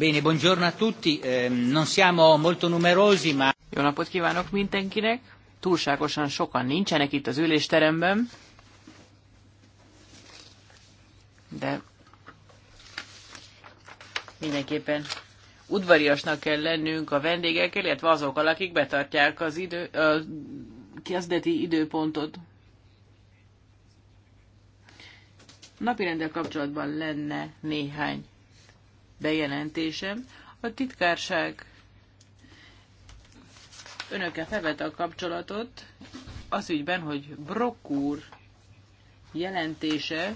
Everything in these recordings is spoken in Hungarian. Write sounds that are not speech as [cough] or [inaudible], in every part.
Bene, buongiorno a tutti. Ehm, non siamo molto numerosi, ma... Jó napot kívánok mindenkinek! Túlságosan sokan nincsenek itt az ülésteremben, de mindenképpen udvariasnak kell lennünk a vendégekkel, illetve azokkal, akik betartják az idő, a kezdeti időpontot. Napirendel kapcsolatban lenne néhány bejelentésem. A titkárság önökkel felvette a kapcsolatot az ügyben, hogy Brokúr jelentése,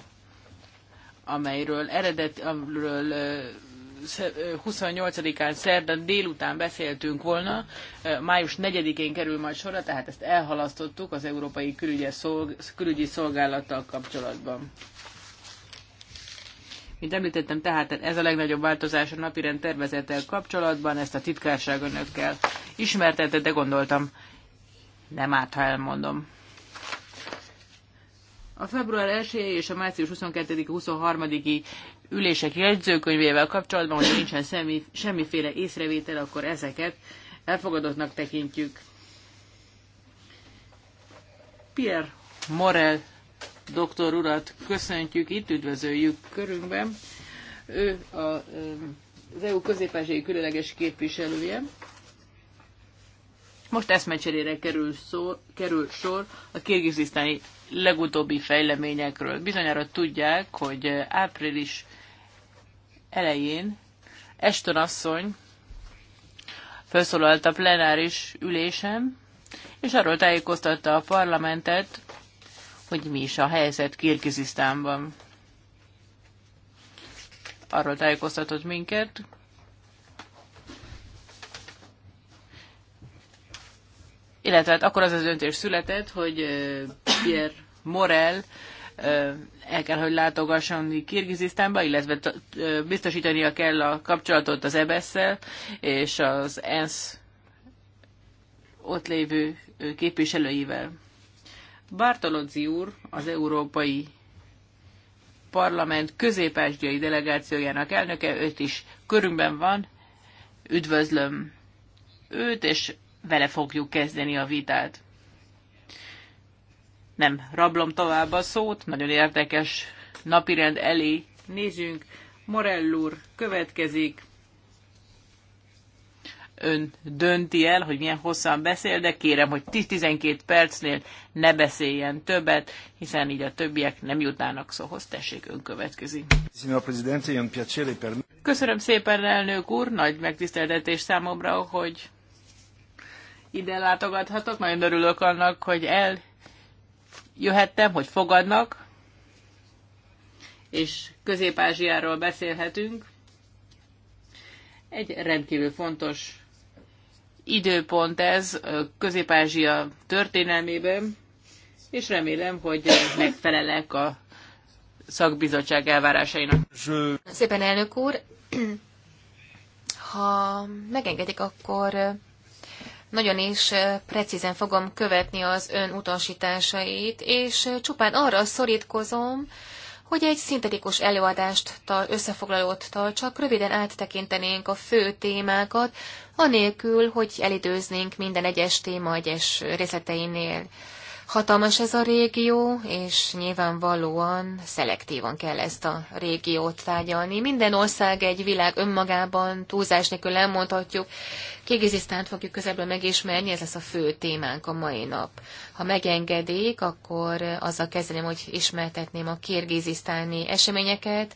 amelyről eredet, amiről 28-án szerdán délután beszéltünk volna, május 4-én kerül majd sorra, tehát ezt elhalasztottuk az Európai Külügyi Szolgálattal kapcsolatban. Mint említettem, tehát ez a legnagyobb változás a napirend tervezettel kapcsolatban, ezt a titkárság önökkel ismertette, de gondoltam, nem árt, ha elmondom. A február 1 és a március 22-23-i ülések jegyzőkönyvével kapcsolatban, hogy nincsen semmi, semmiféle észrevétel, akkor ezeket elfogadottnak tekintjük. Pierre Morel doktor urat köszöntjük itt, üdvözöljük körünkben. Ő a, az EU közép különleges képviselője. Most eszmecserére kerül, szó, kerül sor a kirgizisztáni legutóbbi fejleményekről. Bizonyára tudják, hogy április elején Eston asszony felszólalt a plenáris ülésen, és arról tájékoztatta a parlamentet, hogy mi is a helyzet Kirgizisztánban. Arról tájékoztatott minket, illetve hát akkor az az döntés született, hogy Pierre Morel el kell, hogy látogasson Kirgizisztánba, illetve biztosítania kell a kapcsolatot az EBS-szel és az ENSZ ott lévő képviselőivel. Bartolozzi úr az Európai Parlament közép delegációjának elnöke, őt is körünkben van. Üdvözlöm őt, és vele fogjuk kezdeni a vitát. Nem rablom tovább a szót, nagyon érdekes napirend elé nézünk. Morell úr következik, ön dönti el, hogy milyen hosszan beszél, de kérem, hogy 10-12 percnél ne beszéljen többet, hiszen így a többiek nem jutnának szóhoz. Tessék, ön következik. Köszönöm szépen, elnök úr, nagy megtiszteltetés számomra, hogy ide látogathatok. Nagyon örülök annak, hogy eljöhettem, hogy fogadnak, és Közép-Ázsiáról beszélhetünk. Egy rendkívül fontos időpont ez Közép-Ázsia történelmében, és remélem, hogy megfelelek a szakbizottság elvárásainak. Szépen elnök úr, ha megengedik, akkor nagyon is precízen fogom követni az ön utasításait, és csupán arra szorítkozom, hogy egy szintetikus előadást, összefoglalót tartsak, röviden áttekintenénk a fő témákat, anélkül, hogy elidőznénk minden egyes téma egyes részleteinél. Hatalmas ez a régió, és nyilvánvalóan szelektívan kell ezt a régiót tárgyalni. Minden ország egy világ önmagában, túlzás nélkül elmondhatjuk. Kirgizisztánt fogjuk közelből megismerni, ez lesz a fő témánk a mai nap. Ha megengedik, akkor azzal kezdeném, hogy ismertetném a kirgizisztáni eseményeket.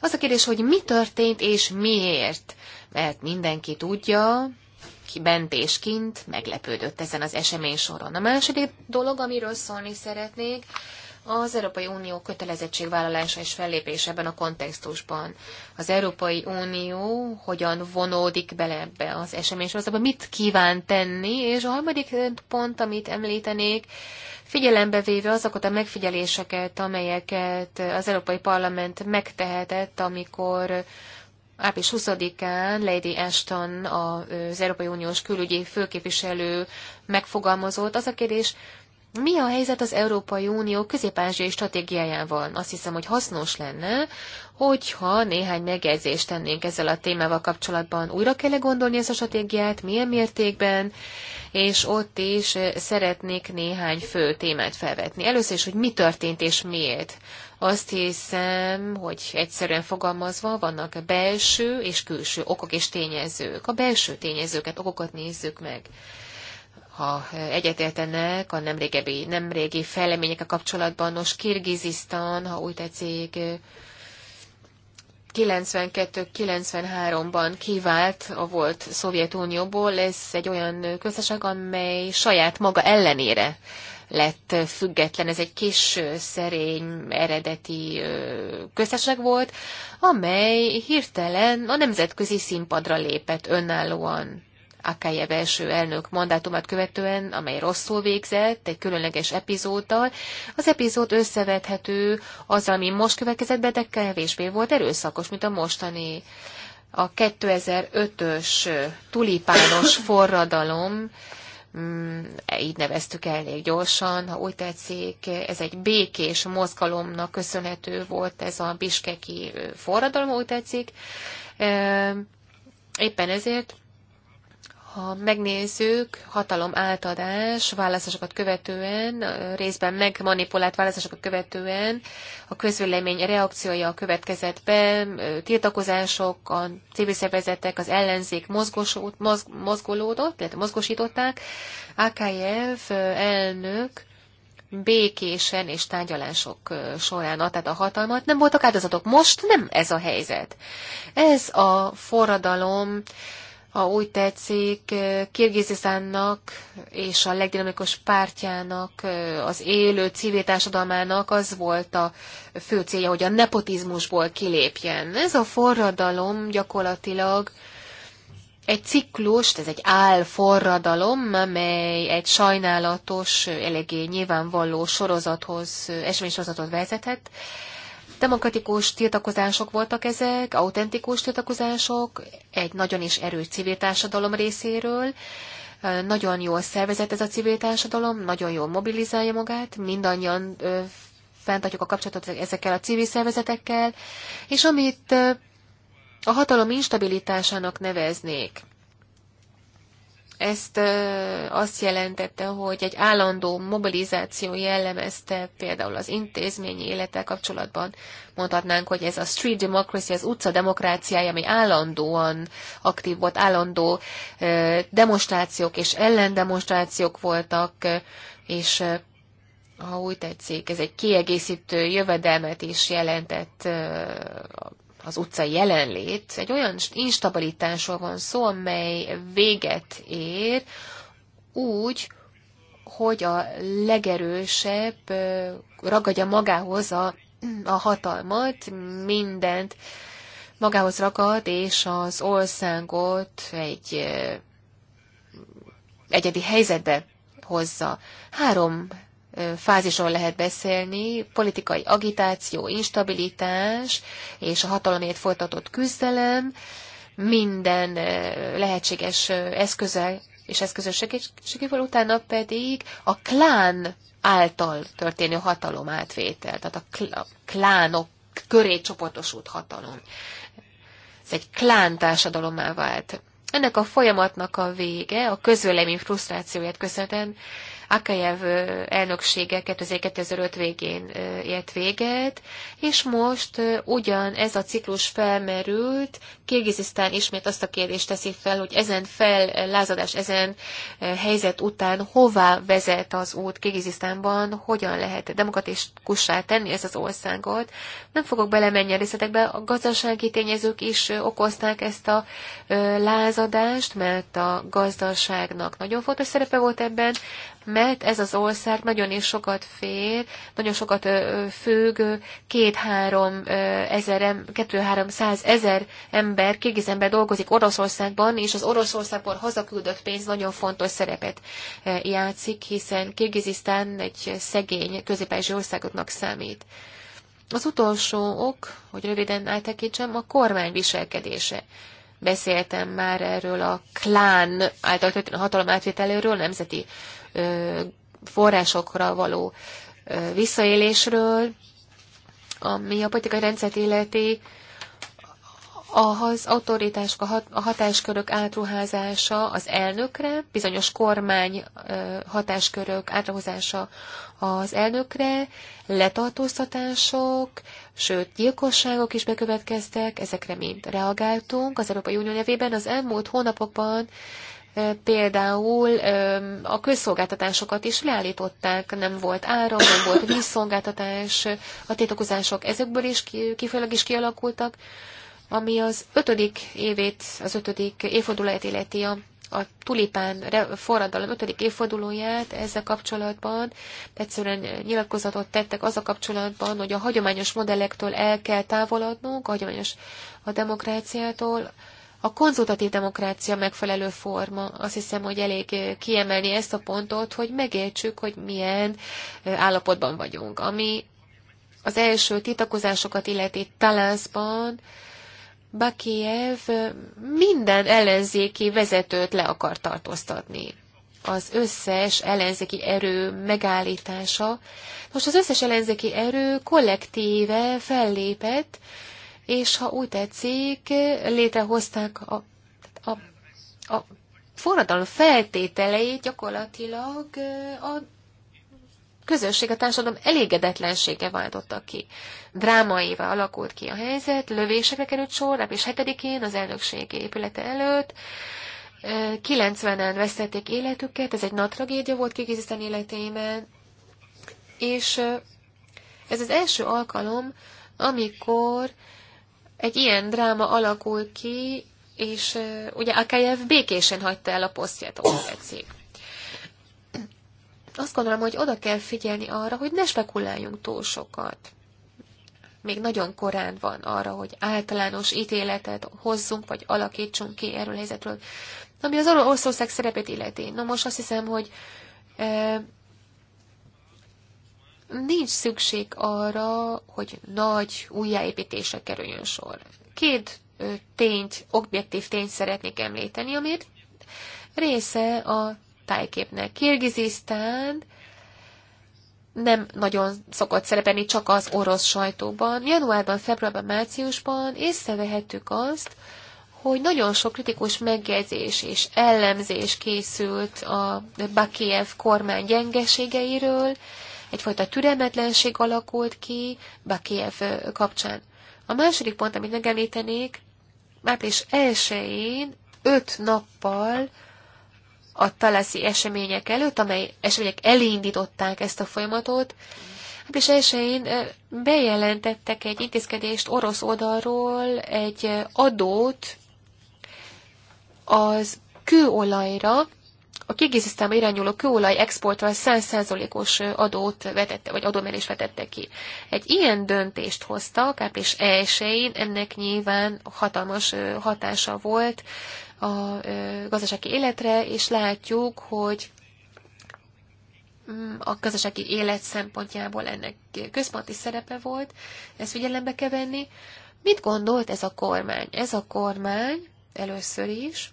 Az a kérdés, hogy mi történt és miért mert mindenki tudja, ki bent és kint meglepődött ezen az esemény soron. A második dolog, amiről szólni szeretnék, az Európai Unió kötelezettségvállalása és fellépése ebben a kontextusban. Az Európai Unió hogyan vonódik bele ebbe az eseménysorozatba, mit kíván tenni, és a harmadik pont, amit említenék, figyelembe véve azokat a megfigyeléseket, amelyeket az Európai Parlament megtehetett, amikor április 20-án Lady Ashton, az Európai Uniós külügyi főképviselő megfogalmazott. Az a kérdés, mi a helyzet az Európai Unió közép-ázsiai stratégiájával? Azt hiszem, hogy hasznos lenne, hogyha néhány megjegyzést tennénk ezzel a témával kapcsolatban. Újra kell -e gondolni ezt a stratégiát, milyen mértékben, és ott is szeretnék néhány fő témát felvetni. Először is, hogy mi történt és miért. Azt hiszem, hogy egyszerűen fogalmazva vannak belső és külső okok és tényezők. A belső tényezőket, okokat nézzük meg ha egyetértenek a nemrégebbi, nemrégi fejlemények a kapcsolatban, nos, Kirgizisztán, ha úgy tetszik, 92-93-ban kivált a volt Szovjetunióból, lesz egy olyan közösség, amely saját maga ellenére lett független. Ez egy kis szerény eredeti köztársaság volt, amely hirtelen a nemzetközi színpadra lépett önállóan. Akájev első elnök mandátumát követően, amely rosszul végzett, egy különleges epizóddal. Az epizód összevethető az, ami most következett be, de kevésbé volt erőszakos, mint a mostani. A 2005-ös tulipános forradalom Mm, így neveztük el elég gyorsan, ha úgy tetszik, ez egy békés mozgalomnak köszönhető volt ez a biskeki forradalom, úgy tetszik. Éppen ezért ha megnézzük, hatalom átadás választásokat követően, részben megmanipulált választásokat követően, a közvélemény reakciója a következetben, tiltakozások, a civil szervezetek, az ellenzék mozgosult, mozgolódott, illetve mozgosították. AKF elnök békésen és tárgyalások során adták a hatalmat, nem voltak áldozatok. Most nem ez a helyzet. Ez a forradalom ha úgy tetszik, Kirgizisztánnak és a legdinamikus pártjának, az élő civil társadalmának az volt a fő célja, hogy a nepotizmusból kilépjen. Ez a forradalom gyakorlatilag egy ciklust, ez egy álforradalom, amely egy sajnálatos, eléggé nyilvánvaló sorozathoz, esménysorozatot vezetett, Demokratikus tiltakozások voltak ezek, autentikus tiltakozások, egy nagyon is erős civil társadalom részéről, nagyon jól szervezett ez a civil társadalom, nagyon jól mobilizálja magát, mindannyian fenntartjuk a kapcsolatot ezekkel a civil szervezetekkel, és amit a hatalom instabilitásának neveznék, ezt azt jelentette, hogy egy állandó mobilizáció jellemezte például az intézményi élettel kapcsolatban. Mondhatnánk, hogy ez a street democracy, az utca demokráciája, ami állandóan aktív volt, állandó demonstrációk és ellendemonstrációk voltak, és ha úgy tetszik, ez egy kiegészítő jövedelmet is jelentett a az utca jelenlét, egy olyan instabilitásról van szó, amely véget ér úgy, hogy a legerősebb ragadja magához a, a hatalmat, mindent magához ragad, és az országot egy egyedi helyzetbe hozza. Három fázisról lehet beszélni, politikai agitáció, instabilitás és a hatalomért folytatott küzdelem, minden lehetséges eszköze és eszközös segítségével, utána pedig a klán által történő hatalom átvétel, tehát a klánok köré csoportosult hatalom. Ez egy klán társadalommá vált. Ennek a folyamatnak a vége, a közvélemény frusztrációját köszönhetően Akajev elnöksége 2005 végén ért véget, és most ugyan ez a ciklus felmerült, Kirgizisztán ismét azt a kérdést teszi fel, hogy ezen fellázadás, ezen helyzet után hová vezet az út Kirgizisztánban, hogyan lehet demokratikussá tenni ezt az országot. Nem fogok belemenni a részletekbe, a gazdasági tényezők is okozták ezt a lázadást, mert a gazdaságnak nagyon fontos szerepe volt ebben, mert ez az ország nagyon is sokat fér, nagyon sokat függ, két-három ezer, kettő-három száz ezer ember, ember dolgozik Oroszországban, és az Oroszországból hazaküldött pénz nagyon fontos szerepet játszik, hiszen Kirgizisztán egy szegény közép országoknak számít. Az utolsó ok, hogy röviden áttekintsem, a kormány viselkedése beszéltem már erről a klán által történő hatalom átvételéről, nemzeti forrásokra való visszaélésről, ami a politikai rendszert illeti, az autoritás, a hatáskörök átruházása az elnökre, bizonyos kormány hatáskörök átruházása az elnökre, letartóztatások, sőt gyilkosságok is bekövetkeztek, ezekre mind reagáltunk. Az Európai Unió nevében az elmúlt hónapokban Például a közszolgáltatásokat is leállították, nem volt áram, nem volt vízszolgáltatás, a tétokozások ezekből is kifolyólag is kialakultak, ami az ötödik évét, az ötödik évfordulóját illeti a a tulipán forradalom ötödik évfordulóját ezzel kapcsolatban egyszerűen nyilatkozatot tettek az a kapcsolatban, hogy a hagyományos modellektől el kell távolodnunk, a hagyományos a demokráciától, a konzultatív demokrácia megfelelő forma. Azt hiszem, hogy elég eh, kiemelni ezt a pontot, hogy megértsük, hogy milyen eh, állapotban vagyunk. Ami az első titakozásokat illeti Talászban, Bakiev eh, minden ellenzéki vezetőt le akar tartóztatni. Az összes ellenzéki erő megállítása. Most az összes ellenzéki erő kollektíve fellépett, és ha úgy tetszik, létrehozták a, a, a forradalom feltételeit gyakorlatilag a közösség, a társadalom elégedetlensége váltotta ki. Drámaival alakult ki a helyzet, lövésekre került sor, és 7-én az elnökségi épülete előtt, 90-en vesztették életüket, ez egy nagy tragédia volt Kirgizisztán életében, és ez az első alkalom, amikor egy ilyen dráma alakul ki, és ugye Akájev békésen hagyta el a posztját, ahol tetszik. Azt gondolom, hogy oda kell figyelni arra, hogy ne spekuláljunk túl sokat. Még nagyon korán van arra, hogy általános ítéletet hozzunk, vagy alakítsunk ki erről helyzetről. Ami az Oroszország szerepét illeti. Na most azt hiszem, hogy nincs szükség arra, hogy nagy újjáépítésre kerüljön sor. Két tényt, objektív tényt szeretnék említeni, amit része a tájképnek. Kirgizisztán nem nagyon szokott szerepelni csak az orosz sajtóban. Januárban, februárban, márciusban észrevehettük azt, hogy nagyon sok kritikus megjegyzés és ellenzés készült a Bakiev kormány gyengeségeiről, egyfajta türelmetlenség alakult ki Bakiev kapcsán. A második pont, amit megemlítenék, április 1-én, öt nappal a talászi események előtt, amely események elindították ezt a folyamatot, április elsőjén bejelentettek egy intézkedést orosz oldalról, egy adót az kőolajra, a Kirgizisztánba irányuló kőolaj exportra 100%-os adót vetette, vagy adómenést vetette ki. Egy ilyen döntést hoztak április 1-én, ennek nyilván hatalmas hatása volt a gazdasági életre, és látjuk, hogy mm, a gazdasági élet szempontjából ennek központi szerepe volt, ezt figyelembe kell venni. Mit gondolt ez a kormány? Ez a kormány először is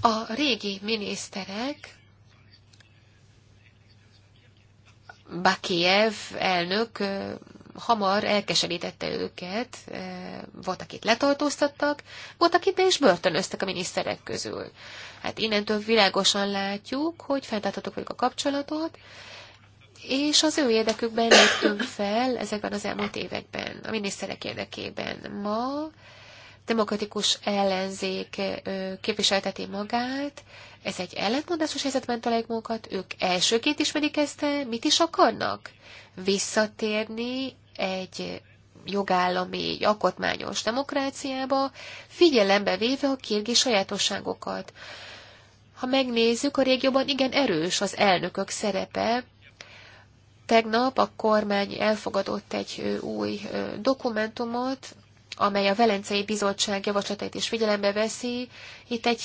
a régi miniszterek, Bakiev elnök hamar elkeserítette őket, volt, akit letartóztattak, volt, akit be is börtönöztek a miniszterek közül. Hát innentől világosan látjuk, hogy fenntarthatók vagyunk a kapcsolatot, és az ő érdekükben léptünk fel ezekben az elmúlt években, a miniszterek érdekében. Ma demokratikus ellenzék képviselteti magát, ez egy ellentmondásos helyzetben találjuk magukat, ők elsőként ismerik ezt, mit is akarnak? Visszatérni egy jogállami, alkotmányos demokráciába, figyelembe véve a kirgi sajátosságokat. Ha megnézzük, a régióban igen erős az elnökök szerepe. Tegnap a kormány elfogadott egy új dokumentumot, amely a Velencei Bizottság javaslatait is figyelembe veszi. Itt egy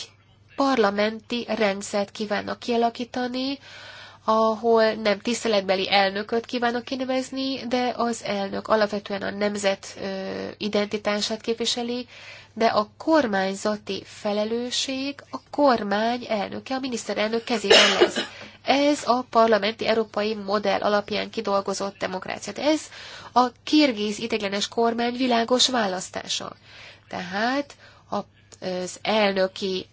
parlamenti rendszert kívánnak kialakítani, ahol nem tiszteletbeli elnököt kívánok kinevezni, de az elnök alapvetően a nemzet identitását képviseli, de a kormányzati felelősség a kormány elnöke, a miniszterelnök kezében lesz. Ez a parlamenti európai modell alapján kidolgozott demokrácia. De ez a kirgiz ideglenes kormány világos választása. Tehát az elnöki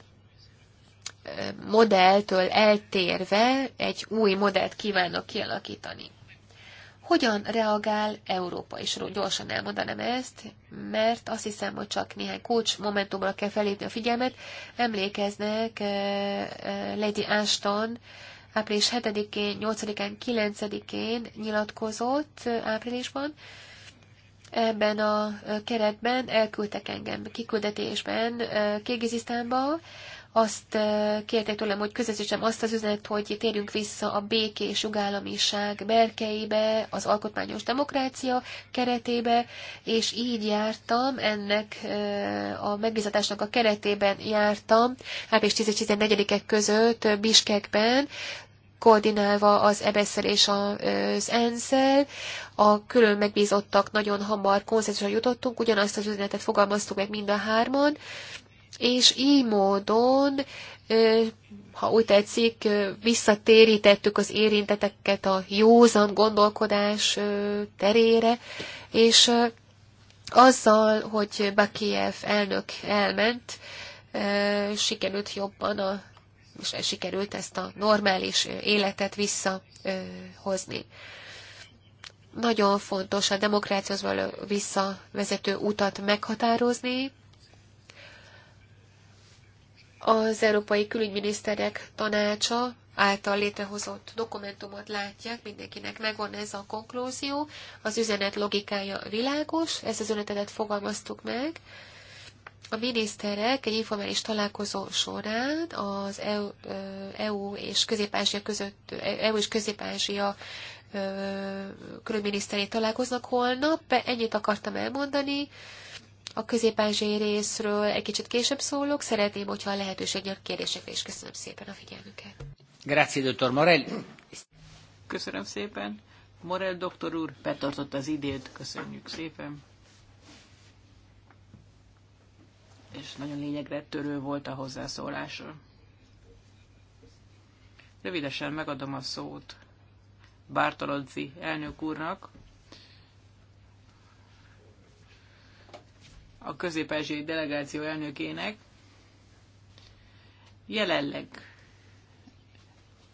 modelltől eltérve egy új modellt kívánnak kialakítani. Hogyan reagál Európa is? Gyorsan elmondanám ezt, mert azt hiszem, hogy csak néhány kulcs momentumra kell felépni a figyelmet. Emlékeznek Lady Ashton április 7-én, 8-án, 9-én nyilatkozott áprilisban. Ebben a keretben elküldtek engem kiküldetésben Kirgizisztánba, azt eh, kérték tőlem, hogy közvetítsem azt az üzenet, hogy térjünk vissza a békés jogállamiság berkeibe, az alkotmányos demokrácia keretébe, és így jártam, ennek eh, a megbízatásnak a keretében jártam, április 10-14-ek között eh, Biskekben, koordinálva az ebsz és az ensz a külön megbízottak nagyon hamar konszenzusra jutottunk, ugyanazt az üzenetet fogalmaztuk meg mind a hárman, és így módon, ha úgy tetszik, visszatérítettük az érinteteket a józan gondolkodás terére, és azzal, hogy Bakiev elnök elment, sikerült jobban a és sikerült ezt a normális életet visszahozni. Nagyon fontos a demokráciához való visszavezető utat meghatározni, az Európai Külügyminiszterek Tanácsa által létrehozott dokumentumot látják, mindenkinek megvan ez a konklúzió, az üzenet logikája világos, ezt az üzenetet fogalmaztuk meg. A miniszterek egy informális találkozó során az EU, EU és Közép-Ázsia között, EU és Közép-Ázsia találkoznak holnap. Ennyit akartam elmondani a közép részről egy kicsit később szólok. Szeretném, hogyha a lehetőség a kérdésekre is. Köszönöm szépen a figyelmüket. Grazie, dottor Morel. Köszönöm szépen. Morel doktor úr, betartott az időt. Köszönjük szépen. És nagyon lényegre törő volt a hozzászólása. Rövidesen megadom a szót Bártolodzi elnök úrnak, a közép delegáció elnökének. Jelenleg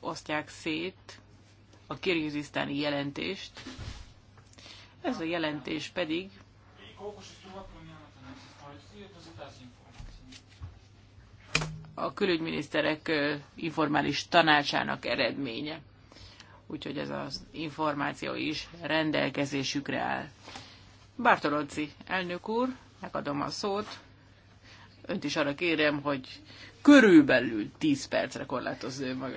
osztják szét a kirgizisztáni jelentést. Ez a jelentés pedig a külügyminiszterek informális tanácsának eredménye. Úgyhogy ez az információ is rendelkezésükre áll. Bartolozzi elnök úr, megadom a szót. Önt is arra kérem, hogy körülbelül 10 percre korlátozza maga.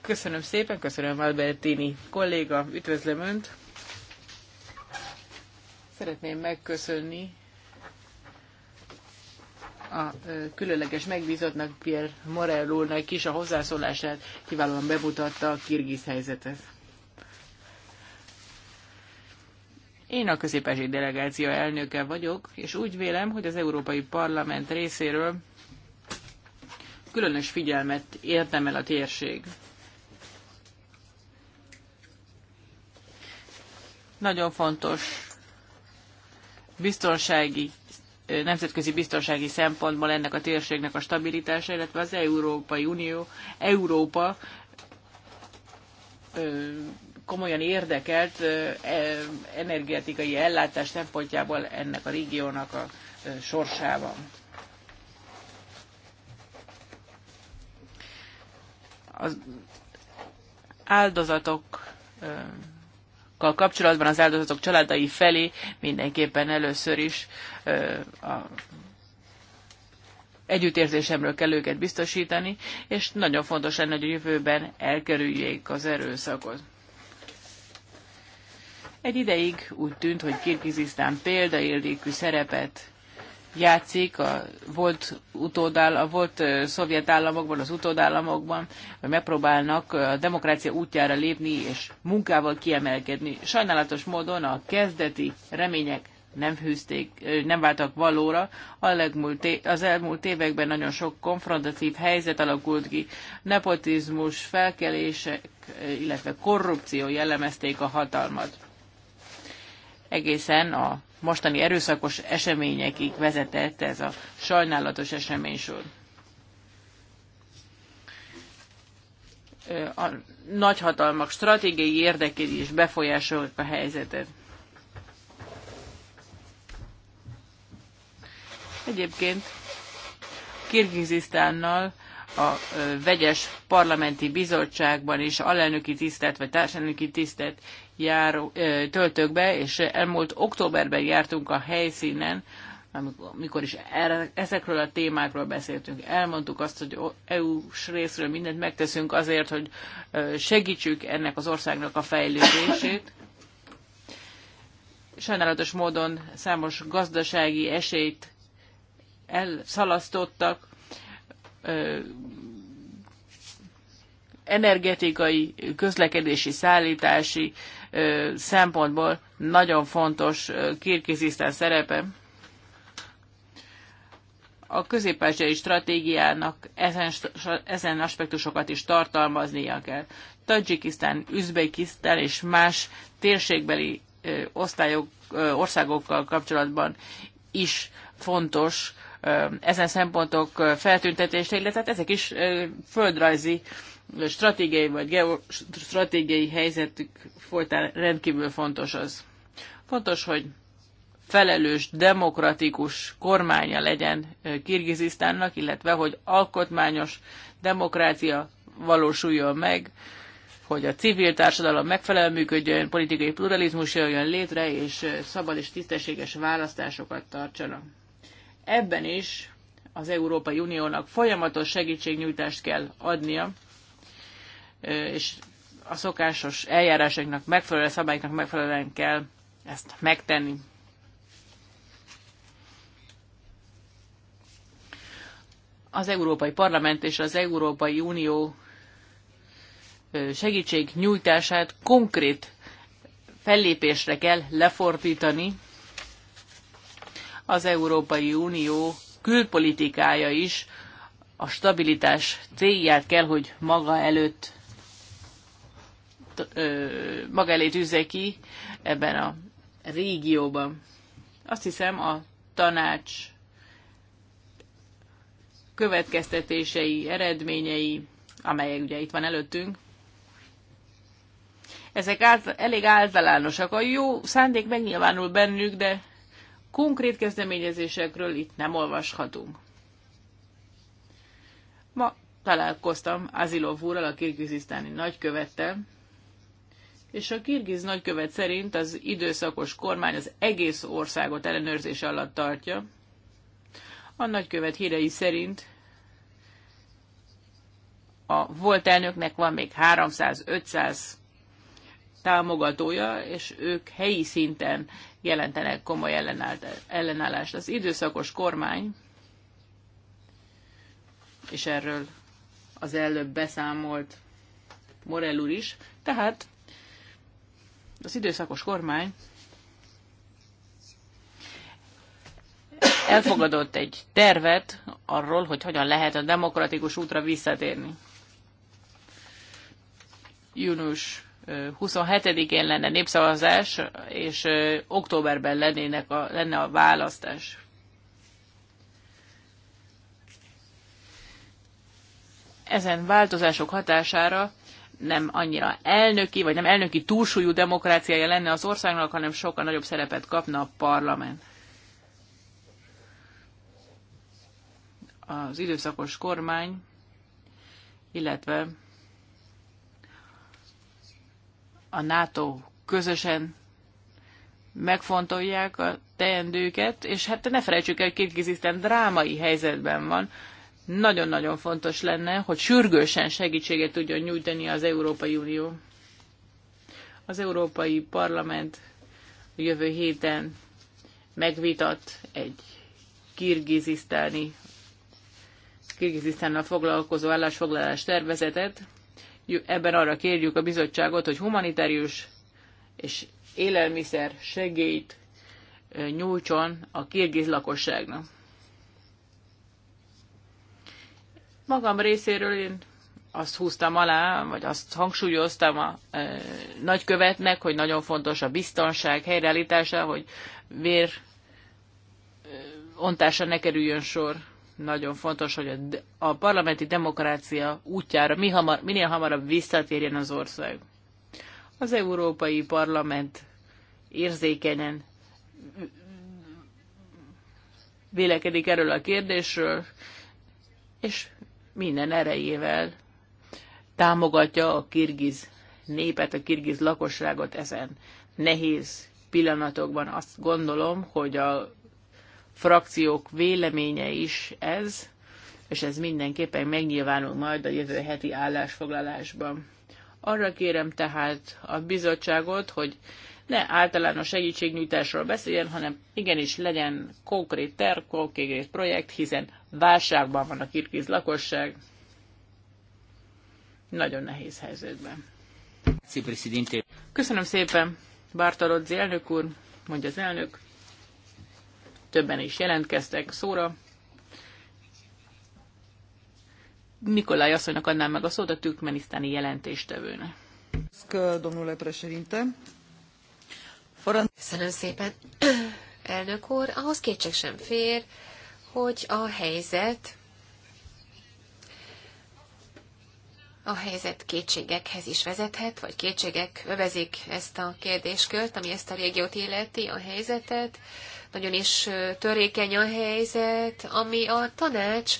Köszönöm szépen, köszönöm Albertini kolléga, üdvözlöm Önt. Szeretném megköszönni a különleges megbízottnak, Pierre Morellónak is a hozzászólását kiválóan bemutatta a kirgiz helyzetet. Én a középesi delegáció elnöke vagyok, és úgy vélem, hogy az Európai Parlament részéről különös figyelmet érdemel a térség. Nagyon fontos biztonsági, nemzetközi biztonsági szempontból ennek a térségnek a stabilitása, illetve az Európai Unió, Európa komolyan érdekelt e, energetikai ellátás szempontjából ennek a régiónak a sorsában. Az áldozatokkal kapcsolatban az áldozatok családai felé mindenképpen először is a együttérzésemről kell őket biztosítani, és nagyon fontos lenne, hogy a jövőben elkerüljék az erőszakot. Egy ideig úgy tűnt, hogy Kirgizisztán példaérdékű szerepet játszik a volt, utódál, a volt szovjet államokban, az utódállamokban, hogy megpróbálnak a demokrácia útjára lépni és munkával kiemelkedni. Sajnálatos módon a kezdeti remények nem hűzték, nem váltak valóra. A legmúlt, az elmúlt években nagyon sok konfrontatív helyzet alakult ki, nepotizmus, felkelések, illetve korrupció jellemezték a hatalmat egészen a mostani erőszakos eseményekig vezetett ez a sajnálatos eseménysor. A nagyhatalmak stratégiai érdekei is befolyásolják a helyzetet. Egyébként Kirgizisztánnal a vegyes parlamenti bizottságban is alelnöki tisztet vagy társelnöki tisztet jár töltök be, és elmúlt októberben jártunk a helyszínen, amikor is erre, ezekről a témákról beszéltünk, elmondtuk azt, hogy EU-s részről mindent megteszünk azért, hogy segítsük ennek az országnak a fejlődését. Sajnálatos módon számos gazdasági esélyt elszalasztottak, energetikai, közlekedési, szállítási szempontból nagyon fontos Kirgizisztán szerepe. A közép stratégiának ezen, ezen aspektusokat is tartalmaznia kell. Tajikisztán, Üzbekisztán és más térségbeli osztályok, országokkal kapcsolatban is fontos ezen szempontok feltüntetésre, illetve hát ezek is földrajzi stratégiai vagy geostratégiai helyzetük folytán rendkívül fontos az. Fontos, hogy felelős, demokratikus kormánya legyen Kirgizisztánnak, illetve hogy alkotmányos demokrácia valósuljon meg, hogy a civil társadalom megfelelő működjön, politikai pluralizmus jöjjön létre, és szabad és tisztességes választásokat tartsanak. Ebben is az Európai Uniónak folyamatos segítségnyújtást kell adnia, és a szokásos eljárásoknak megfelelő szabályoknak megfelelően kell ezt megtenni. Az Európai Parlament és az Európai Unió segítségnyújtását konkrét fellépésre kell lefordítani, az Európai Unió külpolitikája is a stabilitás célját kell, hogy maga előtt maga elé tűzze ki ebben a régióban. Azt hiszem a tanács következtetései, eredményei, amelyek ugye itt van előttünk, ezek át, elég általánosak. A jó szándék megnyilvánul bennük, de Konkrét kezdeményezésekről itt nem olvashatunk. Ma találkoztam Azilov úrral, a kirgizisztáni nagykövettel, és a kirgiz nagykövet szerint az időszakos kormány az egész országot ellenőrzés alatt tartja. A nagykövet hírei szerint a volt elnöknek van még 300-500 támogatója, és ők helyi szinten jelentenek komoly ellenállást. Az időszakos kormány, és erről az előbb beszámolt Morell úr is, tehát az időszakos kormány elfogadott egy tervet arról, hogy hogyan lehet a demokratikus útra visszatérni. Június 27-én lenne népszavazás, és októberben lennének a, lenne a választás. Ezen változások hatására nem annyira elnöki, vagy nem elnöki túlsúlyú demokráciája lenne az országnak, hanem sokkal nagyobb szerepet kapna a parlament. Az időszakos kormány, illetve a NATO közösen megfontolják a teendőket, és hát ne felejtsük el, Kirgizisztán drámai helyzetben van. Nagyon-nagyon fontos lenne, hogy sürgősen segítséget tudjon nyújtani az Európai Unió. Az Európai Parlament jövő héten megvitat egy kirgizisztáni Kirgizisztánnal foglalkozó állásfoglalás tervezetet, Ebben arra kérjük a bizottságot, hogy humanitárius és élelmiszer segélyt nyújtson a kirgiz lakosságnak. Magam részéről én azt húztam alá, vagy azt hangsúlyoztam a e, nagykövetnek, hogy nagyon fontos a biztonság helyreállítása, hogy vér e, ontása ne kerüljön sor. Nagyon fontos, hogy a, a parlamenti demokrácia útjára mi hamar, minél hamarabb visszatérjen az ország. Az Európai Parlament érzékenyen vélekedik erről a kérdésről, és minden erejével támogatja a kirgiz népet, a kirgiz lakosságot ezen nehéz pillanatokban. Azt gondolom, hogy a frakciók véleménye is ez, és ez mindenképpen megnyilvánul majd a jövő heti állásfoglalásban. Arra kérem tehát a bizottságot, hogy ne általános segítségnyújtásról beszéljen, hanem igenis legyen konkrét terv, konkrét projekt, hiszen válságban van a kirkiz lakosság, nagyon nehéz helyzetben. Köszönöm szépen, Bartalodzi elnök úr, mondja az elnök többen is jelentkeztek szóra. Nikolaj asszonynak adnám meg a szót a türkmenisztáni jelentéstevőnek. Köszönöm szépen, [clears throat] elnök úr. Ahhoz kétség sem fér, hogy a helyzet a helyzet kétségekhez is vezethet, vagy kétségek övezik ezt a kérdéskört, ami ezt a régiót illeti, a helyzetet nagyon is törékeny a helyzet, ami a tanács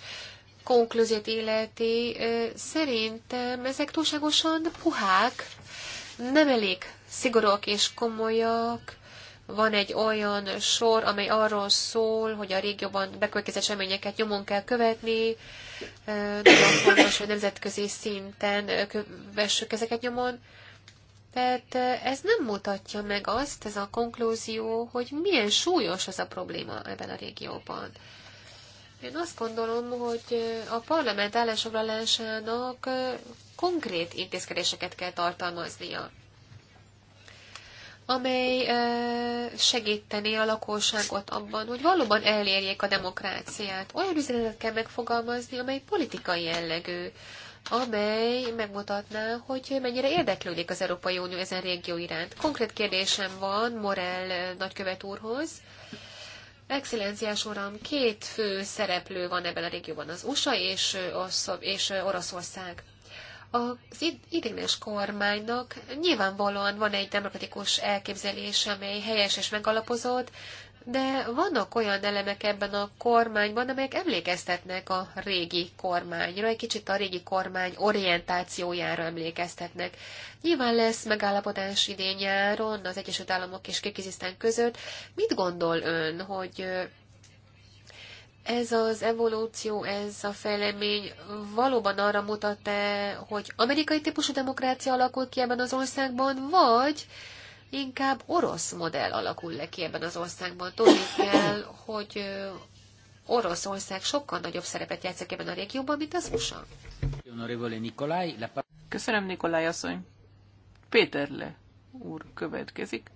konklúziót illeti, szerintem ezek túlságosan puhák, nem elég szigorúak és komolyak, van egy olyan sor, amely arról szól, hogy a régióban bekövetkezett eseményeket nyomon kell követni. Nagyon fontos, hogy nemzetközi szinten kövessük ezeket nyomon. Tehát ez nem mutatja meg azt, ez a konklúzió, hogy milyen súlyos az a probléma ebben a régióban. Én azt gondolom, hogy a parlament állásfoglalásának konkrét intézkedéseket kell tartalmaznia, amely segíteni a lakosságot abban, hogy valóban elérjék a demokráciát. Olyan üzenetet kell megfogalmazni, amely politikai jellegű, amely megmutatná, hogy mennyire érdeklődik az Európai Unió ezen régió iránt. Konkrét kérdésem van Morel nagykövet úrhoz. Excellenciás uram, két fő szereplő van ebben a régióban, az USA és, és Oroszország. Az idénes kormánynak nyilvánvalóan van egy demokratikus elképzelése, amely helyes és megalapozott, de vannak olyan elemek ebben a kormányban, amelyek emlékeztetnek a régi kormányra, egy kicsit a régi kormány orientációjára emlékeztetnek. Nyilván lesz megállapodás idén nyáron az Egyesült Államok és Kirgizisztán között. Mit gondol ön, hogy ez az evolúció, ez a fejlemény valóban arra mutat-e, hogy amerikai típusú demokrácia alakul ki ebben az országban, vagy inkább orosz modell alakul le ki ebben az országban. Tudni kell, hogy Oroszország sokkal nagyobb szerepet játszik ebben a régióban, mint az USA. Köszönöm, Nikolaj asszony. Péter Le úr következik.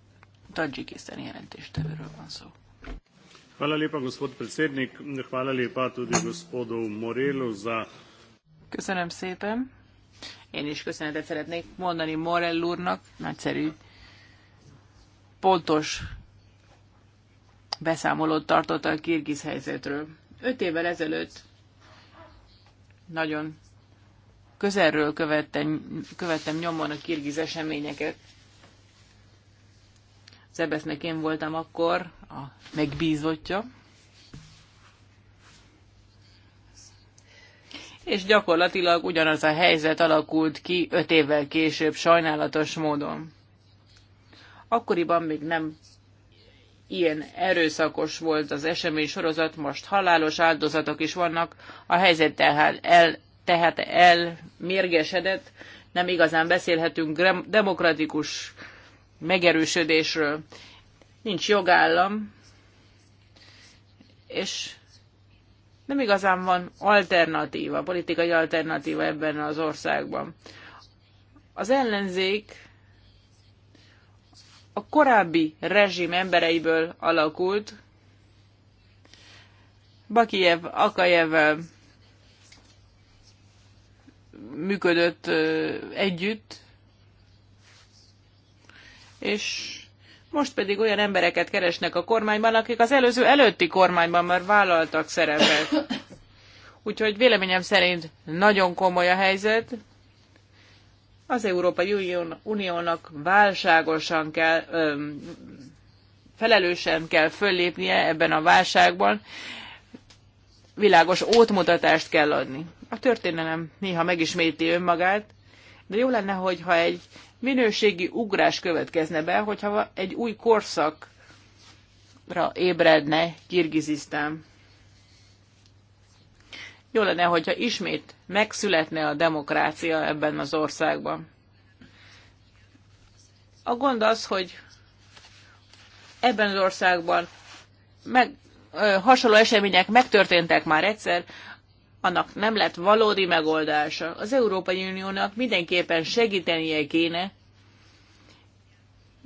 Tadzsikisztáni jelentéstevőről van szó. Hvala Hvala Köszönöm szépen. Én is köszönetet szeretnék mondani Morell úrnak, nagyszerű pontos beszámolót tartott a kirgiz helyzetről. Öt évvel ezelőtt nagyon közelről követtem, követtem nyomon a kirgiz eseményeket. Zebesznek én voltam akkor a megbízottja. És gyakorlatilag ugyanaz a helyzet alakult ki öt évvel később sajnálatos módon. Akkoriban még nem ilyen erőszakos volt az esemény sorozat, most halálos áldozatok is vannak, a helyzet tehát el, tehát elmérgesedett, nem igazán beszélhetünk demokratikus megerősödésről. Nincs jogállam, és nem igazán van alternatíva, politikai alternatíva ebben az országban. Az ellenzék a korábbi rezsim embereiből alakult. Bakijev, Akajev eh, működött eh, együtt, és most pedig olyan embereket keresnek a kormányban, akik az előző előtti kormányban már vállaltak szerepet. Úgyhogy véleményem szerint nagyon komoly a helyzet, az Európai Uniónak válságosan kell, felelősen kell föllépnie ebben a válságban, világos ótmutatást kell adni. A történelem néha megisméti önmagát, de jó lenne, hogyha egy minőségi ugrás következne be, hogyha egy új korszakra ébredne Kirgizisztán. Jó lenne, hogyha ismét megszületne a demokrácia ebben az országban. A gond az, hogy ebben az országban meg, ö, hasonló események megtörténtek már egyszer, annak nem lett valódi megoldása. Az Európai Uniónak mindenképpen segítenie kéne,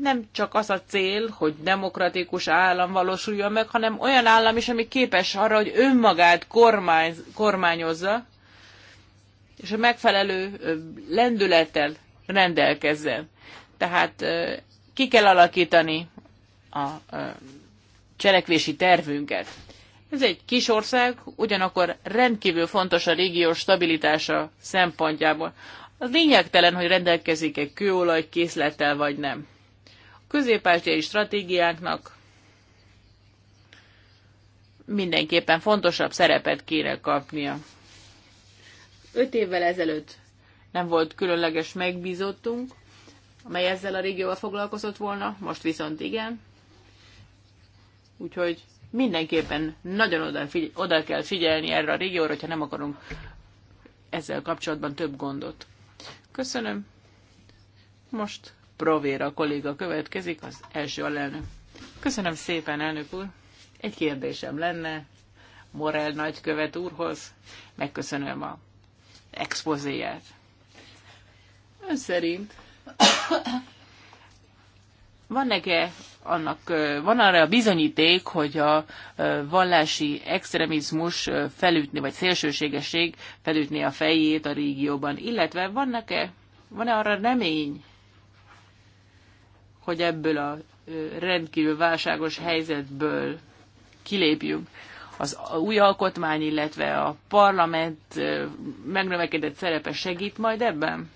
nem csak az a cél, hogy demokratikus állam valósuljon meg, hanem olyan állam is, ami képes arra, hogy önmagát kormány, kormányozza, és a megfelelő lendülettel rendelkezzen. Tehát ki kell alakítani a cselekvési tervünket. Ez egy kis ország, ugyanakkor rendkívül fontos a régió stabilitása szempontjából. Az lényegtelen, hogy rendelkezik-e kőolajkészlettel vagy nem közép-ázsiai stratégiáknak mindenképpen fontosabb szerepet kéne kapnia. Öt évvel ezelőtt nem volt különleges megbízottunk, amely ezzel a régióval foglalkozott volna, most viszont igen. Úgyhogy mindenképpen nagyon oda, figy- oda kell figyelni erre a régióra, hogyha nem akarunk ezzel kapcsolatban több gondot. Köszönöm. Most Provéra kolléga következik, az első alelnök. Köszönöm szépen, elnök úr. Egy kérdésem lenne Morel nagykövet úrhoz. Megköszönöm a expozéját. Ön szerint van-e annak, van arra a bizonyíték, hogy a vallási extremizmus felütni, vagy szélsőségesség felütni a fejét a régióban, illetve vannak-e, van-e arra remény, hogy ebből a rendkívül válságos helyzetből kilépjünk. Az új alkotmány, illetve a parlament megnövekedett szerepe segít majd ebben?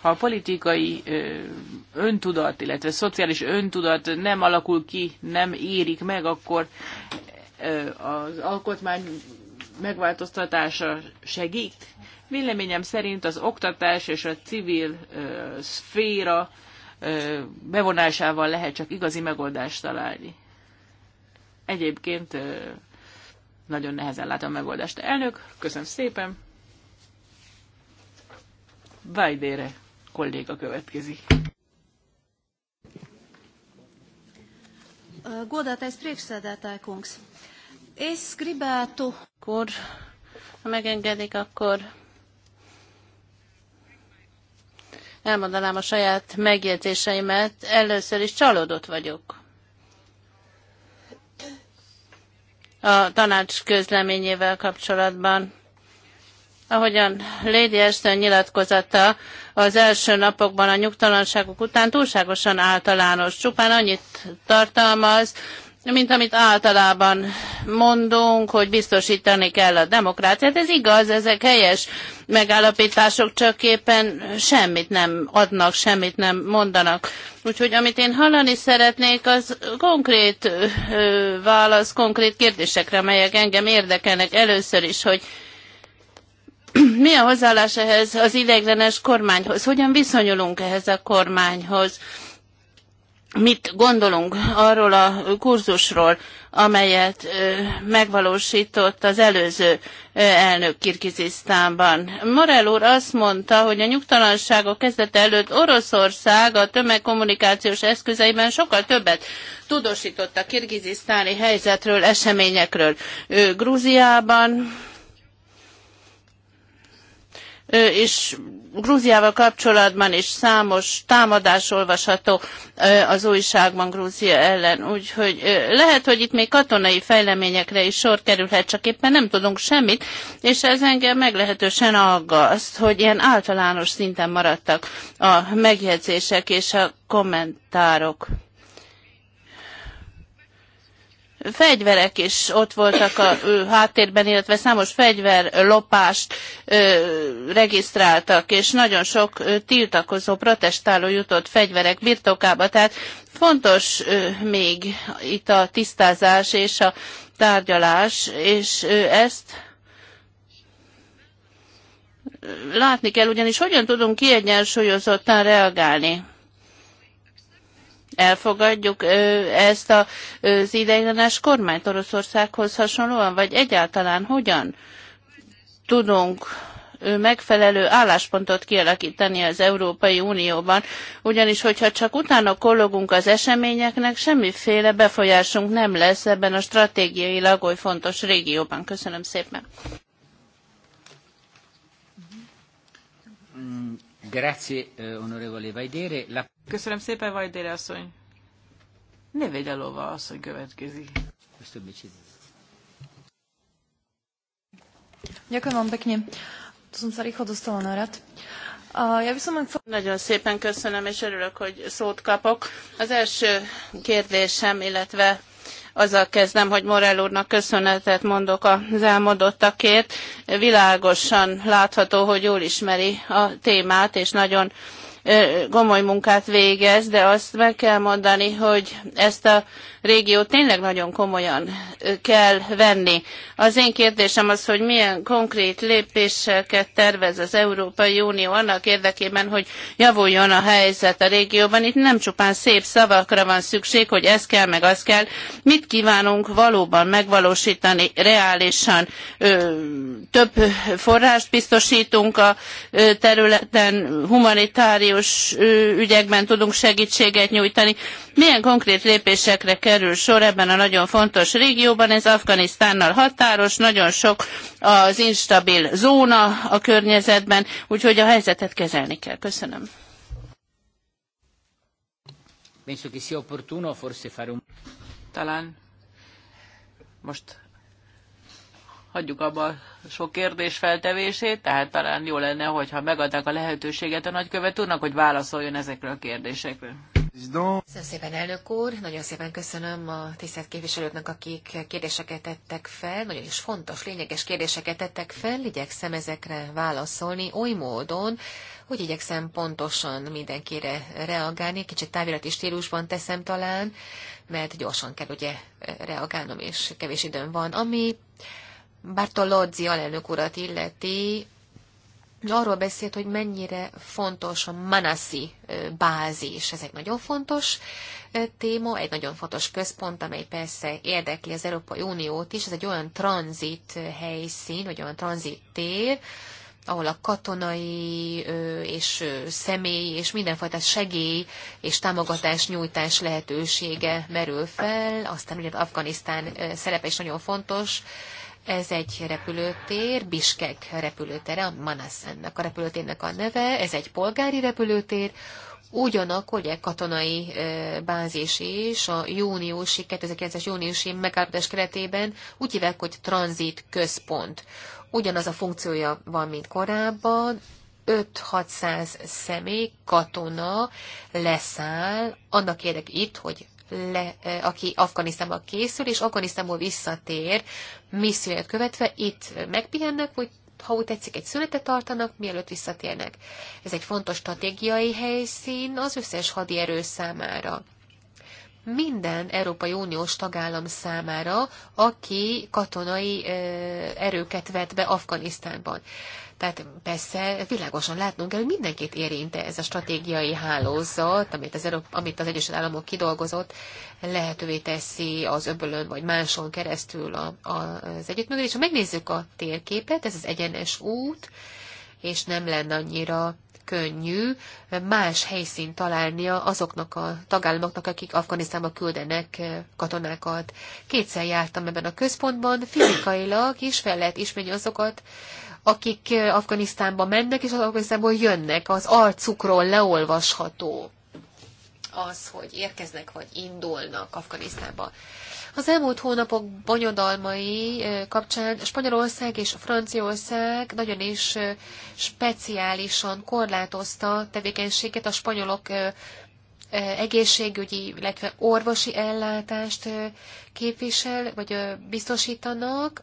ha a politikai öntudat, illetve szociális öntudat nem alakul ki, nem érik meg, akkor az alkotmány megváltoztatása segít. Véleményem szerint az oktatás és a civil ö, szféra ö, bevonásával lehet csak igazi megoldást találni. Egyébként ö, nagyon nehezen látom a megoldást. Elnök, köszönöm szépen. Vajdére kolléga következik. Godātais priekšsēdētāja kungs, es gribētu... Kur, ha megengedik, akkor elmondanám a saját megjegyzéseimet. Először is csalódott vagyok. A tanács közleményével kapcsolatban. Ahogyan Lady Ashton nyilatkozata az első napokban a nyugtalanságok után túlságosan általános, csupán annyit tartalmaz, mint amit általában mondunk, hogy biztosítani kell a demokráciát. Ez igaz, ezek helyes megállapítások, csak éppen semmit nem adnak, semmit nem mondanak. Úgyhogy amit én hallani szeretnék, az konkrét ö, válasz, konkrét kérdésekre, melyek engem érdekelnek először is, hogy mi a hozzáállás ehhez az ideiglenes kormányhoz? Hogyan viszonyulunk ehhez a kormányhoz? mit gondolunk arról a kurzusról, amelyet megvalósított az előző elnök Kirgizisztánban. Morel úr azt mondta, hogy a nyugtalanságok kezdete előtt Oroszország a tömegkommunikációs eszközeiben sokkal többet tudósított a kirgizisztáni helyzetről, eseményekről. Ő Grúziában, és Grúziával kapcsolatban is számos támadás olvasható az újságban Grúzia ellen, úgyhogy lehet, hogy itt még katonai fejleményekre is sor kerülhet, csak éppen nem tudunk semmit, és ez engem meglehetősen aggaszt, hogy ilyen általános szinten maradtak a megjegyzések és a kommentárok fegyverek is ott voltak a háttérben, illetve számos fegyverlopást regisztráltak, és nagyon sok tiltakozó, protestáló jutott fegyverek birtokába. Tehát fontos még itt a tisztázás és a tárgyalás, és ezt látni kell, ugyanis hogyan tudunk kiegyensúlyozottan reagálni Elfogadjuk ezt az ideiglenes kormányt Oroszországhoz hasonlóan, vagy egyáltalán hogyan tudunk megfelelő álláspontot kialakítani az Európai Unióban, ugyanis hogyha csak utána kollogunk az eseményeknek, semmiféle befolyásunk nem lesz ebben a stratégiailag oly fontos régióban. Köszönöm szépen. Grazie, eh, onorevole Vajdere. La... Köszönöm szépen, Vajdere asszony. Nevedelova asszony következik. Köszönöm, Ďakujem vám pekne. To som sa rýchlo dostala na rad. Nagyon szépen köszönöm, és örülök, hogy szót kapok. Az első kérdésem, illetve azzal kezdem, hogy Morel úrnak köszönetet mondok az elmondottakért. Világosan látható, hogy jól ismeri a témát, és nagyon gomoly munkát végez, de azt meg kell mondani, hogy ezt a régiót tényleg nagyon komolyan kell venni. Az én kérdésem az, hogy milyen konkrét lépéseket tervez az Európai Unió annak érdekében, hogy javuljon a helyzet a régióban. Itt nem csupán szép szavakra van szükség, hogy ez kell, meg az kell. Mit kívánunk valóban megvalósítani reálisan? Ö, több forrást biztosítunk a területen, humanitárius ügyekben tudunk segítséget nyújtani. Milyen konkrét lépésekre kell kerül sor ebben a nagyon fontos régióban. Ez Afganisztánnal határos, nagyon sok az instabil zóna a környezetben, úgyhogy a helyzetet kezelni kell. Köszönöm. Penso che sia opportuno forse fare un... Talán most hagyjuk abba a sok kérdés feltevését, tehát talán jó lenne, hogyha megadnák a lehetőséget a nagykövet úrnak, hogy válaszoljon ezekről a kérdésekről. Köszönöm szépen, elnök úr! Nagyon szépen köszönöm a tisztelt képviselőknek, akik kérdéseket tettek fel, nagyon is fontos, lényeges kérdéseket tettek fel. Igyekszem ezekre válaszolni oly módon, hogy igyekszem pontosan mindenkire reagálni. Kicsit távirati stílusban teszem talán, mert gyorsan kell ugye reagálnom, és kevés időm van. Ami Bartolozzi alelnök urat illeti, arról beszélt, hogy mennyire fontos a Manassi bázis. Ez egy nagyon fontos téma, egy nagyon fontos központ, amely persze érdekli az Európai Uniót is. Ez egy olyan tranzit helyszín, vagy olyan tranzit tér, ahol a katonai és személy és mindenfajta segély és támogatás nyújtás lehetősége merül fel. Aztán ugye az Afganisztán szerepe is nagyon fontos ez egy repülőtér, Biskek repülőtere, a Manassennek a repülőtérnek a neve, ez egy polgári repülőtér, Ugyanakkor ugye katonai bázis is a júniusi, 2009-es júniusi megállapodás keretében úgy hívják, hogy tranzit központ. Ugyanaz a funkciója van, mint korábban, 5-600 személy, katona leszáll annak érdek itt, hogy le, aki Afganisztánba készül, és Afganisztánból visszatér, misszióját követve itt megpihennek, hogy ha úgy tetszik, egy szünetet tartanak, mielőtt visszatérnek. Ez egy fontos stratégiai helyszín az összes hadierő számára. Minden Európai Uniós tagállam számára, aki katonai erőket vet be Afganisztánban. Tehát persze világosan látnunk kell, hogy mindenkit érinte ez a stratégiai hálózat, amit az, Európa, amit az Egyesült Államok kidolgozott, lehetővé teszi az öbölön vagy máson keresztül a, a, az együttműködés. Ha megnézzük a térképet, ez az egyenes út, és nem lenne annyira könnyű más helyszín találnia azoknak a tagállamoknak, akik Afganisztánba küldenek eh, katonákat. Kétszer jártam ebben a központban, fizikailag is fel lehet ismerni azokat akik Afganisztánba mennek, és az Afganisztánból jönnek. Az arcukról leolvasható az, hogy érkeznek vagy indulnak Afganisztánba. Az elmúlt hónapok bonyodalmai kapcsán Spanyolország és Franciaország nagyon is speciálisan korlátozta tevékenységet a spanyolok egészségügyi, illetve orvosi ellátást képvisel, vagy biztosítanak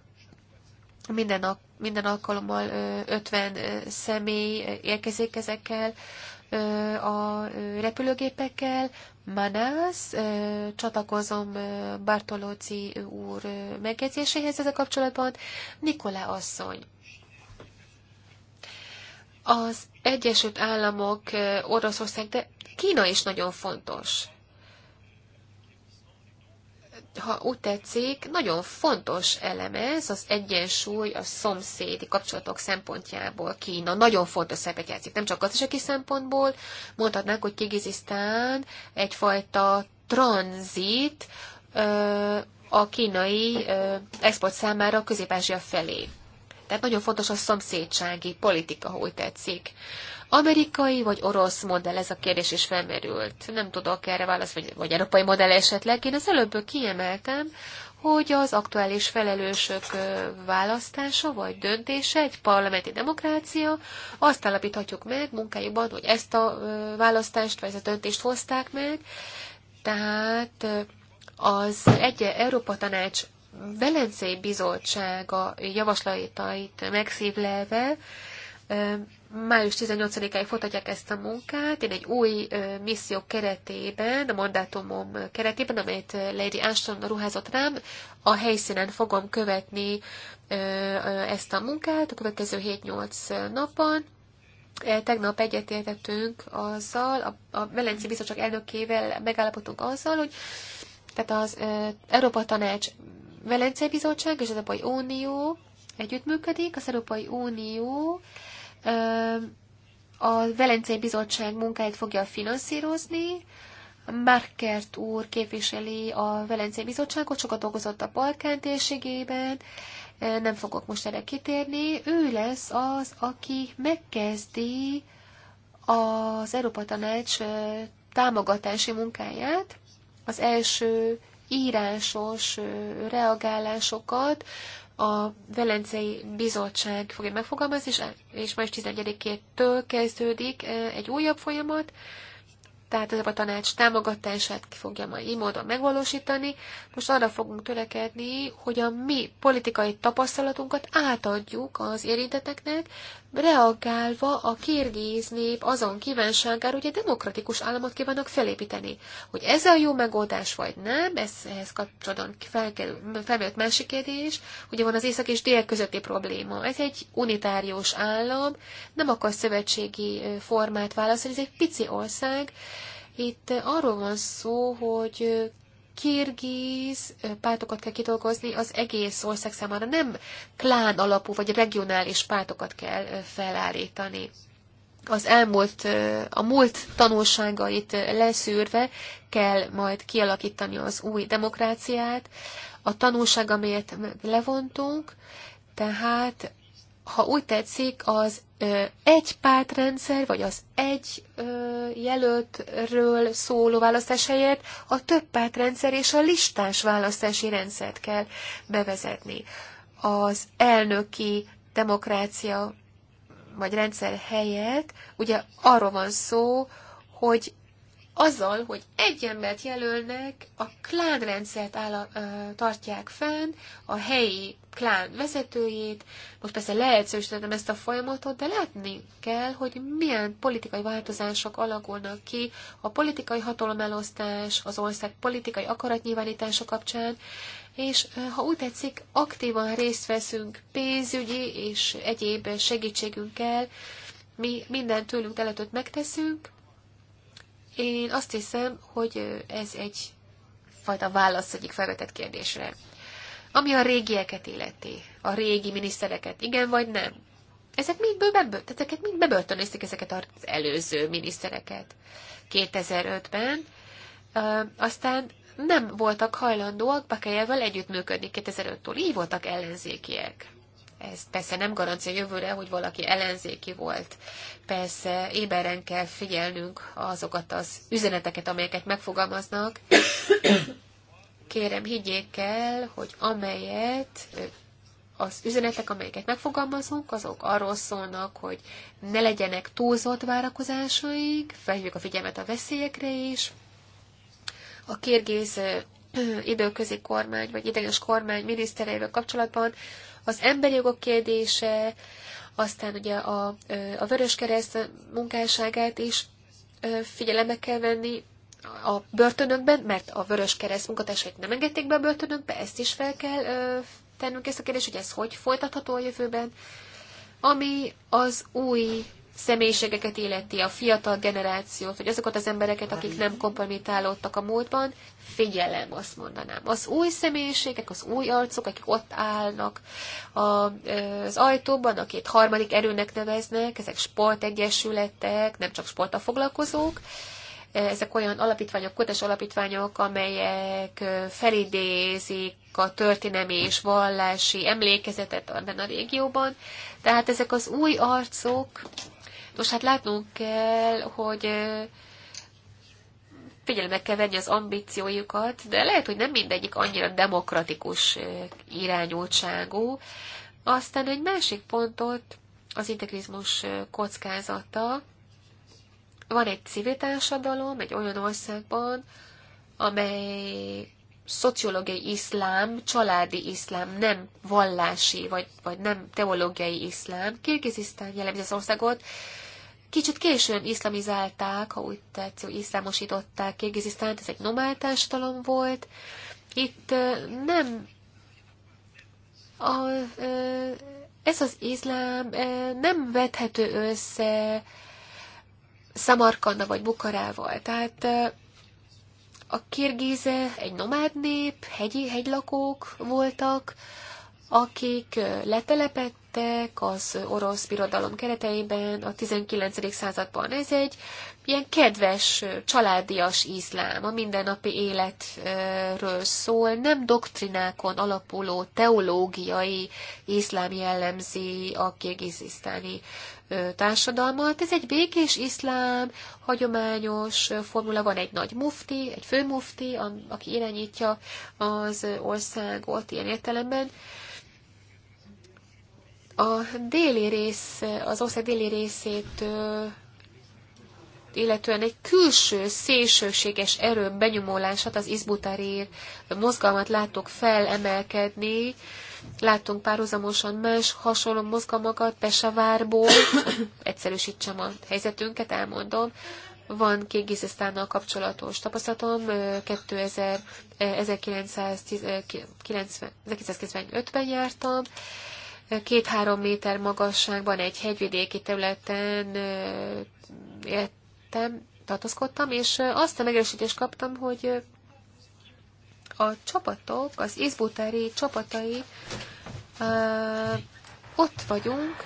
minden, minden alkalommal 50 személy érkezik ezekkel a repülőgépekkel. Manász, csatlakozom Bartolóci úr megjegyzéséhez ezzel kapcsolatban. Nikolá asszony. Az Egyesült Államok, Oroszország, de Kína is nagyon fontos ha úgy tetszik, nagyon fontos eleme ez, az egyensúly a szomszédi kapcsolatok szempontjából Kína nagyon fontos szerepet játszik, nem csak gazdasági szempontból, mondhatnánk, hogy Kigizisztán egyfajta tranzit a kínai export számára közép felé. Tehát nagyon fontos a szomszédsági politika, hogy tetszik. Amerikai vagy orosz modell, ez a kérdés is felmerült. Nem tudok erre választ, vagy, vagy európai modell esetleg. Én az előbb kiemeltem, hogy az aktuális felelősök választása vagy döntése egy parlamenti demokrácia, azt állapíthatjuk meg munkájukban, hogy ezt a választást vagy ezt a döntést hozták meg, tehát az egy Európa Tanács Velencei Bizottsága javaslatait megszívlelve május 18-áig folytatják ezt a munkát. Én egy új misszió keretében, a mandátumom keretében, amelyet Lady Ashton ruházott rám, a helyszínen fogom követni ezt a munkát a következő 7-8 napon. E, tegnap egyetértettünk azzal, a, a Velenci Biztosok elnökével megállapodtunk azzal, hogy tehát az Európa Tanács Velencei Bizottság és az Európai Unió együttműködik, az Európai Unió a Velencei Bizottság munkáit fogja finanszírozni, Markert úr képviseli a Velencei Bizottságot, sokat dolgozott a Balkán térségében, nem fogok most erre kitérni. Ő lesz az, aki megkezdi az Európa Tanács támogatási munkáját, az első írásos reagálásokat a Velencei Bizottság fogja megfogalmazni, és, és május 11-től kezdődik e, egy újabb folyamat, tehát ez a tanács támogatását ki fogja majd így módon megvalósítani. Most arra fogunk törekedni, hogy a mi politikai tapasztalatunkat átadjuk az érinteteknek, reagálva a kirgíz nép azon kívánságára, hogy egy demokratikus államot kívánok felépíteni. Hogy ez a jó megoldás, vagy nem, ez, ehhez kapcsolatban felmerült másik kérdés. Ugye van az észak és dél közötti probléma. Ez egy unitáriós állam, nem akar szövetségi formát választani, ez egy pici ország. Itt arról van szó, hogy kirgiz pártokat kell kidolgozni az egész ország számára, nem klán alapú vagy regionális pártokat kell felállítani. Az elmúlt, a múlt tanulságait leszűrve kell majd kialakítani az új demokráciát, a tanulság, amelyet levontunk, tehát ha úgy tetszik, az egy pártrendszer, vagy az egy jelöltről szóló választás helyett a több pártrendszer és a listás választási rendszert kell bevezetni. Az elnöki demokrácia vagy rendszer helyett, ugye arról van szó, hogy azzal, hogy egy embert jelölnek, a klánrendszert áll, ö, tartják fenn, a helyi klán vezetőjét. Most persze leegyszerűsítettem ezt a folyamatot, de látni kell, hogy milyen politikai változások alakulnak ki a politikai hatalomelosztás, az ország politikai akaratnyilvánítása kapcsán, és ha úgy tetszik, aktívan részt veszünk pénzügyi és egyéb segítségünkkel, mi mindent tőlünk teletőt megteszünk, én azt hiszem, hogy ez egy fajta válasz egyik felvetett kérdésre. Ami a régieket illeti, a régi minisztereket, igen vagy nem? Ezek mind, bebölt, ezeket mind bebörtönözték ezeket az előző minisztereket 2005-ben, aztán nem voltak hajlandóak Bakelyevvel együttműködni 2005-től, így voltak ellenzékiek. Ez persze nem garancia jövőre, hogy valaki ellenzéki volt. Persze éberen kell figyelnünk azokat az üzeneteket, amelyeket megfogalmaznak. Kérem, higgyék el, hogy amelyet az üzenetek, amelyeket megfogalmazunk, azok arról szólnak, hogy ne legyenek túlzott várakozásaik, felhívjuk a figyelmet a veszélyekre is. A kirgéz időközi kormány, vagy idegenes kormány minisztereivel kapcsolatban az emberi jogok kérdése, aztán ugye a, a Kereszt munkásságát is figyelembe kell venni a börtönökben, mert a Kereszt munkatársait nem engedték be a börtönökbe, ezt is fel kell tennünk ezt a kérdést, hogy ez hogy folytatható a jövőben, ami az új személyiségeket illeti, a fiatal generációt, vagy azokat az embereket, akik nem kompromitálódtak a múltban, figyelem, azt mondanám. Az új személyiségek, az új arcok, akik ott állnak az ajtóban, akit harmadik erőnek neveznek, ezek sportegyesületek, nem csak sporttal foglalkozók, ezek olyan alapítványok, kutatás alapítványok, amelyek felidézik a történelmi és vallási emlékezetet abban a régióban. Tehát ezek az új arcok, most hát látnunk kell, hogy figyelembe kell venni az ambícióikat, de lehet, hogy nem mindegyik annyira demokratikus irányultságú. Aztán egy másik pontot, az integrizmus kockázata. Van egy civil társadalom egy olyan országban, amely szociológiai iszlám, családi iszlám, nem vallási, vagy, vagy nem teológiai iszlám. Kirgizisztán jellemzi az országot, Kicsit későn iszlamizálták, ha úgy tetszik, iszlámosították Kirgizisztánt, ez egy nomád társadalom volt. Itt nem a, ez az izlám nem vethető össze samarkanda vagy Bukarával. Tehát a kirgize egy nomád nép, hegyi, hegylakók voltak, akik letelepedtek az orosz birodalom kereteiben a 19. században. Ez egy ilyen kedves, családias iszlám, a mindennapi életről szól, nem doktrinákon alapuló teológiai iszlám jellemzi a kirgizisztáni társadalmat. Ez egy békés iszlám, hagyományos formula, van egy nagy mufti, egy főmufti, aki irányítja az országot ilyen értelemben. A déli rész, az ország déli részét illetően egy külső, szélsőséges erő benyomulását, az izbutárér mozgalmat látok felemelkedni, láttunk párhuzamosan más hasonló mozgalmakat Pesavárból, egyszerűsítsem a helyzetünket, elmondom, van Kégizisztánnal kapcsolatos tapasztalatom, 1995-ben jártam, két-három méter magasságban egy hegyvidéki területen éltem, tartózkodtam, és azt a megerősítést kaptam, hogy a csapatok, az izbutári csapatai, ott vagyunk,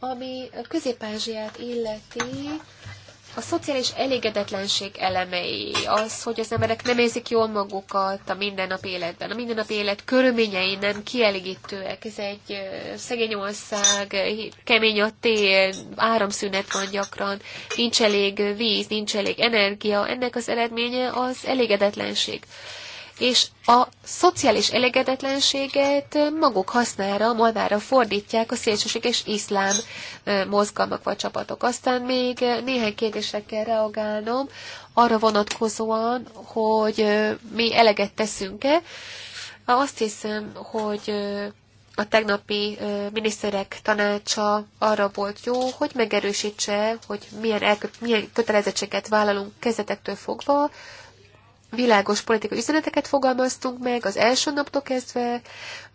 ami Közép-Ázsiát illeti, a szociális elégedetlenség elemei, az, hogy az emberek nem érzik jól magukat a mindennapi életben, a mindennapi élet körülményei nem kielégítőek, ez egy szegény ország, kemény a tél, áramszünet van gyakran, nincs elég víz, nincs elég energia, ennek az eredménye az elégedetlenség és a szociális elégedetlenséget maguk hasznára, malvára fordítják a szélsőséges iszlám mozgalmak vagy csapatok. Aztán még néhány kérdésre kell reagálnom arra vonatkozóan, hogy mi eleget teszünk-e. Azt hiszem, hogy a tegnapi miniszterek tanácsa arra volt jó, hogy megerősítse, hogy milyen, elkö- milyen kötelezettséget vállalunk kezdetektől fogva világos politikai üzeneteket fogalmaztunk meg, az első naptól kezdve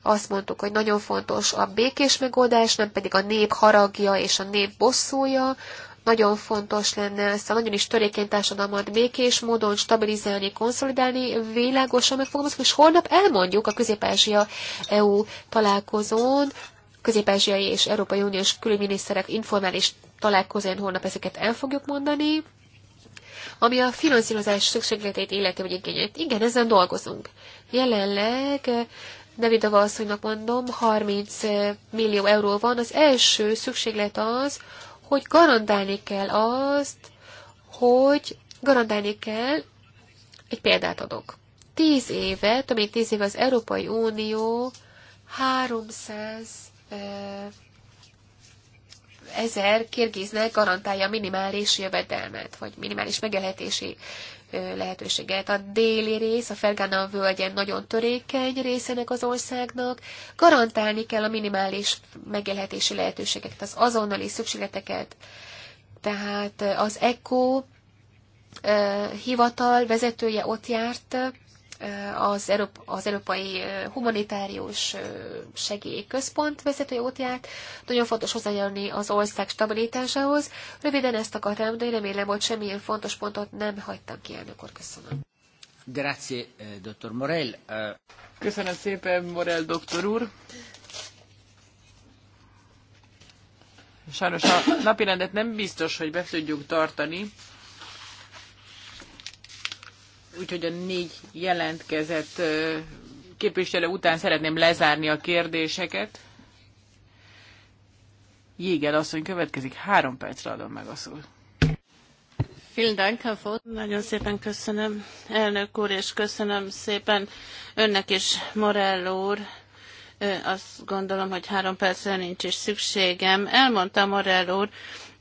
azt mondtuk, hogy nagyon fontos a békés megoldás, nem pedig a nép haragja és a nép bosszúja, nagyon fontos lenne ezt a nagyon is törékeny társadalmat békés módon stabilizálni, konszolidálni, világosan megfogalmazni, és holnap elmondjuk a közép EU találkozón, közép és Európai Uniós külügyminiszterek informális találkozón holnap ezeket el fogjuk mondani, ami a finanszírozás szükségletét illeti, vagy igényét, igen, ezen dolgozunk. Jelenleg Nevidava eh, asszonynak mondom, 30 eh, millió euró van. Az első szükséglet az, hogy garantálni kell azt, hogy garantálni kell, egy példát adok. Tíz éve, több mint tíz éve az Európai Unió 300 ezer kirgiznek garantálja minimális jövedelmet, vagy minimális megélhetési lehetőséget. A déli rész, a Fergana völgyen nagyon törékeny részenek az országnak. Garantálni kell a minimális megélhetési lehetőségeket, az azonnali szükségleteket. Tehát az ECO hivatal vezetője ott járt, az, az Európai Humanitárius Segélyközpont vezetője ott járt. Nagyon fontos hozzájárulni az ország stabilitásához. Röviden ezt akartam, de én remélem, hogy semmilyen fontos pontot nem hagytam ki, elnök úr. Köszönöm. Grazie, eh, dr. Morel. Eh, Köszönöm szépen, Morel doktor úr. Sajnos a napirendet nem biztos, hogy be tudjuk tartani, úgyhogy a négy jelentkezett képviselő után szeretném lezárni a kérdéseket. Jégel asszony következik, három percre adom meg a szót. Nagyon szépen köszönöm, elnök úr, és köszönöm szépen önnek is, Morell úr. Azt gondolom, hogy három percre nincs is szükségem. Elmondta Morell úr,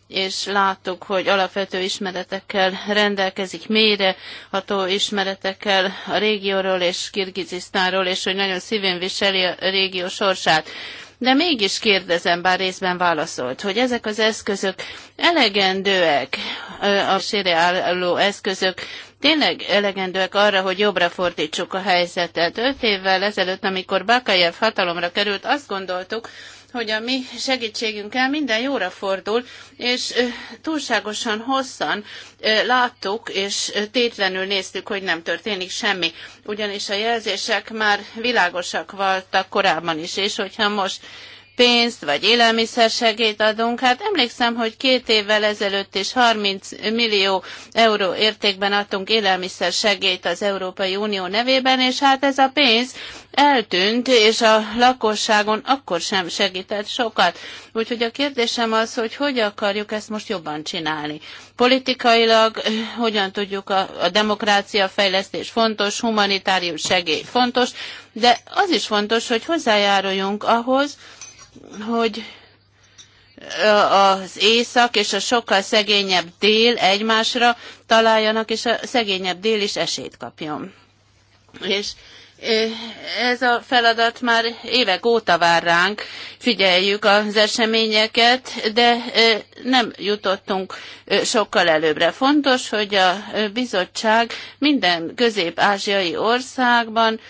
és láttuk, hogy alapvető ismeretekkel rendelkezik, mélyre ható ismeretekkel a régióról és Kirgizisztánról, és hogy nagyon szívén viseli a régió sorsát. De mégis kérdezem, bár részben válaszolt, hogy ezek az eszközök elegendőek, a sére álló eszközök, tényleg elegendőek arra, hogy jobbra fordítsuk a helyzetet. Öt évvel ezelőtt, amikor Bakayev hatalomra került, azt gondoltuk, hogy a mi segítségünkkel minden jóra fordul, és túlságosan hosszan láttuk, és tétlenül néztük, hogy nem történik semmi. Ugyanis a jelzések már világosak voltak korábban is, és hogyha most pénzt, vagy élelmiszersegét adunk. Hát emlékszem, hogy két évvel ezelőtt is 30 millió euró értékben adtunk élelmiszersegét az Európai Unió nevében, és hát ez a pénz eltűnt, és a lakosságon akkor sem segített sokat. Úgyhogy a kérdésem az, hogy hogy akarjuk ezt most jobban csinálni. Politikailag eh, hogyan tudjuk a, a demokrácia fejlesztés fontos, humanitárius segély fontos, de az is fontos, hogy hozzájáruljunk ahhoz, hogy az észak és a sokkal szegényebb dél egymásra találjanak, és a szegényebb dél is esélyt kapjon. És ez a feladat már évek óta vár ránk, figyeljük az eseményeket, de nem jutottunk sokkal előbbre. Fontos, hogy a bizottság minden közép-ázsiai országban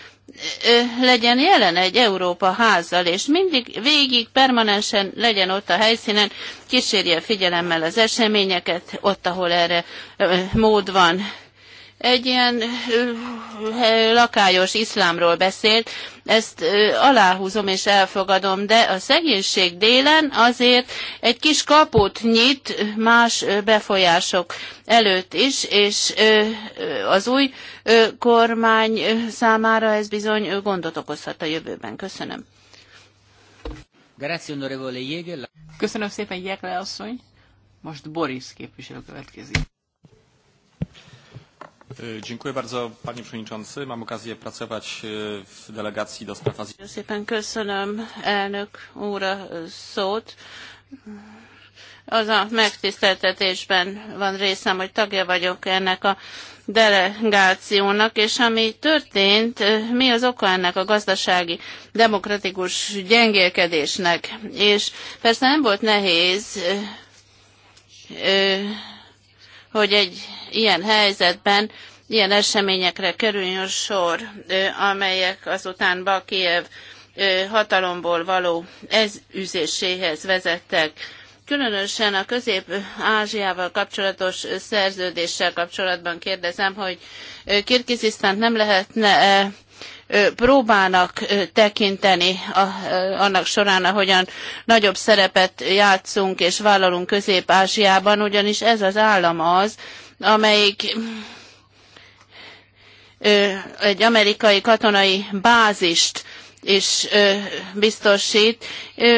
legyen jelen egy Európa házzal, és mindig végig permanensen legyen ott a helyszínen, kísérje figyelemmel az eseményeket, ott, ahol erre mód van egy ilyen lakályos iszlámról beszélt, ezt aláhúzom és elfogadom, de a szegénység délen azért egy kis kaput nyit más befolyások előtt is, és az új kormány számára ez bizony gondot okozhat a jövőben. Köszönöm. Köszönöm szépen, Jekle asszony. Most Boris képviselő következik. E, dziękuję bardzo, panie przewodniczący. Mam okazję pracować e, w delegacji do spraw Azji. Szépen köszönöm elnök úr a szót. Az a megtiszteltetésben van részem, hogy tagja vagyok ennek a delegációnak, és ami történt, e, mi az oka ennek a gazdasági demokratikus gyengélkedésnek. És persze nem volt nehéz hogy egy ilyen helyzetben ilyen eseményekre kerüljön sor, amelyek azután Bakiev hatalomból való ezüzéséhez vezettek. Különösen a Közép-Ázsiával kapcsolatos szerződéssel kapcsolatban kérdezem, hogy Kirgizisztánt nem lehetne -e próbának tekinteni annak során, ahogyan nagyobb szerepet játszunk és vállalunk Közép-Ázsiában, ugyanis ez az állam az, amelyik egy amerikai katonai bázist is biztosít.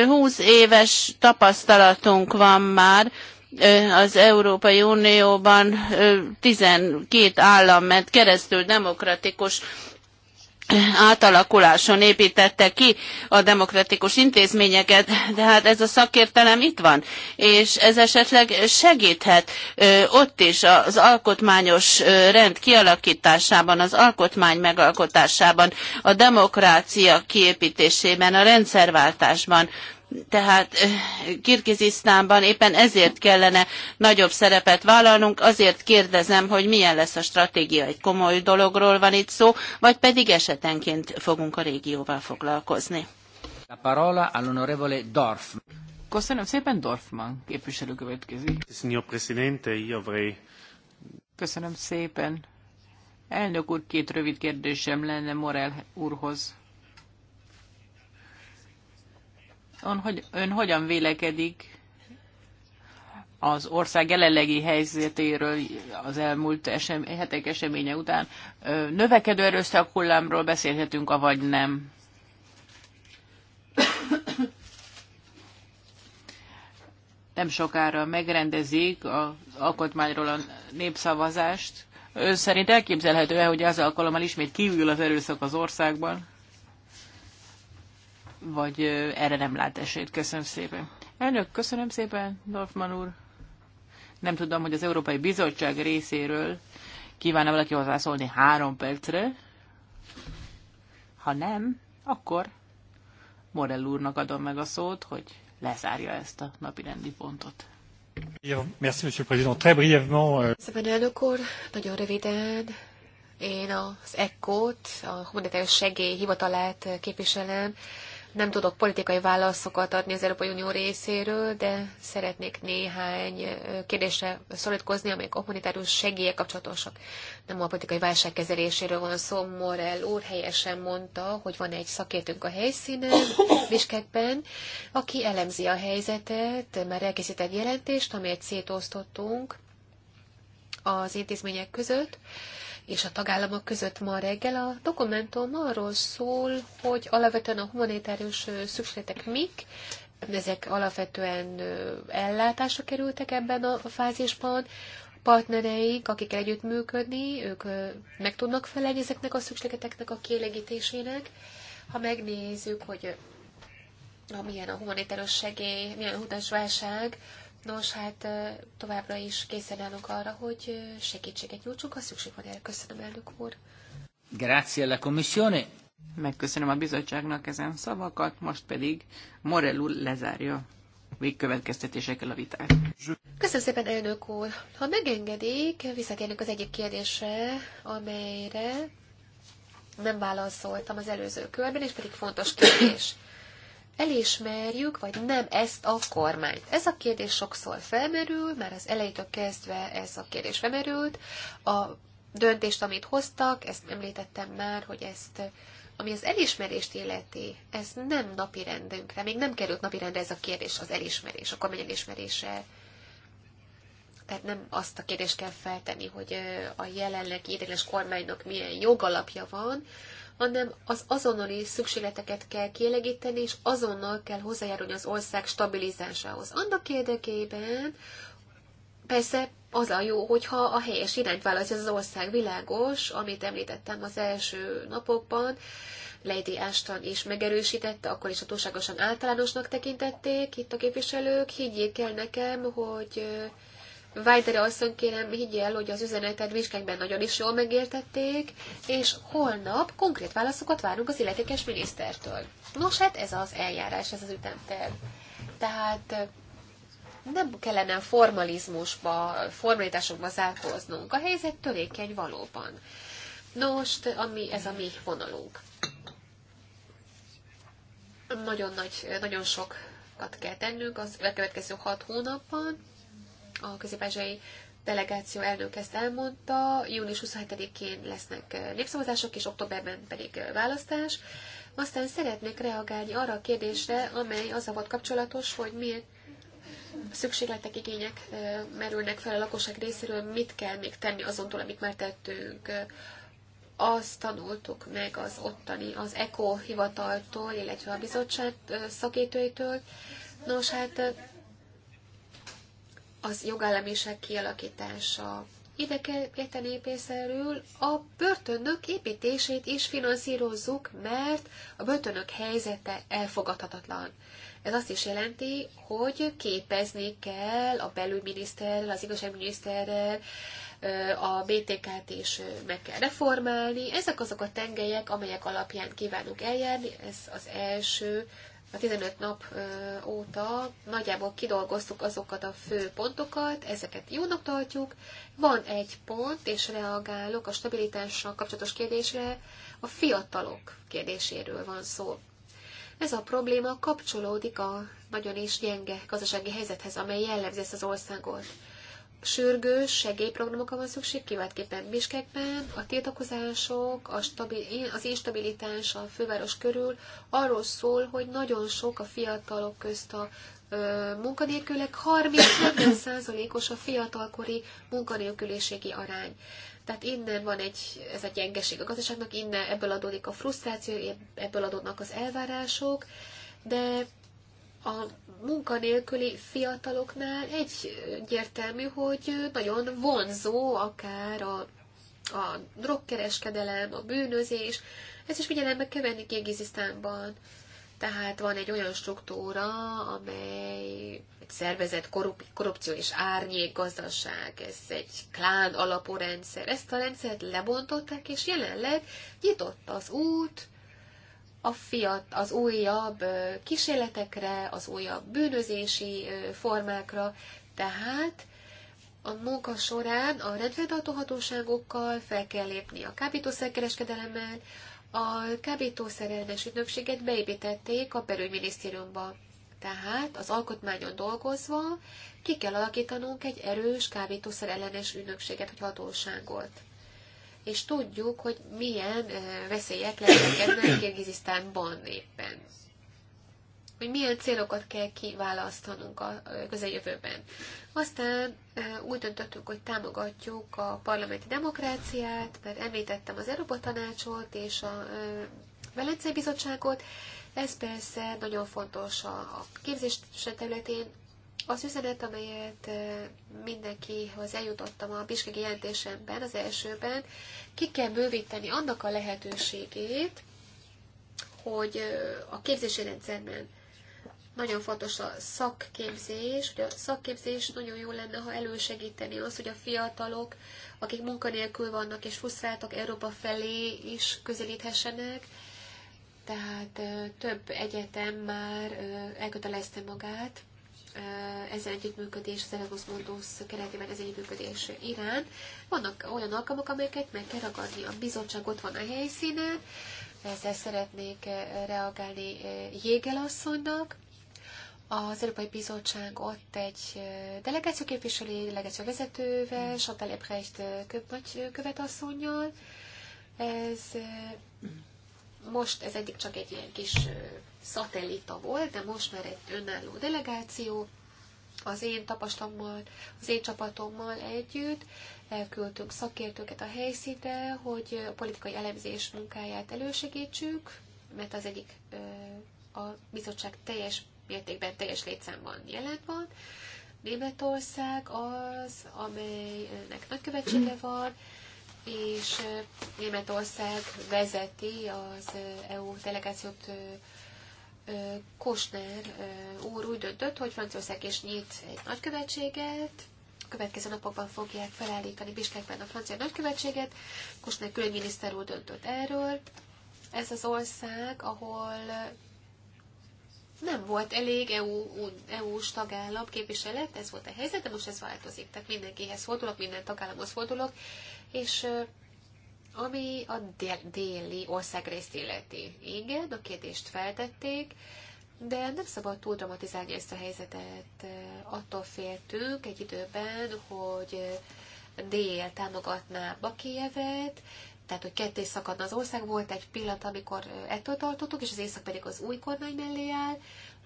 Húsz éves tapasztalatunk van már, az Európai Unióban 12 állam ment keresztül demokratikus átalakuláson építette ki a demokratikus intézményeket, de hát ez a szakértelem itt van, és ez esetleg segíthet ott is az alkotmányos rend kialakításában, az alkotmány megalkotásában, a demokrácia kiépítésében, a rendszerváltásban. Tehát Kirgizisztánban éppen ezért kellene nagyobb szerepet vállalnunk, azért kérdezem, hogy milyen lesz a stratégia, egy komoly dologról van itt szó, vagy pedig esetenként fogunk a régióval foglalkozni. La parola all'onorevole Dorf. Köszönöm szépen, Dorfman képviselő következik. Signor Presidente, io avrei... Köszönöm szépen. Elnök úr, két rövid kérdésem lenne Morel úrhoz. ön, hogy, ön hogyan vélekedik az ország jelenlegi helyzetéről az elmúlt esem, hetek eseménye után? Növekedő erőszak hullámról beszélhetünk, avagy nem? nem sokára megrendezik az alkotmányról a népszavazást. Ön szerint elképzelhető-e, hogy az alkalommal ismét kívül az erőszak az országban? vagy erre nem lát esélyt. Köszönöm szépen. Elnök, köszönöm szépen, Dorfman úr. Nem tudom, hogy az Európai Bizottság részéről kívánna valaki hozzászólni három percre. Ha nem, akkor Morell úrnak adom meg a szót, hogy lezárja ezt a napi rendi pontot. merci, monsieur président. Très brièvement. Euh, szépen elnök úr, nagyon röviden. Én az ECO-t, a humanitárius segély hivatalát képviselem. Nem tudok politikai válaszokat adni az Európai Unió részéről, de szeretnék néhány kérdésre szorítkozni, amelyek a humanitárius segélye kapcsolatosak. Nem a politikai válság kezeléséről van szó. Morel úr helyesen mondta, hogy van egy szakértőnk a helyszínen, Biskekben, aki elemzi a helyzetet, már elkészített egy jelentést, amelyet szétosztottunk az intézmények között és a tagállamok között ma reggel. A dokumentum arról szól, hogy alapvetően a humanitárius szükségletek mik, ezek alapvetően ellátásra kerültek ebben a fázisban, partnereik, akik együtt működni, ők meg tudnak felelni ezeknek a szükségleteknek a kielégítésének. Ha megnézzük, hogy milyen a humanitárius segély, milyen a hutas válság, Nos, hát továbbra is készen állunk arra, hogy segítséget nyújtsunk, ha szükség van erre. Köszönöm, elnök úr. Grazie alla Commissione. Megköszönöm a bizottságnak ezen szavakat, most pedig Morellul lezárja végkövetkeztetésekkel a vitát. Köszönöm szépen, elnök úr! Ha megengedik, visszatérünk az egyik kérdésre, amelyre nem válaszoltam az előző körben, és pedig fontos kérdés elismerjük, vagy nem ezt a kormányt. Ez a kérdés sokszor felmerül, már az elejétől kezdve ez a kérdés felmerült. A döntést, amit hoztak, ezt említettem már, hogy ezt, ami az elismerést illeti, ez nem napi rendünkre, még nem került napi rendre ez a kérdés, az elismerés, a kormány elismerése. Tehát nem azt a kérdést kell feltenni, hogy a jelenlegi ideiglenes kormánynak milyen jogalapja van, hanem az azonnali szükségleteket kell kielegíteni, és azonnal kell hozzájárulni az ország stabilizásához. Annak érdekében persze az a jó, hogyha a helyes irányt választja az ország világos, amit említettem az első napokban, Lady Ashton is megerősítette, akkor is a túlságosan általánosnak tekintették itt a képviselők. Higgyék el nekem, hogy Vajdere asszony, kérem, higgy el, hogy az üzenetet vizsgákban nagyon is jól megértették, és holnap konkrét válaszokat várunk az illetékes minisztertől. Nos, hát ez az eljárás, ez az ütemterv. Tehát eh, nem kellene formalizmusba, formalitásokba zárkóznunk. A helyzet törékeny valóban. Nos, ami, ez a mi vonalunk. Nagyon, nagy, nagyon sokat kell tennünk az következő hat hónapban, a közép delegáció elnök ezt elmondta, június 27-én lesznek eh, népszavazások, és októberben pedig eh, választás. Aztán szeretnék reagálni arra a kérdésre, amely az volt kapcsolatos, hogy milyen szükségletek, igények eh, merülnek fel a lakosság részéről, mit kell még tenni azontól, amit már tettünk. Azt tanultuk meg az ottani, az ECO hivataltól, illetve a bizottság szakítőitől. Nos, hát az jogállamiság kialakítása. Ide kell érteni épészerül, a börtönök építését is finanszírozzuk, mert a börtönök helyzete elfogadhatatlan. Ez azt is jelenti, hogy képezni kell a belügyminiszterrel, az igazságminiszterrel, a BTK-t is meg kell reformálni. Ezek azok a tengelyek, amelyek alapján kívánunk eljárni. Ez az első a 15 nap óta nagyjából kidolgoztuk azokat a fő pontokat, ezeket jónak tartjuk. Van egy pont, és reagálok a stabilitással kapcsolatos kérdésre, a fiatalok kérdéséről van szó. Ez a probléma kapcsolódik a nagyon is gyenge gazdasági helyzethez, amely jellemzi ezt az országot sürgős segélyprogramokra van szükség, kiváltképpen Biskekben, a tiltakozások, a stabil, az instabilitás a főváros körül arról szól, hogy nagyon sok a fiatalok közt a munkanélkülek, 30-40 os a fiatalkori munkanélküliségi arány. Tehát innen van egy, ez a gyengeség a gazdaságnak, innen ebből adódik a frusztráció, ebből adódnak az elvárások, de a munkanélküli fiataloknál egyértelmű, hogy nagyon vonzó akár a a drogkereskedelem, a bűnözés, ezt is figyelembe kell venni Kirgizisztánban. Tehát van egy olyan struktúra, amely egy szervezett korup- korrupció és árnyék gazdaság, ez egy klán alapú rendszer. Ezt a rendszert lebontották, és jelenleg nyitott az út a fiat, az újabb kísérletekre, az újabb bűnözési formákra, tehát a munka során a rendfenntartó hatóságokkal fel kell lépni a kábítószerkereskedelemmel, a kábítószerelmes ügynökséget beépítették a belügyminisztériumba. Tehát az alkotmányon dolgozva ki kell alakítanunk egy erős kábítószer ellenes ügynökséget, vagy hatóságot és tudjuk, hogy milyen veszélyek lehetnek Kirgizisztánban éppen. Hogy milyen célokat kell kiválasztanunk a közeljövőben. Aztán úgy döntöttünk, hogy támogatjuk a parlamenti demokráciát, mert említettem az Európa Tanácsot és a Velencei Bizottságot. Ez persze nagyon fontos a képzés területén, az üzenet, amelyet mindenkihoz eljutottam a Biskéki jelentésemben, az elsőben, ki kell bővíteni annak a lehetőségét, hogy a képzési rendszerben nagyon fontos a szakképzés, hogy a szakképzés nagyon jó lenne, ha elősegíteni az, hogy a fiatalok, akik munkanélkül vannak és frusztráltak, Európa felé is közelíthessenek. Tehát több egyetem már elkötelezte magát ezzel együttműködés, az Erasmus Mundus keretében az együttműködés irán. Vannak olyan alkalmak, amelyeket meg kell ragadni. A bizottság ott van a helyszínen, ezzel szeretnék reagálni Jégel asszonynak. Az Európai Bizottság ott egy delegáció képviselő, delegáció vezetővel, Chantal Ebrecht követasszonynal. Ez most ez eddig csak egy ilyen kis szatellita volt, de most már egy önálló delegáció, az én tapasztalommal, az én csapatommal együtt elküldtünk szakértőket a helyszínre, hogy a politikai elemzés munkáját elősegítsük, mert az egyik a bizottság teljes mértékben, teljes létszámban jelent van. Németország az, amelynek nagykövetsége van, és Németország vezeti az EU delegációt Kosner úr úgy döntött, hogy Franciaország és nyit egy nagykövetséget, a következő napokban fogják felállítani Biskekben a francia nagykövetséget. Kosner külügyminiszter úr döntött erről. Ez az ország, ahol nem volt elég EU, EU-s tagállam képviselet, ez volt a helyzet, de most ez változik. Tehát mindenkihez fordulok, minden tagállamhoz fordulok, és ami a dél- déli országrészt illeti. Igen, a kérdést feltették, de nem szabad túl dramatizálni ezt a helyzetet. Attól féltünk egy időben, hogy dél támogatná Bakijevet, tehát hogy ketté szakadna az ország. Volt egy pillanat, amikor ettől tartottuk, és az észak pedig az új kormány mellé áll.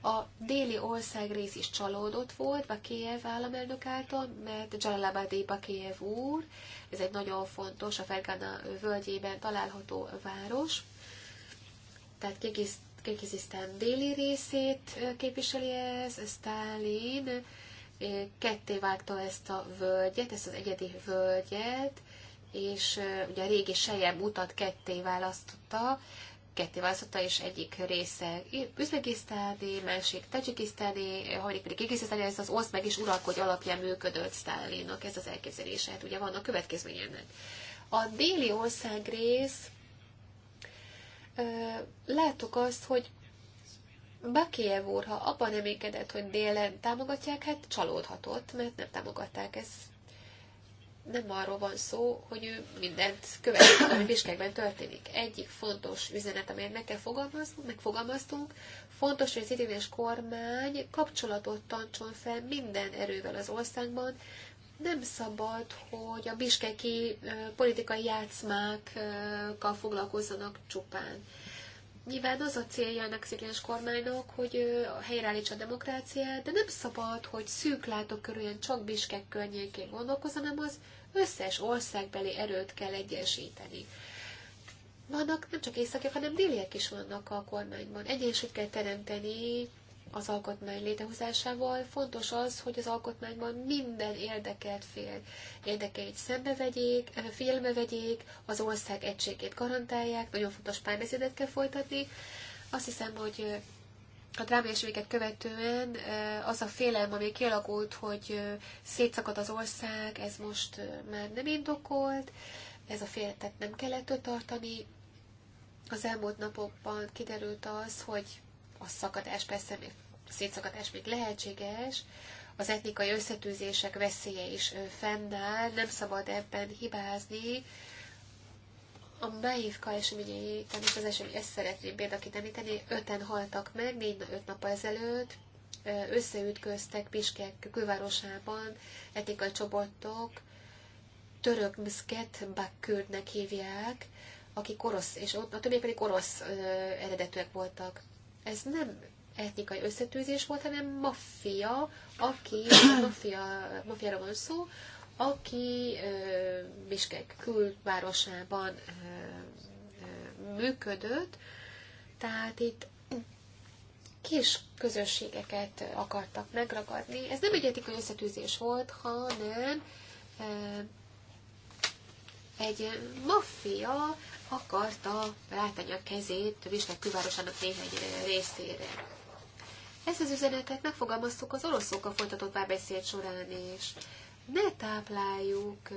A déli országrész is csalódott volt, a Kiev államelnök által, mert Jalalabadéba Kiev úr, ez egy nagyon fontos, a Fergana völgyében található város, tehát Kirgizisztán déli részét képviseli ez, Stalin ketté vágta ezt a völgyet, ezt az egyedi völgyet, és ugye a régi sejem utat ketté választotta, ketté választotta, és egyik része üzbegisztádi, másik tajikisztádi, harmadik pedig kirgizisztádi, ez az oszd meg és uralkodj alapján működött Sztálinnak, ez az elképzelése. Hát ugye van a következménye ennek. A déli ország rész, láttuk azt, hogy Bakiev úr, ha abban emékedett, hogy délen támogatják, hát csalódhatott, mert nem támogatták. Ez nem arról van szó, hogy ő mindent követett, ami vizsgákban történik. Egyik fontos üzenet, amelyet meg kell fogalmaznunk, megfogalmaztunk, fontos, hogy az idénes kormány kapcsolatot tantson fel minden erővel az országban, nem szabad, hogy a biskeki politikai játszmákkal foglalkozzanak csupán. Nyilván az a célja ennek az kormánynak, hogy helyreállítsa a demokráciát, de nem szabad, hogy szűk látókörűen csak Biskek környékén gondolkozzon, hanem az összes országbeli erőt kell egyensíteni. Vannak nem csak északiak, hanem déliek is vannak a kormányban. Egyensúlyt kell teremteni az alkotmány létrehozásával. Fontos az, hogy az alkotmányban minden érdekelt fél érdekeit szembe vegyék, eh, félbe vegyék, az ország egységét garantálják, nagyon fontos párbeszédet kell folytatni. Azt hiszem, hogy eh, a drámai követően eh, az a félelem, ami kialakult, hogy szétszakad az ország, ez most már nem indokolt, ez a féltet nem kellett tartani. Az elmúlt napokban kiderült az, hogy a szakadás persze, szétszakadás még lehetséges, az etnikai összetűzések veszélye is fennáll, nem szabad ebben hibázni. A Maivka eseményei, tehát az esemény, ezt szeretném példaként említeni, öten haltak meg, négy, öt nap ezelőtt, összeütköztek Piskek külvárosában etnikai csoportok, török mszket bakkürnek hívják, akik orosz, és ott, a többiek pedig orosz ö, eredetűek voltak ez nem etnikai összetűzés volt, hanem maffia, aki, [coughs] maffia, maffiára van szó, aki ö, Biskek külvárosában működött, tehát itt kis közösségeket akartak megragadni. Ez nem egy etikai összetűzés volt, hanem egy maffia akarta rátenni a kezét Vizsnek külvárosának néhány részére. Ezt az üzenetet megfogalmaztuk az oroszokkal folytatott párbeszéd során is. Ne tápláljuk,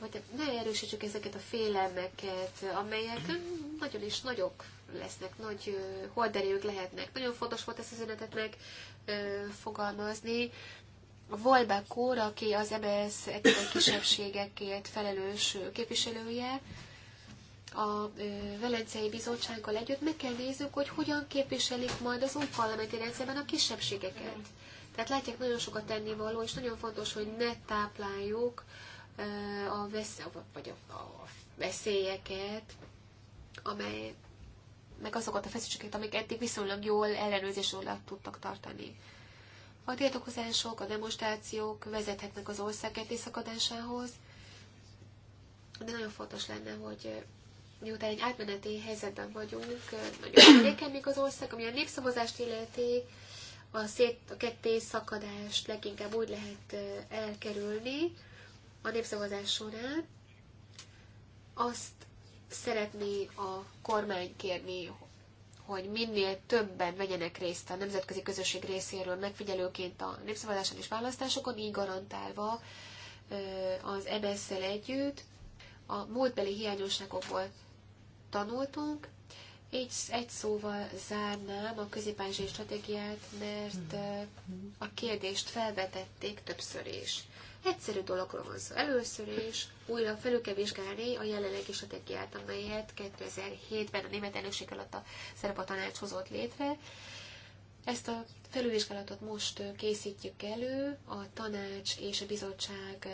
vagy ne erősítsük ezeket a félelmeket, amelyek nagyon is nagyok lesznek, nagy holderők lehetnek. Nagyon fontos volt ezt az üzenetet megfogalmazni, Volbe Kóra, aki az MSZ kisebbségekért felelős képviselője, a Velencei Bizottsággal együtt meg kell nézzük, hogy hogyan képviselik majd az új parlamenti rendszerben a kisebbségeket. Tehát látják, nagyon sokat tennivaló, és nagyon fontos, hogy ne tápláljuk a, vesz, vagy a, veszélyeket, amely, meg azokat a feszültségeket, amik eddig viszonylag jól ellenőrzés alatt tudtak tartani. A tiltakozások, a demonstrációk vezethetnek az ország ketté szakadásához, de nagyon fontos lenne, hogy miután egy átmeneti helyzetben vagyunk, nagyon érdekel még az ország, ami a népszavazást illeti, a, szét, a ketté szakadást leginkább úgy lehet elkerülni a népszavazás során. Azt szeretné a kormány kérni, hogy minél többen vegyenek részt a nemzetközi közösség részéről megfigyelőként a népszavazáson és választásokon, így garantálva az EBS-szel együtt a múltbeli hiányosságokból tanultunk, így egy szóval zárnám a közép stratégiát, mert a kérdést felvetették többször is. Egyszerű dologról van szó. Először is újra felül kell vizsgálni a jelenlegi stratégiát, amelyet 2007-ben a német elnökség alatt a Szerba Tanács hozott létre, ezt a felülvizsgálatot most készítjük elő a tanács és a bizottság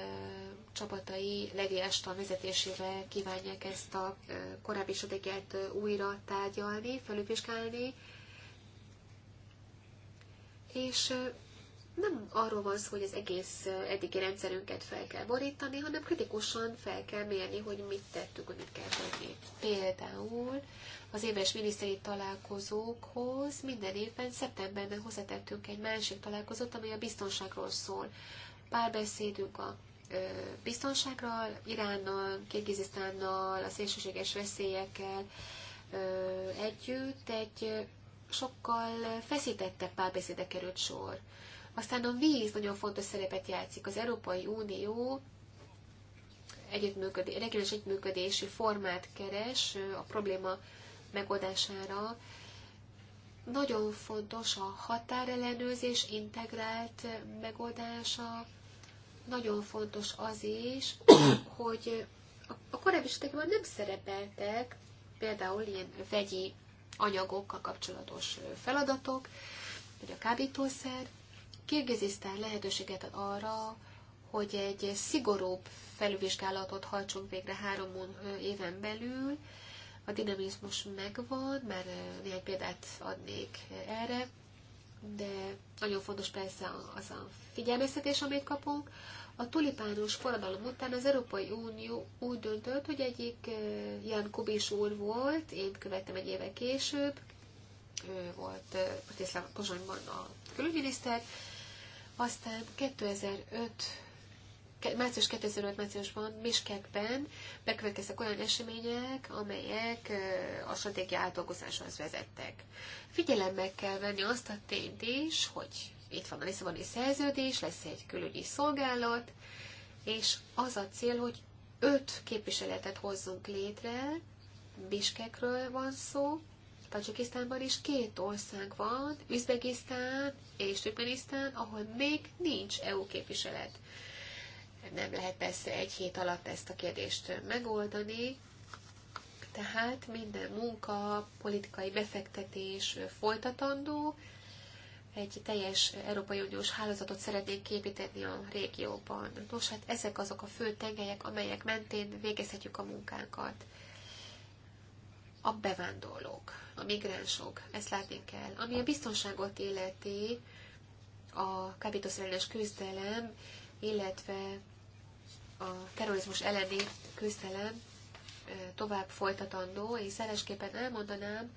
csapatai Levi Eston vezetésével kívánják ezt a korábbi stratégiát újra tárgyalni, felülvizsgálni, és nem arról van szó, hogy az egész eddigi rendszerünket fel kell borítani, hanem kritikusan fel kell mérni, hogy mit tettük, hogy mit kell tenni. Például az éves miniszteri találkozókhoz minden évben szeptemberben hozzátettünk egy másik találkozót, ami a biztonságról szól. Párbeszédünk a biztonságról, Iránnal, Kirgizisztánnal, a szélsőséges veszélyekkel együtt egy sokkal feszítettebb párbeszédre került sor. Aztán a víz nagyon fontos szerepet játszik. Az Európai Unió regionális együttműködési formát keres a probléma megoldására. Nagyon fontos a határellenőrzés integrált megoldása, nagyon fontos az is, hogy a korábbi esetekben nem szerepeltek például ilyen vegyi anyagokkal kapcsolatos feladatok, vagy a kábítószer, Kirgizisztán lehetőséget ad arra, hogy egy szigorúbb felülvizsgálatot hajtsunk végre három éven belül. A dinamizmus megvan, már néhány példát adnék erre, de nagyon fontos persze az a figyelmeztetés, amit kapunk. A tulipános forradalom után az Európai Unió úgy döntött, hogy egyik Jan Kubis úr volt, én követtem egy éve később, ő volt Pozsonyban a külügyminiszter, aztán 2005 március 2005 márciusban Miskekben bekövetkeztek olyan események, amelyek a stratégia átdolgozáshoz vezettek. Figyelemmel kell venni azt a tényt is, hogy itt van a Lisszaboni szerződés, lesz egy külügyi szolgálat, és az a cél, hogy öt képviseletet hozzunk létre, Biskekről van szó, Tajikisztánban is két ország van, Üzbegisztán és Türkmenisztán, ahol még nincs EU képviselet. Nem lehet persze egy hét alatt ezt a kérdést megoldani, tehát minden munka, politikai befektetés folytatandó, egy teljes Európai Uniós hálózatot szeretnénk képíteni a régióban. Nos, hát ezek azok a fő tengelyek, amelyek mentén végezhetjük a munkánkat a bevándorlók, a migránsok, ezt látni kell. Ami a biztonságot illeti, a kábítószerellenes küzdelem, illetve a terrorizmus elleni küzdelem tovább folytatandó, és szeresképpen elmondanám,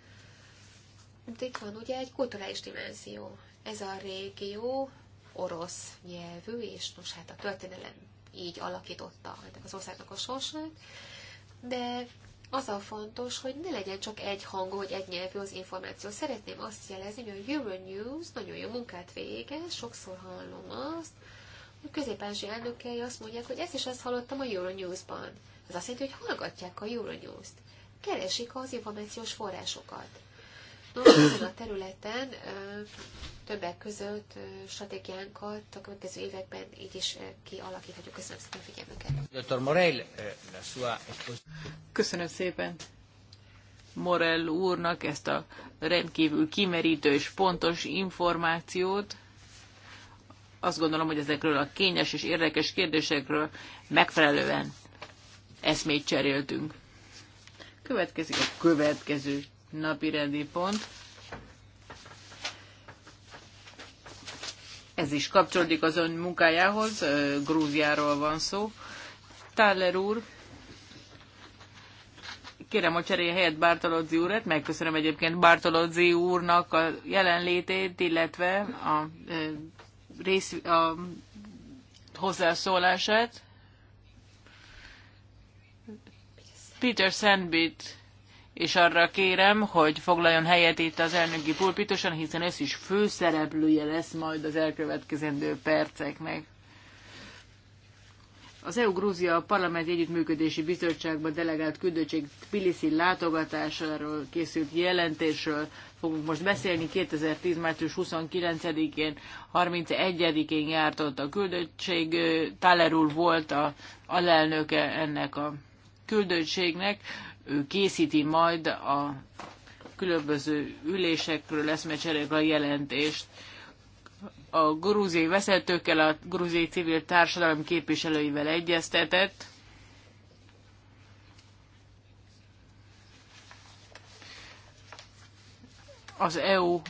hogy itt van ugye egy kulturális dimenzió. Ez a régió orosz nyelvű, és nos hát a történelem így alakította az országnak a sorsát, de az a fontos, hogy ne legyen csak egy hangú, hogy egy nyelvű az információ. Szeretném azt jelezni, hogy a Euronews nagyon jó munkát végez, sokszor hallom azt, hogy középánsi elnökei azt mondják, hogy ezt is ezt hallottam a Euronews-ban. Ez azt jelenti, hogy hallgatják a Euronews-t. Keresik az információs forrásokat ezen a területen, többek között stratégiánkat a következő években így is kialakíthatjuk. Köszönöm szépen a figyelmüket. Dr. Köszönöm szépen Morell úrnak ezt a rendkívül kimerítő és pontos információt. Azt gondolom, hogy ezekről a kényes és érdekes kérdésekről megfelelően eszmét cseréltünk. Következik a következő Napi rendi pont. Ez is kapcsolódik az ön munkájához, Grúziáról van szó. Táler úr, kérem, hogy cserélje helyett Bartolozzi úrat, megköszönöm egyébként Bartolozzi úrnak a jelenlétét, illetve a, rész, a hozzászólását. Peter Sandbit és arra kérem, hogy foglaljon helyet itt az elnöki pulpituson, hiszen ez is főszereplője lesz majd az elkövetkezendő perceknek. Az EU-Grúzia Parlamenti Együttműködési Bizottságba delegált küldöttség Tbilisi látogatásáról készült jelentésről fogunk most beszélni. 2010. március 29-én, 31-én járt ott a küldöttség. Táler volt a alelnöke ennek a küldöttségnek ő készíti majd a különböző ülésekről, eszmecserek a jelentést. A grúziai veszeltőkkel, a grúziai civil társadalom képviselőivel egyeztetett. Az EU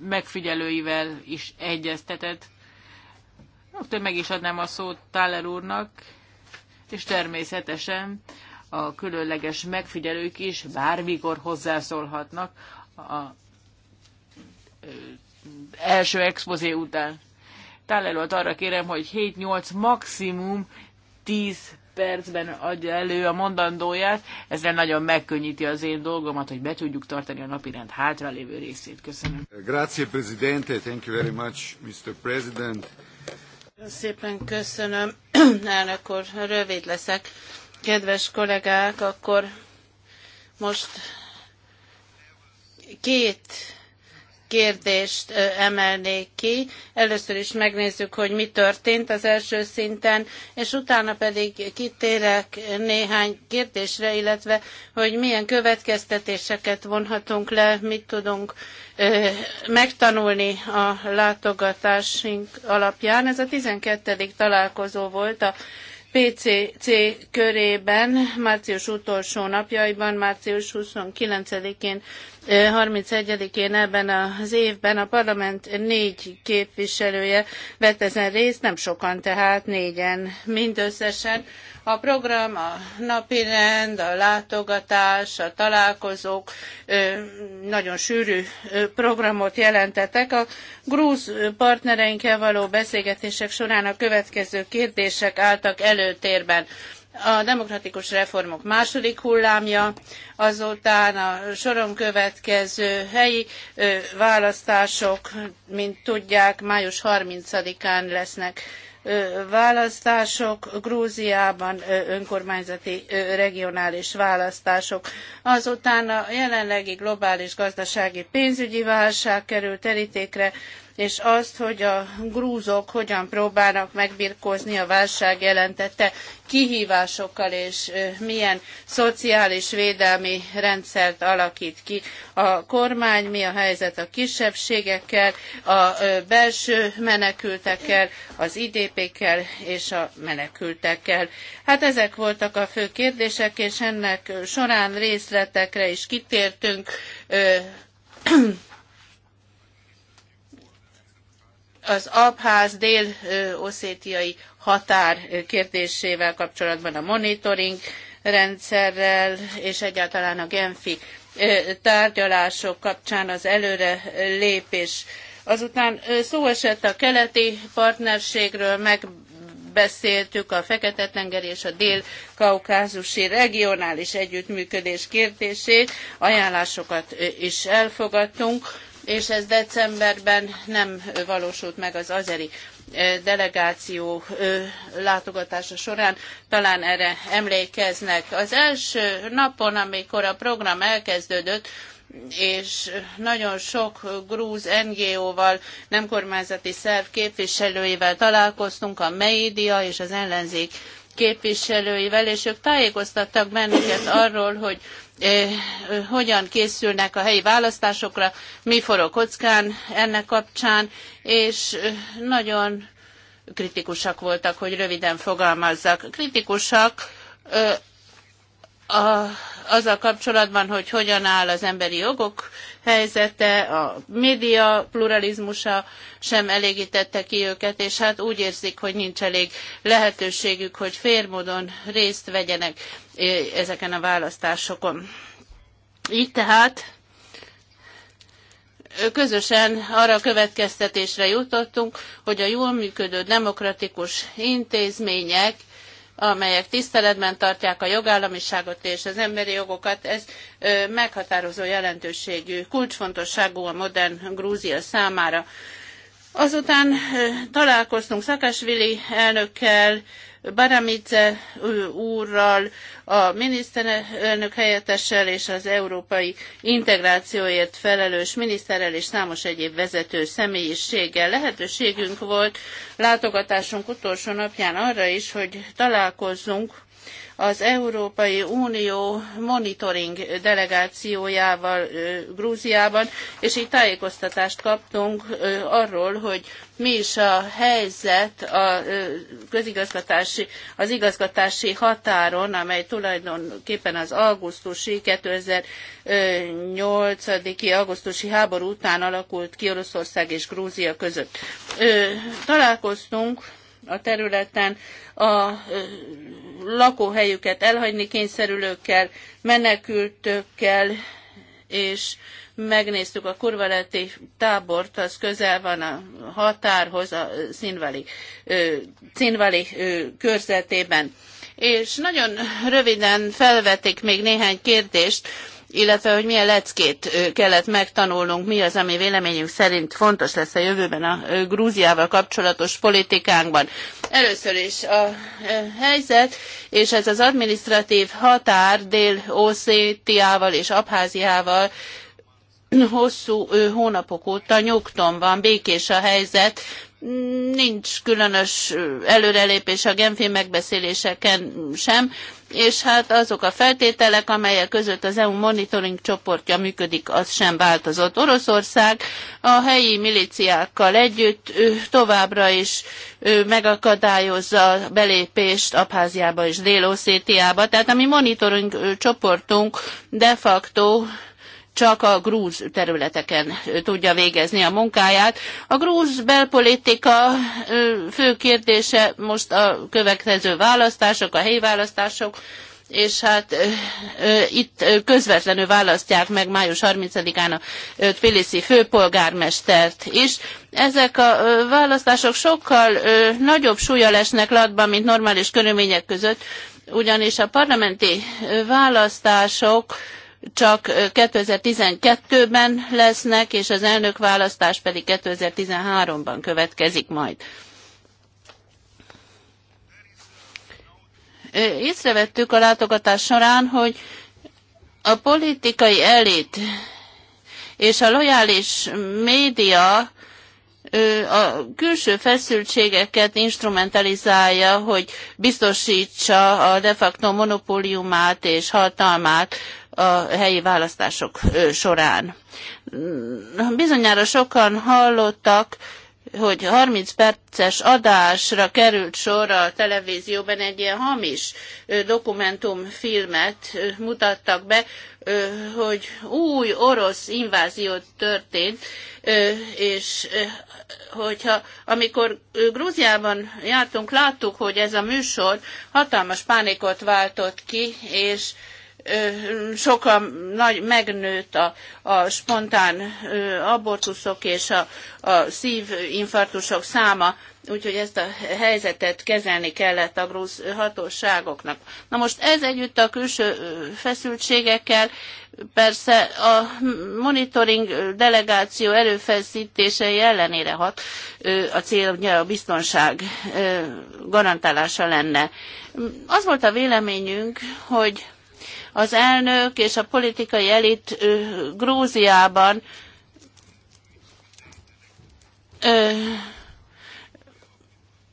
megfigyelőivel is egyeztetett. Rögtön meg is adnám a szót Táler úrnak, és természetesen a különleges megfigyelők is bármikor hozzászólhatnak a első expozé után. Tálelőt arra kérem, hogy 7-8 maximum 10 percben adja elő a mondandóját. Ezzel nagyon megkönnyíti az én dolgomat, hogy be tudjuk tartani a napirend hátralévő részét. Köszönöm. Grazie, Presidente. Thank you very much, Mr. President. Szépen köszönöm, [clears throat] elnök úr. Rövid leszek. Kedves kollégák, akkor most két kérdést emelnék ki. Először is megnézzük, hogy mi történt az első szinten, és utána pedig kitérek néhány kérdésre, illetve hogy milyen következtetéseket vonhatunk le, mit tudunk ö, megtanulni a látogatásunk alapján. Ez a 12. találkozó volt a PCC körében március utolsó napjaiban, március 29-én 31-én ebben az évben a parlament négy képviselője vett ezen részt, nem sokan tehát, négyen mindösszesen. A program, a napirend, a látogatás, a találkozók nagyon sűrű programot jelentettek. A grúz partnereinkkel való beszélgetések során a következő kérdések álltak előtérben a demokratikus reformok második hullámja, azután a soron következő helyi választások, mint tudják, május 30-án lesznek választások, Grúziában önkormányzati regionális választások. Azután a jelenlegi globális gazdasági pénzügyi válság került terítékre, és azt, hogy a grúzok hogyan próbálnak megbirkózni a válság jelentette kihívásokkal, és milyen szociális védelmi rendszert alakít ki a kormány, mi a helyzet a kisebbségekkel, a belső menekültekkel, az IDP-kkel és a menekültekkel. Hát ezek voltak a fő kérdések, és ennek során részletekre is kitértünk az Abház dél-oszétiai határ kérdésével kapcsolatban a monitoring rendszerrel, és egyáltalán a Genfi tárgyalások kapcsán az előre lépés. Azután szó esett a keleti partnerségről, megbeszéltük a Fekete-tenger és a dél-kaukázusi regionális együttműködés kérdését, ajánlásokat is elfogadtunk és ez decemberben nem valósult meg az azeri delegáció látogatása során, talán erre emlékeznek. Az első napon, amikor a program elkezdődött, és nagyon sok grúz NGO-val, nem kormányzati szerv képviselőivel találkoztunk, a média és az ellenzék képviselőivel, és ők tájékoztattak bennünket arról, hogy Eh, eh, hogyan készülnek a helyi választásokra, mi forog kockán ennek kapcsán, és eh, nagyon kritikusak voltak, hogy röviden fogalmazzak. Kritikusak a, azzal kapcsolatban, hogy hogyan áll az emberi jogok helyzete, a média pluralizmusa sem elégítette ki őket, és hát úgy érzik, hogy nincs elég lehetőségük, hogy férmódon részt vegyenek e, ezeken a választásokon. Így tehát közösen arra a következtetésre jutottunk, hogy a jól működő demokratikus intézmények amelyek tiszteletben tartják a jogállamiságot és az emberi jogokat. Ez meghatározó jelentőségű, kulcsfontosságú a modern Grúzia számára. Azután találkoztunk Szakásvili elnökkel, Baramice úrral, a miniszterelnök helyettessel és az európai integrációért felelős miniszterrel és számos egyéb vezető személyiséggel lehetőségünk volt látogatásunk utolsó napján arra is, hogy találkozzunk az Európai Unió monitoring delegációjával Grúziában, és így tájékoztatást kaptunk arról, hogy mi is a helyzet a közigazgatási, az igazgatási határon, amely tulajdonképpen az augusztusi 2008-i augusztusi háború után alakult ki Oroszország és Grúzia között. Találkoztunk a területen, a lakóhelyüket elhagyni kényszerülőkkel, menekültökkel, és megnéztük a kurvaleti tábort, az közel van a határhoz, a színvali, színvali körzetében. És nagyon röviden felvetik még néhány kérdést, illetve hogy milyen leckét kellett megtanulnunk, mi az, ami véleményünk szerint fontos lesz a jövőben a Grúziával kapcsolatos politikánkban. Először is a helyzet, és ez az adminisztratív határ Dél-Oszétiával és Abháziával hosszú hónapok óta nyugton van, békés a helyzet, nincs különös előrelépés a Genfi megbeszéléseken sem, és hát azok a feltételek, amelyek között az EU monitoring csoportja működik, az sem változott. Oroszország a helyi miliciákkal együtt továbbra is megakadályozza a belépést Abháziába és Dél-Oszétiába. Tehát a mi monitoring csoportunk de facto csak a grúz területeken tudja végezni a munkáját. A grúz belpolitika fő kérdése most a következő választások, a helyi választások, és hát itt közvetlenül választják meg május 30-án a Tbilisi főpolgármestert is. Ezek a választások sokkal nagyobb súlya lesnek latban, mint normális körülmények között, ugyanis a parlamenti választások csak 2012-ben lesznek, és az elnökválasztás pedig 2013-ban következik majd. Észrevettük a látogatás során, hogy a politikai elit és a lojális média a külső feszültségeket instrumentalizálja, hogy biztosítsa a de facto monopóliumát és hatalmát a helyi választások során. Bizonyára sokan hallottak, hogy 30 perces adásra került sor a televízióban egy ilyen hamis dokumentumfilmet mutattak be, hogy új orosz invázió történt, és hogyha amikor Grúziában jártunk, láttuk, hogy ez a műsor hatalmas pánikot váltott ki, és sokan nagy, megnőtt a, a spontán abortuszok és a, a szívinfarktusok száma, úgyhogy ezt a helyzetet kezelni kellett a grúz hatóságoknak. Na most ez együtt a külső feszültségekkel, persze a monitoring delegáció erőfeszítései ellenére hat, a cél ugye a biztonság garantálása lenne. Az volt a véleményünk, hogy az elnök és a politikai elit Grúziában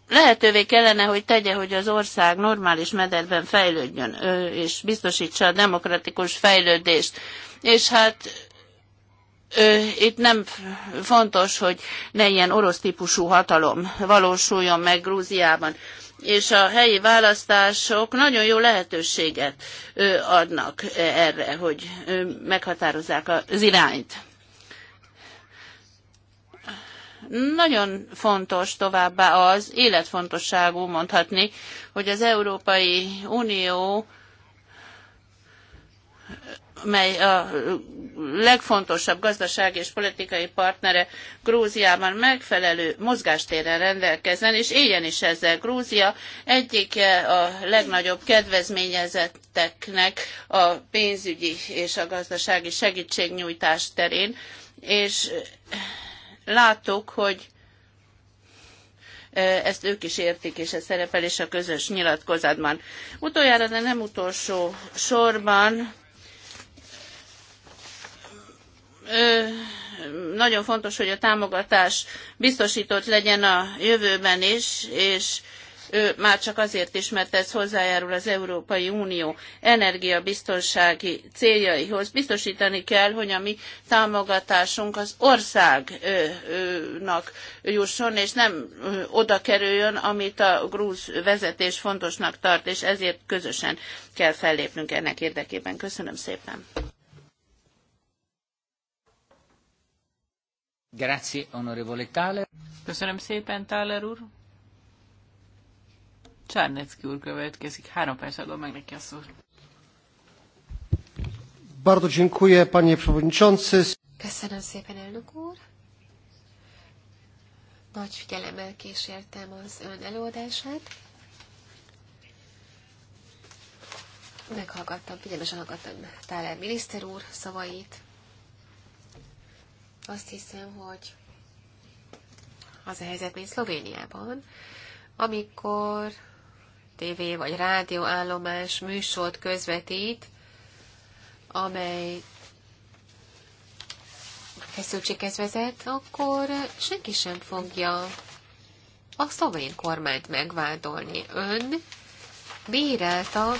lehetővé kellene, hogy tegye, hogy az ország normális mederben fejlődjön, és biztosítsa a demokratikus fejlődést. És hát itt nem fontos, hogy ne ilyen orosz típusú hatalom valósuljon meg Grúziában és a helyi választások nagyon jó lehetőséget adnak erre, hogy meghatározzák az irányt. Nagyon fontos továbbá az, életfontosságú mondhatni, hogy az Európai Unió mely a legfontosabb gazdasági és politikai partnere Grúziában megfelelő mozgástéren rendelkezzen, és éljen is ezzel. Grúzia egyike eh, a legnagyobb kedvezményezetteknek a pénzügyi és a gazdasági segítségnyújtás terén, és láttuk, hogy eh, ezt ők is értik, és ez szerepel is a közös nyilatkozatban. Utoljára, de nem utolsó sorban, nagyon fontos, hogy a támogatás biztosított legyen a jövőben is, és már csak azért is, mert ez hozzájárul az Európai Unió energiabiztonsági céljaihoz. Biztosítani kell, hogy a mi támogatásunk az országnak jusson, és nem oda kerüljön, amit a grúz vezetés fontosnak tart, és ezért közösen kell fellépnünk ennek érdekében. Köszönöm szépen. Grazie, Köszönöm szépen, Thaler úr. Csárnecki úr következik. Három perc adom meg neki a szót. Bardzo dziękuję, panie przewodniczący. Köszönöm szépen, elnök úr. Nagy figyelemmel kísértem az ön előadását. Meghallgattam, figyelmesen hallgattam Táler miniszter úr szavait. Azt hiszem, hogy az a helyzet, mint Szlovéniában, amikor TV vagy rádióállomás műsort közvetít, amely feszültséghez vezet, akkor senki sem fogja a szlovén kormányt megvádolni. Ön bírálta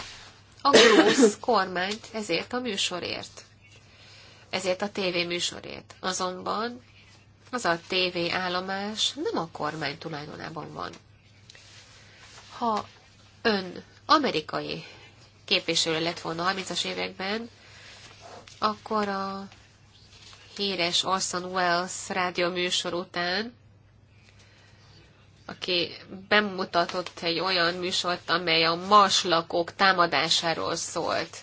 a grúz kormányt ezért a műsorért ezért a tévéműsorért. Azonban az a TV állomás nem a kormány tulajdonában van. Ha ön amerikai képviselő lett volna 30-as években, akkor a híres Orson Welles rádióműsor után, aki bemutatott egy olyan műsort, amely a marslakók támadásáról szólt.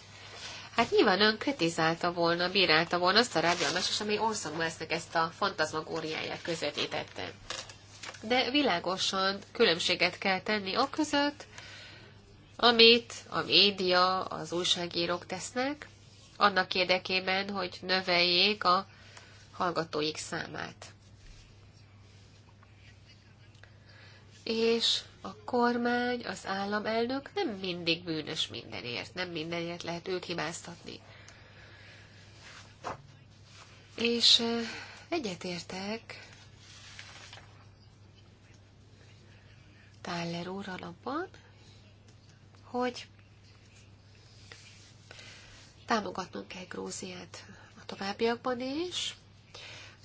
Hát nyilván ön kritizálta volna, bírálta volna azt a rádiómesos, ami Orson Wellesnek ezt a fantazmagóriáját közvetítette. De világosan különbséget kell tenni a között, amit a média, az újságírók tesznek, annak érdekében, hogy növeljék a hallgatóik számát. És a kormány, az államelnök nem mindig bűnös mindenért, nem mindenért lehet őt hibáztatni. És egyetértek Tyler úrral abban, hogy támogatnunk kell Gróziát a továbbiakban is.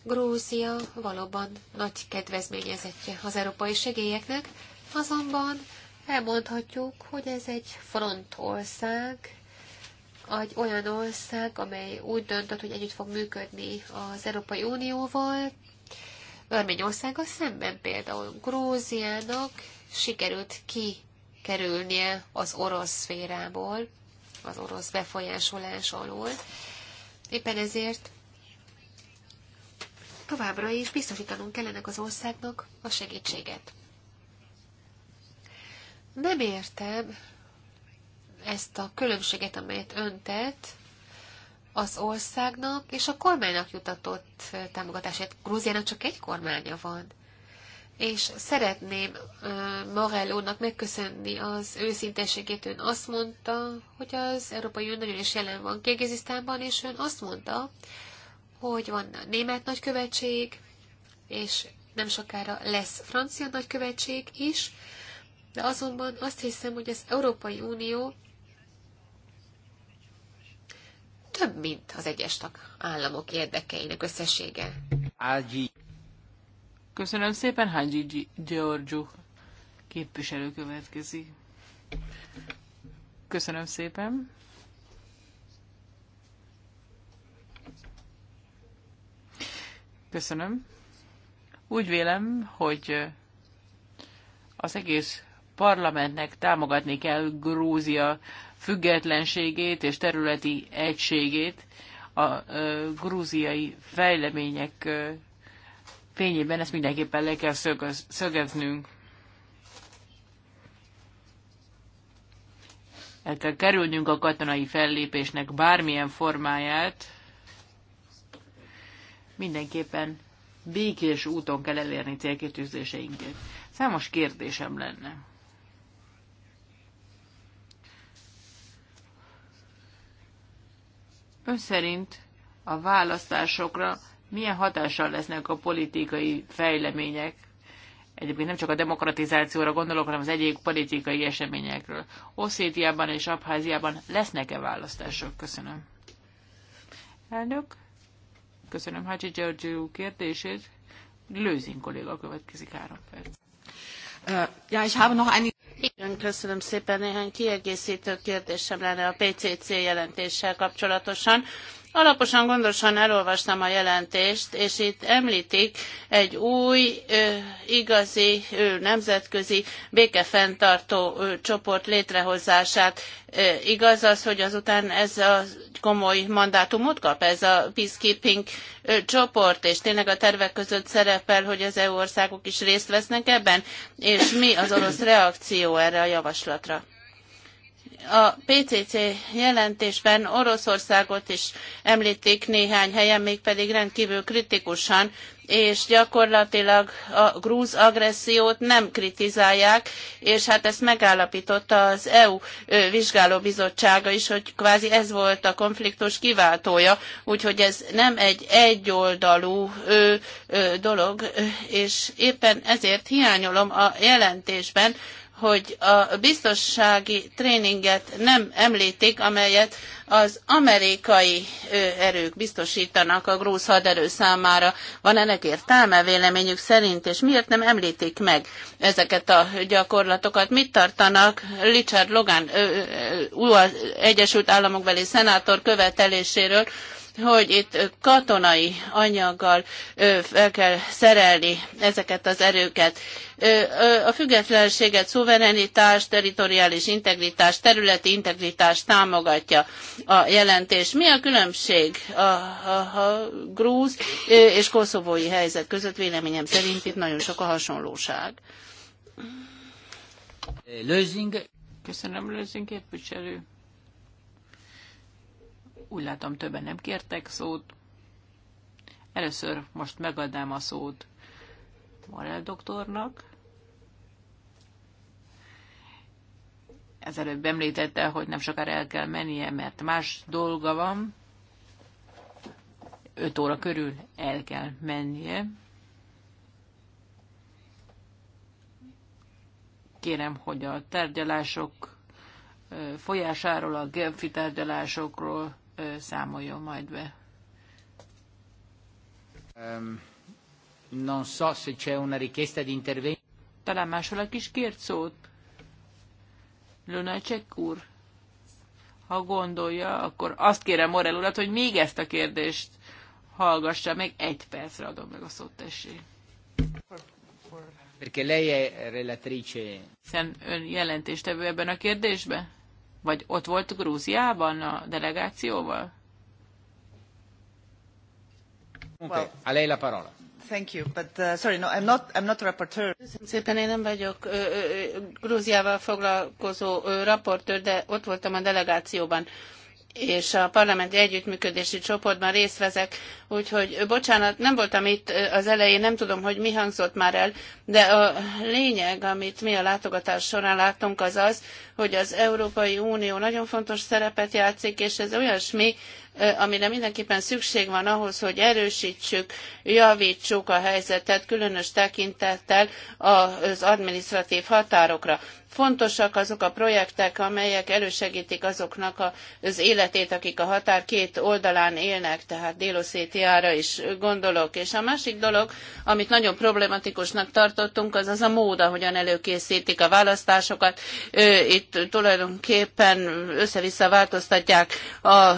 Grózia valóban nagy kedvezményezetje az európai segélyeknek, Azonban elmondhatjuk, hogy ez egy frontország, egy olyan ország, amely úgy döntött, hogy együtt fog működni az Európai Unióval. Örményországgal szemben például Gróziának sikerült kikerülnie az orosz szférából, az orosz befolyásolás alól. Éppen ezért továbbra is biztosítanunk kell ennek az országnak a segítséget. Nem értem ezt a különbséget, amelyet öntett az országnak és a kormánynak jutatott támogatását. Grúziának csak egy kormánya van. És szeretném uh, Morellónak megköszönni az őszintességét. Ön azt mondta, hogy az Európai Unió nagyon is jelen van Kirgizisztánban, és ön azt mondta, hogy van a német nagykövetség, és nem sokára lesz francia nagykövetség is. Uh, de azonban azt hiszem, hogy az Európai Unió több, mint az egyes államok érdekeinek összessége. Köszönöm szépen, Hágyi Giorgio képviselő következik. Köszönöm szépen. Köszönöm. Úgy vélem, hogy az egész parlamentnek támogatni kell Grúzia függetlenségét és területi egységét a grúziai fejlemények fényében, ezt mindenképpen le kell szögöz, szögeznünk. El kell kerülnünk a katonai fellépésnek bármilyen formáját. Mindenképpen békés úton kell elérni célkitűzéseinket. Számos kérdésem lenne. Ön szerint a választásokra milyen hatással lesznek a politikai fejlemények? Egyébként nem csak a demokratizációra gondolok, hanem az egyik politikai eseményekről. Oszétiában és Abháziában lesznek-e választások? Köszönöm. Elnök, köszönöm Hácsi Georgiou kérdését. Lőzin kolléga következik három perc. Ja, ich habe noch eine... Igen, köszönöm szépen. Néhány kiegészítő kérdésem lenne a PCC jelentéssel kapcsolatosan. Alaposan, gondosan elolvastam a jelentést, és itt említik egy új, igazi, nemzetközi békefenntartó csoport létrehozását. Igaz az, hogy azután ez a komoly mandátumot kap ez a peacekeeping csoport, és tényleg a tervek között szerepel, hogy az EU országok is részt vesznek ebben, és mi az orosz reakció erre a javaslatra? a PCC jelentésben Oroszországot is említik néhány helyen, mégpedig rendkívül kritikusan, és gyakorlatilag a grúz agressziót nem kritizálják, és hát ezt megállapította az EU vizsgálóbizottsága is, hogy kvázi ez volt a konfliktus kiváltója, úgyhogy ez nem egy egyoldalú dolog, és éppen ezért hiányolom a jelentésben, hogy a biztonsági tréninget nem említik, amelyet az amerikai erők biztosítanak a grúz haderő számára. Van ennek értelme véleményük szerint, és miért nem említik meg ezeket a gyakorlatokat? Mit tartanak Richard Logan, Egyesült Államokbeli szenátor követeléséről, hogy itt katonai anyaggal fel kell szerelni ezeket az erőket. A függetlenséget, szuverenitást, teritoriális integritást, területi integritást támogatja a jelentés. Mi a különbség a, a, a grúz és koszovói helyzet között? Véleményem szerint itt nagyon sok a hasonlóság. Köszönöm, Lőzing képviselő. Úgy látom, többen nem kértek szót. Először most megadnám a szót Morel doktornak. Ezelőbb említette, hogy nem sokára el kell mennie, mert más dolga van. 5 óra körül el kell mennie. Kérem, hogy a tárgyalások folyásáról, a Genfi tárgyalásokról számoljon majd be. Ehm, non so se c'è una richiesta di intervento. Talán másolak is kért szót. Lunacek úr, ha gondolja, akkor azt kérem Morel urat, hogy még ezt a kérdést hallgassa, meg egy percre adom meg a szót, tessék. Perché lei è relatrice. Hiszen ön jelentéstevő ebben a kérdésben? Vagy ott volt Grúziában a delegációval? Okay. A lei la parola. Thank you, but uh, sorry, no, I'm not, I'm not rapporteur. szépen, én nem vagyok ö, ö, Grúziával foglalkozó ö, de ott voltam a delegációban és a parlamenti együttműködési csoportban részt vezek, úgyhogy bocsánat, nem voltam itt az elején, nem tudom, hogy mi hangzott már el, de a lényeg, amit mi a látogatás során láttunk, az az, hogy az Európai Unió nagyon fontos szerepet játszik, és ez olyasmi, amire mindenképpen szükség van ahhoz, hogy erősítsük, javítsuk a helyzetet, különös tekintettel az administratív határokra. Fontosak azok a projektek, amelyek elősegítik azoknak az életét, akik a határ két oldalán élnek, tehát délosétiára is gondolok. És a másik dolog, amit nagyon problematikusnak tartottunk, az az a mód, ahogyan előkészítik a választásokat. Itt tulajdonképpen össze-vissza változtatják a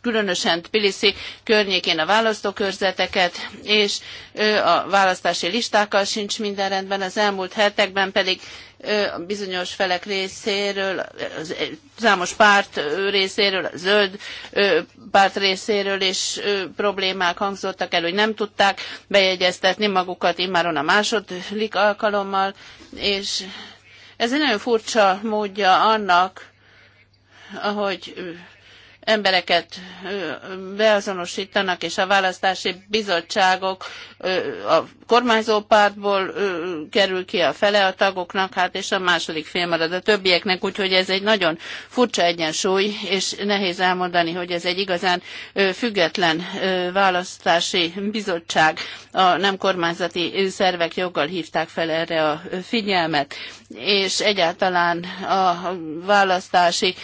különösen Tbilisi környékén a választókörzeteket, és a választási listákkal sincs minden rendben. Az elmúlt hetekben pedig a bizonyos felek részéről, számos párt részéről, a zöld párt részéről is problémák hangzottak el, hogy nem tudták bejegyeztetni magukat immáron a második alkalommal, és ez egy nagyon furcsa módja annak, ahogy embereket beazonosítanak, és a választási bizottságok a kormányzó pártból kerül ki a fele a tagoknak, hát és a második fél marad a többieknek, úgyhogy ez egy nagyon furcsa egyensúly, és nehéz elmondani, hogy ez egy igazán független választási bizottság. A nem kormányzati szervek joggal hívták fel erre a figyelmet, és egyáltalán a választási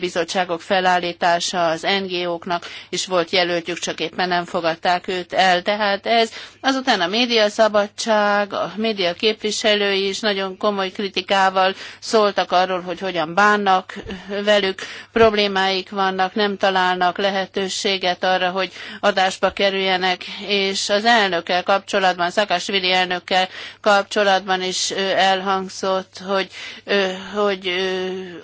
bizottságok felállítása és az NGO-knak is volt jelöltjük, csak éppen nem fogadták őt el. Tehát ez azután a média szabadság, a média képviselői is nagyon komoly kritikával szóltak arról, hogy hogyan bánnak velük, problémáik vannak, nem találnak lehetőséget arra, hogy adásba kerüljenek, és az elnökkel kapcsolatban, Szakásvili elnökkel kapcsolatban is elhangzott, hogy, hogy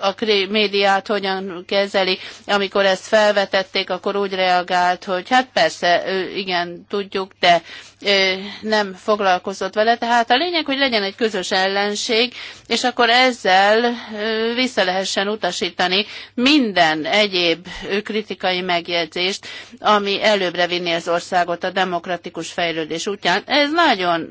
a médiát hogyan kezeli, amikor ezt felvetették, akkor úgy reagált, hogy hát persze, igen, tudjuk, de nem foglalkozott vele. Tehát a lényeg, hogy legyen egy közös ellenség, és akkor ezzel vissza lehessen utasítani minden egyéb kritikai megjegyzést, ami előbbre vinni az országot a demokratikus fejlődés útján. Ez nagyon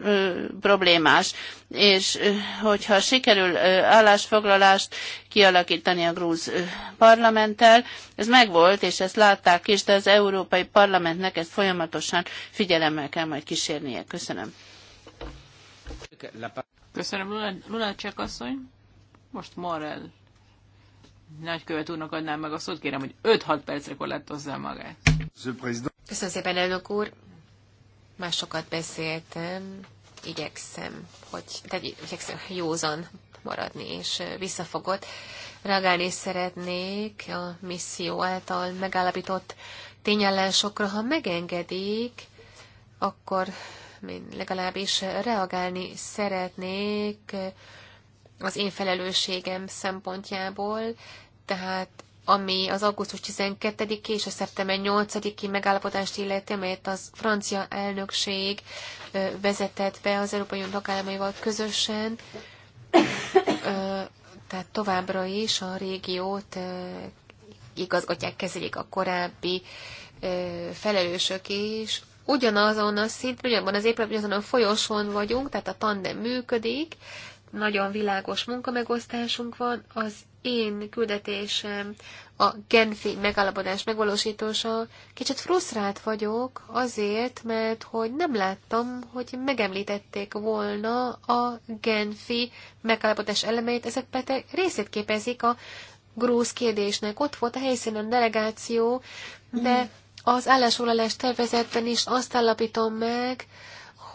problémás, és hogyha sikerül állásfoglalást kialakítani a grúz parlamenttel, ez megvolt, és ezt látták is, de az Európai Parlamentnek ezt folyamatosan figyelemmel kell majd kísérni kísérnie. Köszönöm. Köszönöm, Lunácsek asszony. Most Morel nagykövet úrnak adnám meg a szót, kérem, hogy 5-6 percre korlátozzá magát. Köszönöm szépen, elnök úr. Már sokat beszéltem, igyekszem, hogy de, igyekszem józan maradni és visszafogott. Reagálni szeretnék a misszió által megállapított tényellen sokra, ha megengedik, akkor én legalábbis reagálni szeretnék az én felelősségem szempontjából, tehát ami az augusztus 12 i és a szeptember 8-i megállapodást illeti, amelyet az francia elnökség vezetett be az Európai Unió tagállamaival közösen, tehát továbbra is a régiót igazgatják, kezelik a korábbi felelősök is, ugyanazon a szinten, ugyanabban az épületben, ugyanazon a folyosón vagyunk, tehát a tandem működik, nagyon világos munkamegosztásunk van, az én küldetésem a Genfi megállapodás megvalósítása. Kicsit frusztrált vagyok azért, mert hogy nem láttam, hogy megemlítették volna a Genfi megállapodás elemeit, ezek pedig részét képezik a grúz kérdésnek. Ott volt a helyszínen delegáció, de mhm. Az állásfoglalás tervezetben is azt állapítom meg,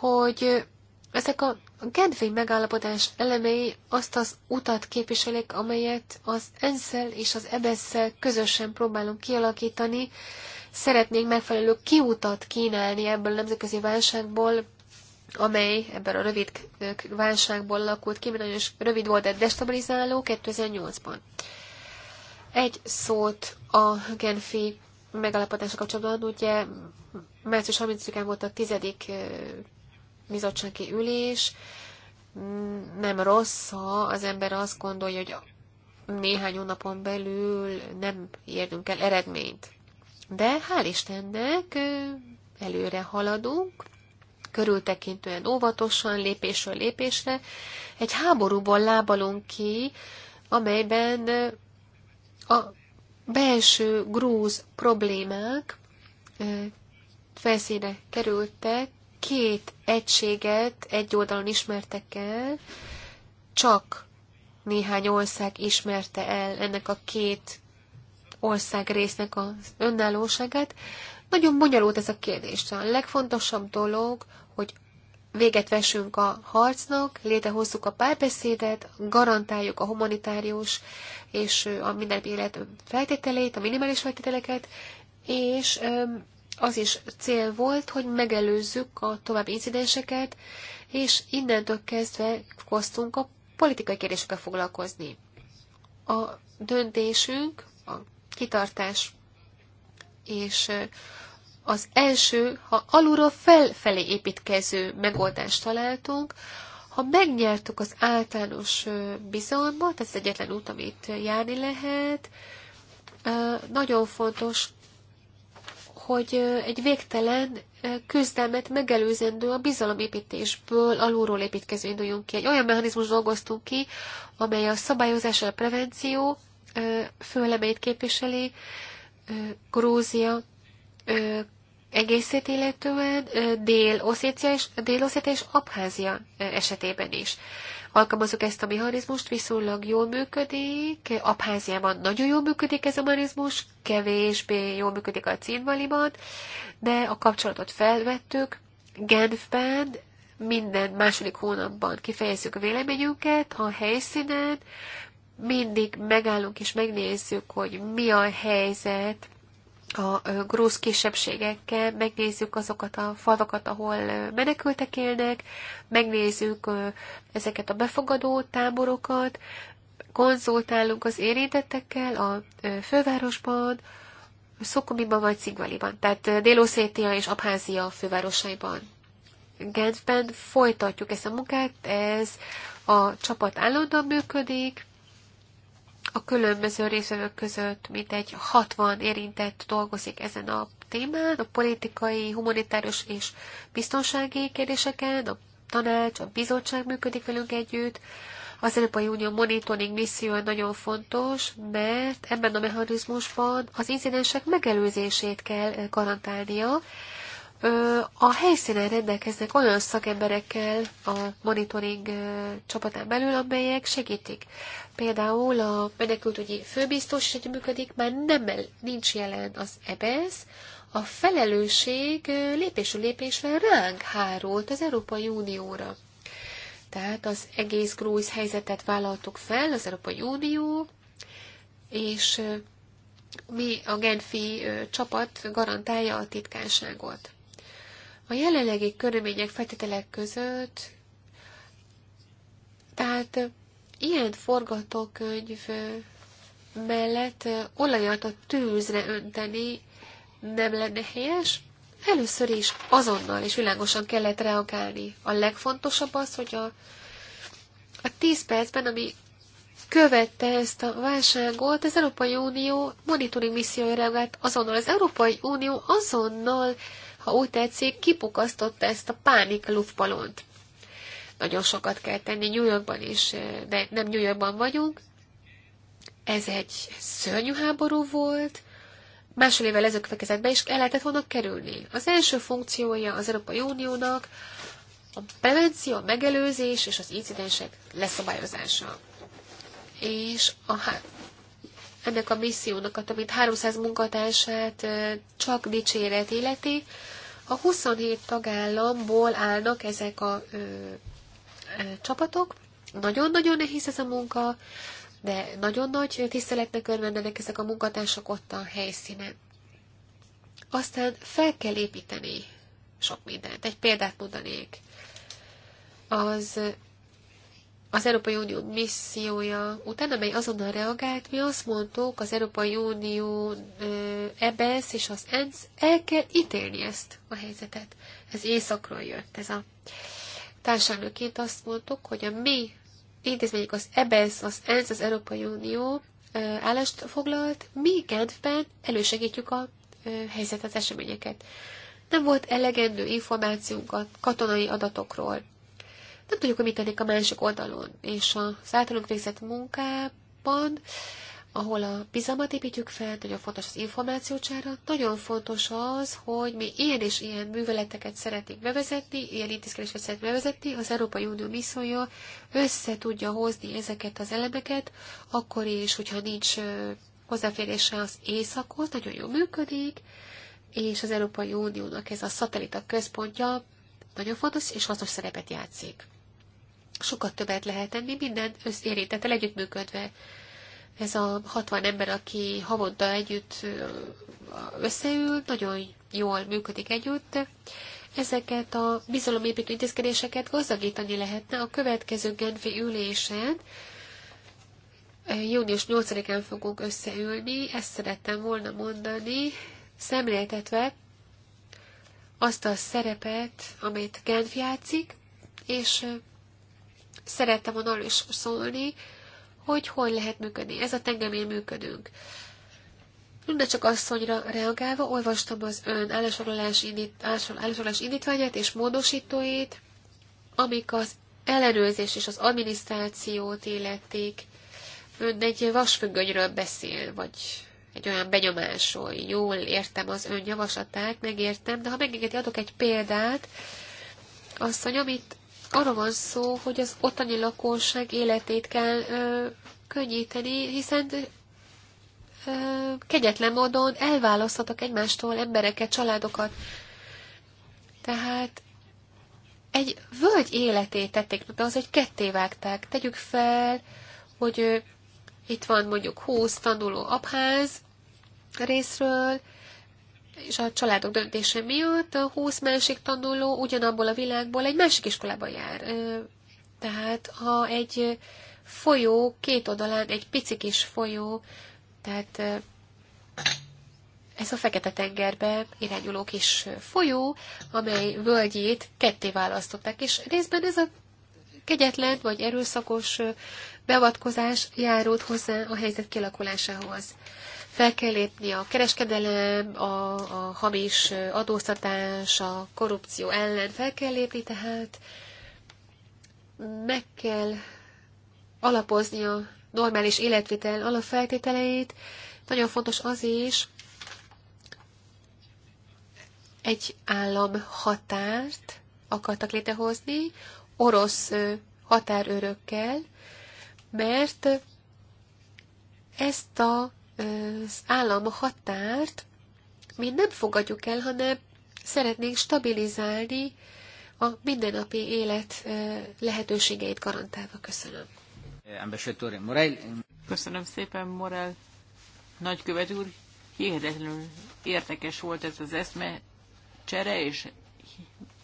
hogy ezek a Genfi megállapodás elemei azt az utat képviselik, amelyet az enszel és az ebesszel közösen próbálunk kialakítani. Szeretnénk megfelelő kiutat kínálni ebből a nemzetközi válságból, amely ebben a rövid válságból lakult ki, nagyon rövid volt, de destabilizáló 2008-ban. Egy szót a Genfi megállapodása kapcsolatban, ugye március 30-án volt a tizedik bizottsági ülés, nem rossz, ha az ember azt gondolja, hogy néhány hónapon belül nem érdünk el eredményt. De hál' Istennek előre haladunk, körültekintően óvatosan, lépésről lépésre. Egy háborúból lábalunk ki, amelyben a belső grúz problémák felszíne kerültek, két egységet egy oldalon ismertek el, csak néhány ország ismerte el ennek a két ország résznek az önállóságát. Nagyon bonyolult ez a kérdés. A legfontosabb dolog, hogy véget vessünk a harcnak, létehozzuk a párbeszédet, garantáljuk a humanitárius és a minden élet feltételét, a minimális feltételeket, és az is cél volt, hogy megelőzzük a további incidenseket, és innentől kezdve koztunk a politikai kérdésekkel foglalkozni. A döntésünk, a kitartás és az első, ha alulról felfelé építkező megoldást találtunk, ha megnyertük az általános bizalmat, ez egyetlen út, amit járni lehet, nagyon fontos, hogy egy végtelen küzdelmet megelőzendő a bizalomépítésből alulról építkező induljunk ki. Egy olyan mechanizmus dolgoztunk ki, amely a szabályozás, a prevenció főlemeit képviseli, Grúzia egészét illetően Dél-Oszétia és, Dél és Abházia esetében is. Alkalmazok ezt a mechanizmust, viszonylag jól működik, Abháziában nagyon jól működik ez a mechanizmus, kevésbé jól működik a címvaliban, de a kapcsolatot felvettük, Genfben minden második hónapban kifejezzük a véleményünket a helyszínen, mindig megállunk és megnézzük, hogy mi a helyzet a grúz kisebbségekkel, megnézzük azokat a falvakat, ahol menekültek élnek, megnézzük ezeket a befogadó táborokat, konzultálunk az érintettekkel a fővárosban, Szokomiban vagy Cigvaliban, tehát Déloszétia és Abházia fővárosaiban. Genfben folytatjuk ezt a munkát, ez a csapat állandóan működik, a különböző részvevők között mintegy 60 érintett dolgozik ezen a témán, a politikai, humanitárius és biztonsági kérdéseken, a tanács, a bizottság működik velünk együtt. Az Európai Unió monitoring missziója nagyon fontos, mert ebben a mechanizmusban az incidensek megelőzését kell garantálnia, a helyszínen rendelkeznek olyan szakemberekkel a monitoring csapatán belül, amelyek segítik. Például a menekültügyi főbiztos működik, már nem nincs jelen az EBSZ, e a felelősség lépésről lépésre ránk hárult az Európai Unióra. Tehát az egész grúz helyzetet vállaltuk fel, az Európai Unió, és mi, a Genfi csapat garantálja a titkárságot. A jelenlegi körülmények, feltételek között, tehát ilyen forgatókönyv mellett olajat a tűzre önteni nem lenne helyes. Először is azonnal és világosan kellett reagálni. A legfontosabb az, hogy a, a 10 percben, ami követte ezt a válságot, az Európai Unió monitoring missziója reagált azonnal. Az Európai Unió azonnal ha úgy tetszik, kipukasztotta ezt a pánik luftbalont. Nagyon sokat kell tenni New Yorkban is, de nem New Yorkban vagyunk. Ez egy szörnyű háború volt, másfél évvel ezek következett be, és el lehetett volna kerülni. Az első funkciója az Európai Uniónak a prevenció, a megelőzés és az incidensek leszabályozása. És a, ennek a missziónak a több mint 300 munkatársát csak dicséret életi, a 27 tagállamból állnak ezek a ö, ö, csapatok. Nagyon-nagyon nehéz ez a munka, de nagyon nagy tiszteletnek örvendenek ezek a munkatársak ott a helyszínen. Aztán fel kell építeni sok mindent. Egy példát mondanék. Az az Európai Unió missziója után, amely azonnal reagált, mi azt mondtuk, az Európai Unió EBSZ és az ENSZ el kell ítélni ezt a helyzetet. Ez északról jött ez a társadalmiként azt mondtuk, hogy a mi intézmények az EBSZ, az ENSZ, az Európai Unió állást foglalt, mi Genfben elősegítjük a helyzetet, az eseményeket. Nem volt elegendő információnk a katonai adatokról, nem tudjuk, hogy mit tennék a másik oldalon. És a általunk végzett munkában, ahol a bizalmat építjük fel, nagyon fontos az információcsára, nagyon fontos az, hogy mi ilyen és ilyen műveleteket szeretnénk bevezetni, ilyen intézkedéseket szeretnénk bevezetni, az Európai Unió viszonya össze tudja hozni ezeket az elemeket, akkor is, hogyha nincs hozzáférése az északhoz, nagyon jól működik, és az Európai Uniónak ez a szatellita központja nagyon fontos és hasznos szerepet játszik sokat többet lehet tenni, minden összérintettel együttműködve. Ez a 60 ember, aki havonta együtt összeül, nagyon jól működik együtt. Ezeket a bizalomépítő intézkedéseket gazdagítani lehetne a következő Genfi ülésen. Június 8-án fogunk összeülni, ezt szerettem volna mondani, szemléltetve azt a szerepet, amelyet Genf játszik, és szerettem volna arról is szólni, hogy hogy lehet működni. Ez a tengemén működünk. Lunda csak asszonyra reagálva olvastam az ön állásolás, indít, állásolás indítványát és módosítóit, amik az ellenőrzés és az adminisztrációt illették. Ön egy vasfüggönyről beszél, vagy egy olyan benyomásról. Jól értem az ön javaslatát, megértem, de ha megengedi, adok egy példát, asszony, amit arról van szó, hogy az ottani lakosság életét kell ö, könnyíteni, hiszen ö, kegyetlen módon elválaszthatok egymástól embereket, családokat. Tehát egy völgy életét tették, de az egy kettévágták. Tegyük fel, hogy ö, itt van mondjuk 20 tanuló abház részről, és a családok döntése miatt a 20 másik tanuló ugyanabból a világból egy másik iskolába jár. Tehát ha egy folyó két oldalán, egy pici kis folyó, tehát ez a Fekete-tengerbe irányuló kis folyó, amely völgyét ketté választották, és részben ez a kegyetlen vagy erőszakos beavatkozás járult hozzá a helyzet kilakulásához. Fel kell lépni a kereskedelem, a, a hamis adóztatás, a korrupció ellen. Fel kell lépni tehát, meg kell alapozni a normális életvitel alapfeltételeit. Nagyon fontos az is, egy állam határt akartak létrehozni orosz határőrökkel, mert ezt a az állam határt mi nem fogadjuk el, hanem szeretnénk stabilizálni a mindennapi élet lehetőségeit garantálva. Köszönöm. Köszönöm szépen, Morel nagykövet úr. Hihetetlenül érdekes volt ez az eszme csere, és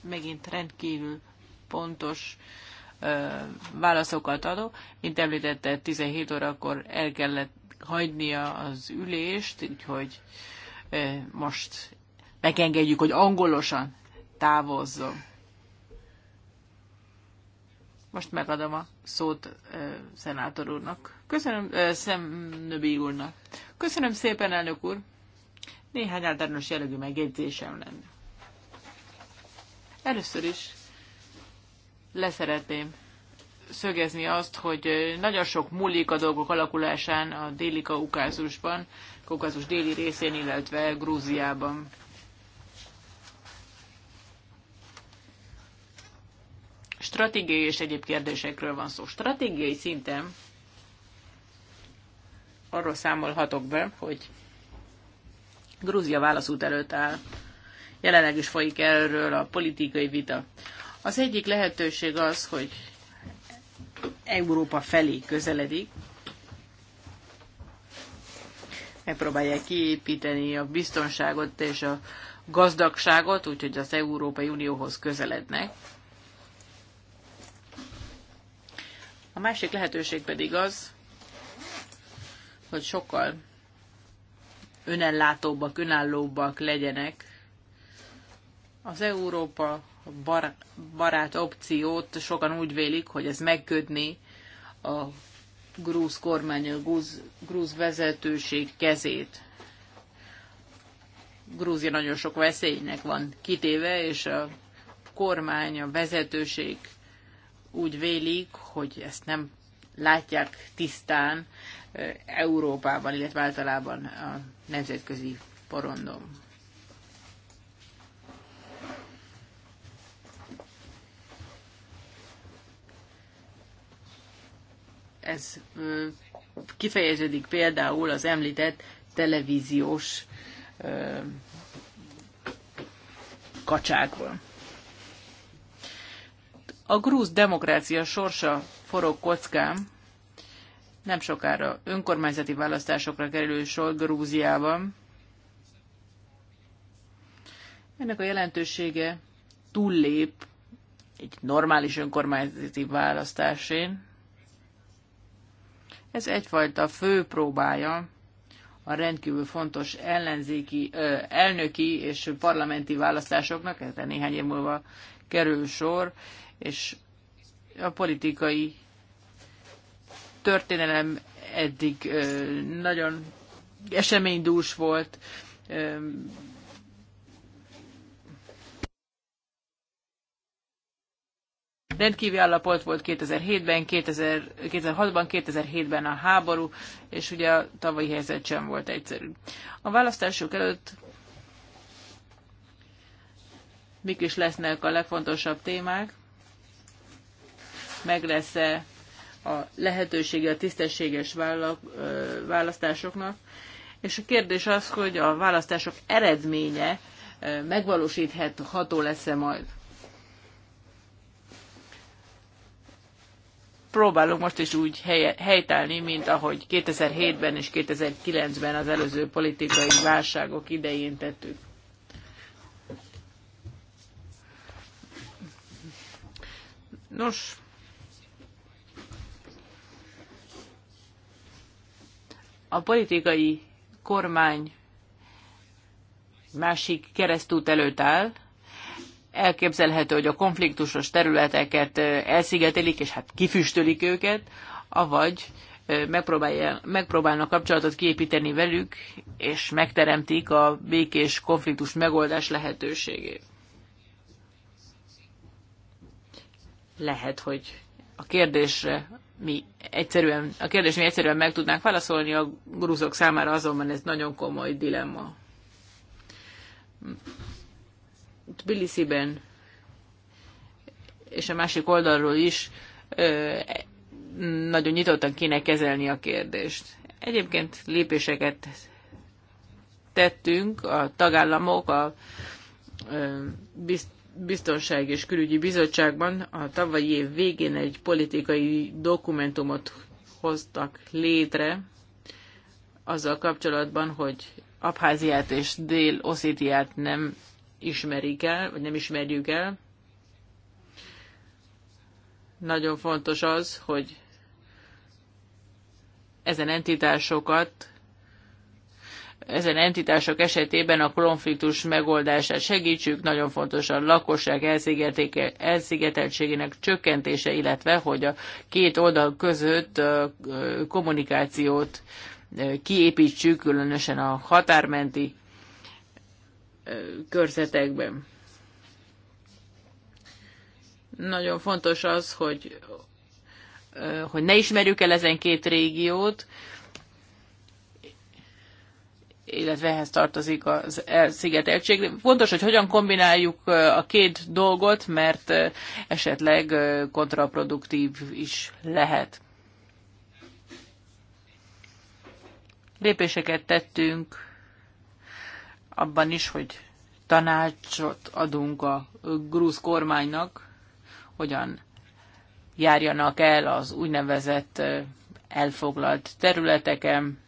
megint rendkívül pontos válaszokat adó. Mint említette, 17 órakor el kellett hagynia az ülést, úgyhogy most megengedjük, hogy angolosan távozzon. Most megadom a szót uh, szenátor úrnak. Köszönöm, uh, Szemnöbi úrnak. Köszönöm szépen, elnök úr. Néhány általános jellegű megjegyzésem lenne. Először is leszeretném szögezni azt, hogy nagyon sok múlik a dolgok alakulásán a déli kaukázusban, kaukázus déli részén, illetve Grúziában. Stratégiai és egyéb kérdésekről van szó. Stratégiai szinten arról számolhatok be, hogy Grúzia válaszút előtt áll. Jelenleg is folyik erről a politikai vita. Az egyik lehetőség az, hogy Európa felé közeledik, megpróbálják kiépíteni a biztonságot és a gazdagságot, úgyhogy az Európai Unióhoz közelednek. A másik lehetőség pedig az, hogy sokkal önellátóbbak, önállóbbak legyenek az Európa bar, barát opciót sokan úgy vélik, hogy ez megködni a grúz kormány, a grúz, grúz vezetőség kezét. Grúzia nagyon sok veszélynek van kitéve, és a kormány, a vezetőség úgy vélik, hogy ezt nem látják tisztán Európában, illetve általában a nemzetközi porondon. ez kifejeződik például az említett televíziós kacsákból. A grúz demokrácia sorsa forog kockám, nem sokára önkormányzati választásokra kerülő sor Grúziában. Ennek a jelentősége túllép egy normális önkormányzati választásén. Ez egyfajta fő próbája a rendkívül fontos ellenzéki, elnöki és parlamenti választásoknak, erre néhány év múlva kerül sor, és a politikai történelem eddig nagyon eseménydús volt, rendkívül állapot volt 2007-ben, 2006-ban, 2007-ben a háború, és ugye a tavalyi helyzet sem volt egyszerű. A választások előtt mik is lesznek a legfontosabb témák, meg lesz-e a lehetősége a tisztességes választásoknak, és a kérdés az, hogy a választások eredménye megvalósítható lesz-e majd. próbálunk most is úgy helye, helytállni, mint ahogy 2007-ben és 2009-ben az előző politikai válságok idején tettük. Nos, a politikai kormány másik keresztút előtt áll, elképzelhető, hogy a konfliktusos területeket elszigetelik, és hát kifüstölik őket, avagy megpróbálnak kapcsolatot kiépíteni velük, és megteremtik a békés konfliktus megoldás lehetőségét. Lehet, hogy a kérdésre mi egyszerűen, a kérdés mi egyszerűen meg tudnánk válaszolni, a grúzok számára azonban ez nagyon komoly dilemma. Tbilisi-ben, és a másik oldalról is nagyon nyitottan kéne kezelni a kérdést. Egyébként lépéseket tettünk, a tagállamok a Biztonság és Külügyi Bizottságban a tavalyi év végén egy politikai dokumentumot hoztak létre azzal kapcsolatban, hogy Abháziát és Dél-Oszétiát nem ismerik el, vagy nem ismerjük el. Nagyon fontos az, hogy ezen entitásokat ezen entitások esetében a konfliktus megoldását segítsük, nagyon fontos a lakosság elszigeteltségének csökkentése, illetve hogy a két oldal között kommunikációt kiépítsük, különösen a határmenti körzetekben. Nagyon fontos az, hogy, hogy ne ismerjük el ezen két régiót, illetve ehhez tartozik a szigeteltség. Fontos, hogy hogyan kombináljuk a két dolgot, mert esetleg kontraproduktív is lehet. Lépéseket tettünk abban is, hogy tanácsot adunk a grúz kormánynak, hogyan járjanak el az úgynevezett elfoglalt területeken,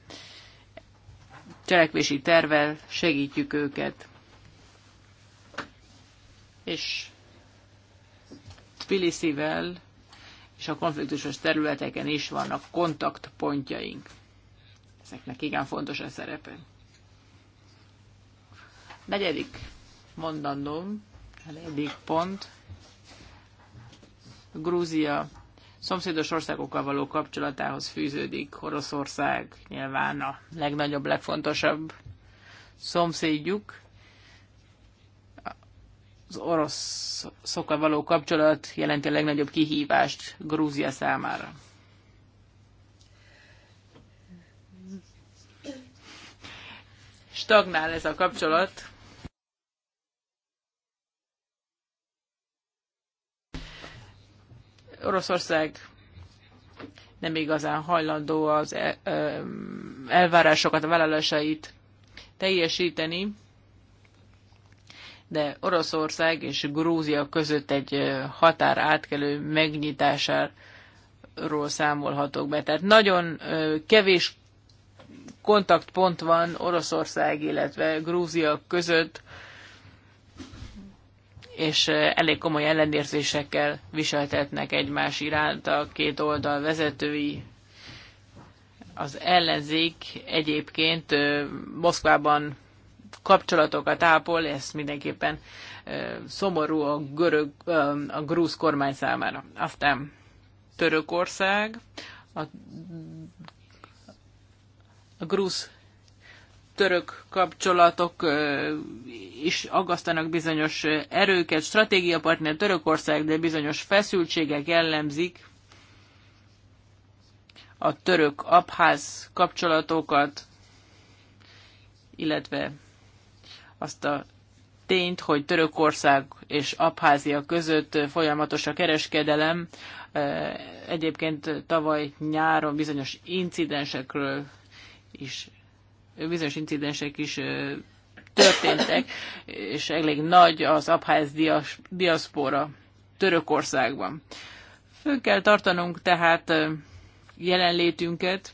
cselekvési tervel segítjük őket. És Tbilisivel és a konfliktusos területeken is vannak kontaktpontjaink. Ezeknek igen fontos a szerepe. Negyedik mondandóm, negyedik pont, Grúzia szomszédos országokkal való kapcsolatához fűződik. Oroszország nyilván a legnagyobb, legfontosabb szomszédjuk. Az orosz szokkal való kapcsolat jelenti a legnagyobb kihívást Grúzia számára. Stagnál ez a kapcsolat, Oroszország nem igazán hajlandó az e, elvárásokat, a vállalásait teljesíteni, de Oroszország és Grúzia között egy határ átkelő megnyitásáról számolhatok be. Tehát nagyon kevés kontaktpont van Oroszország, illetve Grúzia között és elég komoly ellenérzésekkel viseltetnek egymás iránt a két oldal vezetői. Az ellenzék egyébként Moszkvában kapcsolatokat ápol, ezt mindenképpen szomorú a, görög, a grúz kormány számára. Aztán Törökország, a, a grúz török kapcsolatok is aggasztanak bizonyos erőket, stratégiapartner Törökország, de bizonyos feszültségek jellemzik a török-abház kapcsolatokat, illetve azt a tényt, hogy Törökország és Abházia között folyamatos a kereskedelem. Egyébként tavaly nyáron bizonyos incidensekről is bizonyos incidensek is történtek, és elég nagy az abház diaszpora Törökországban. Fönn kell tartanunk tehát jelenlétünket,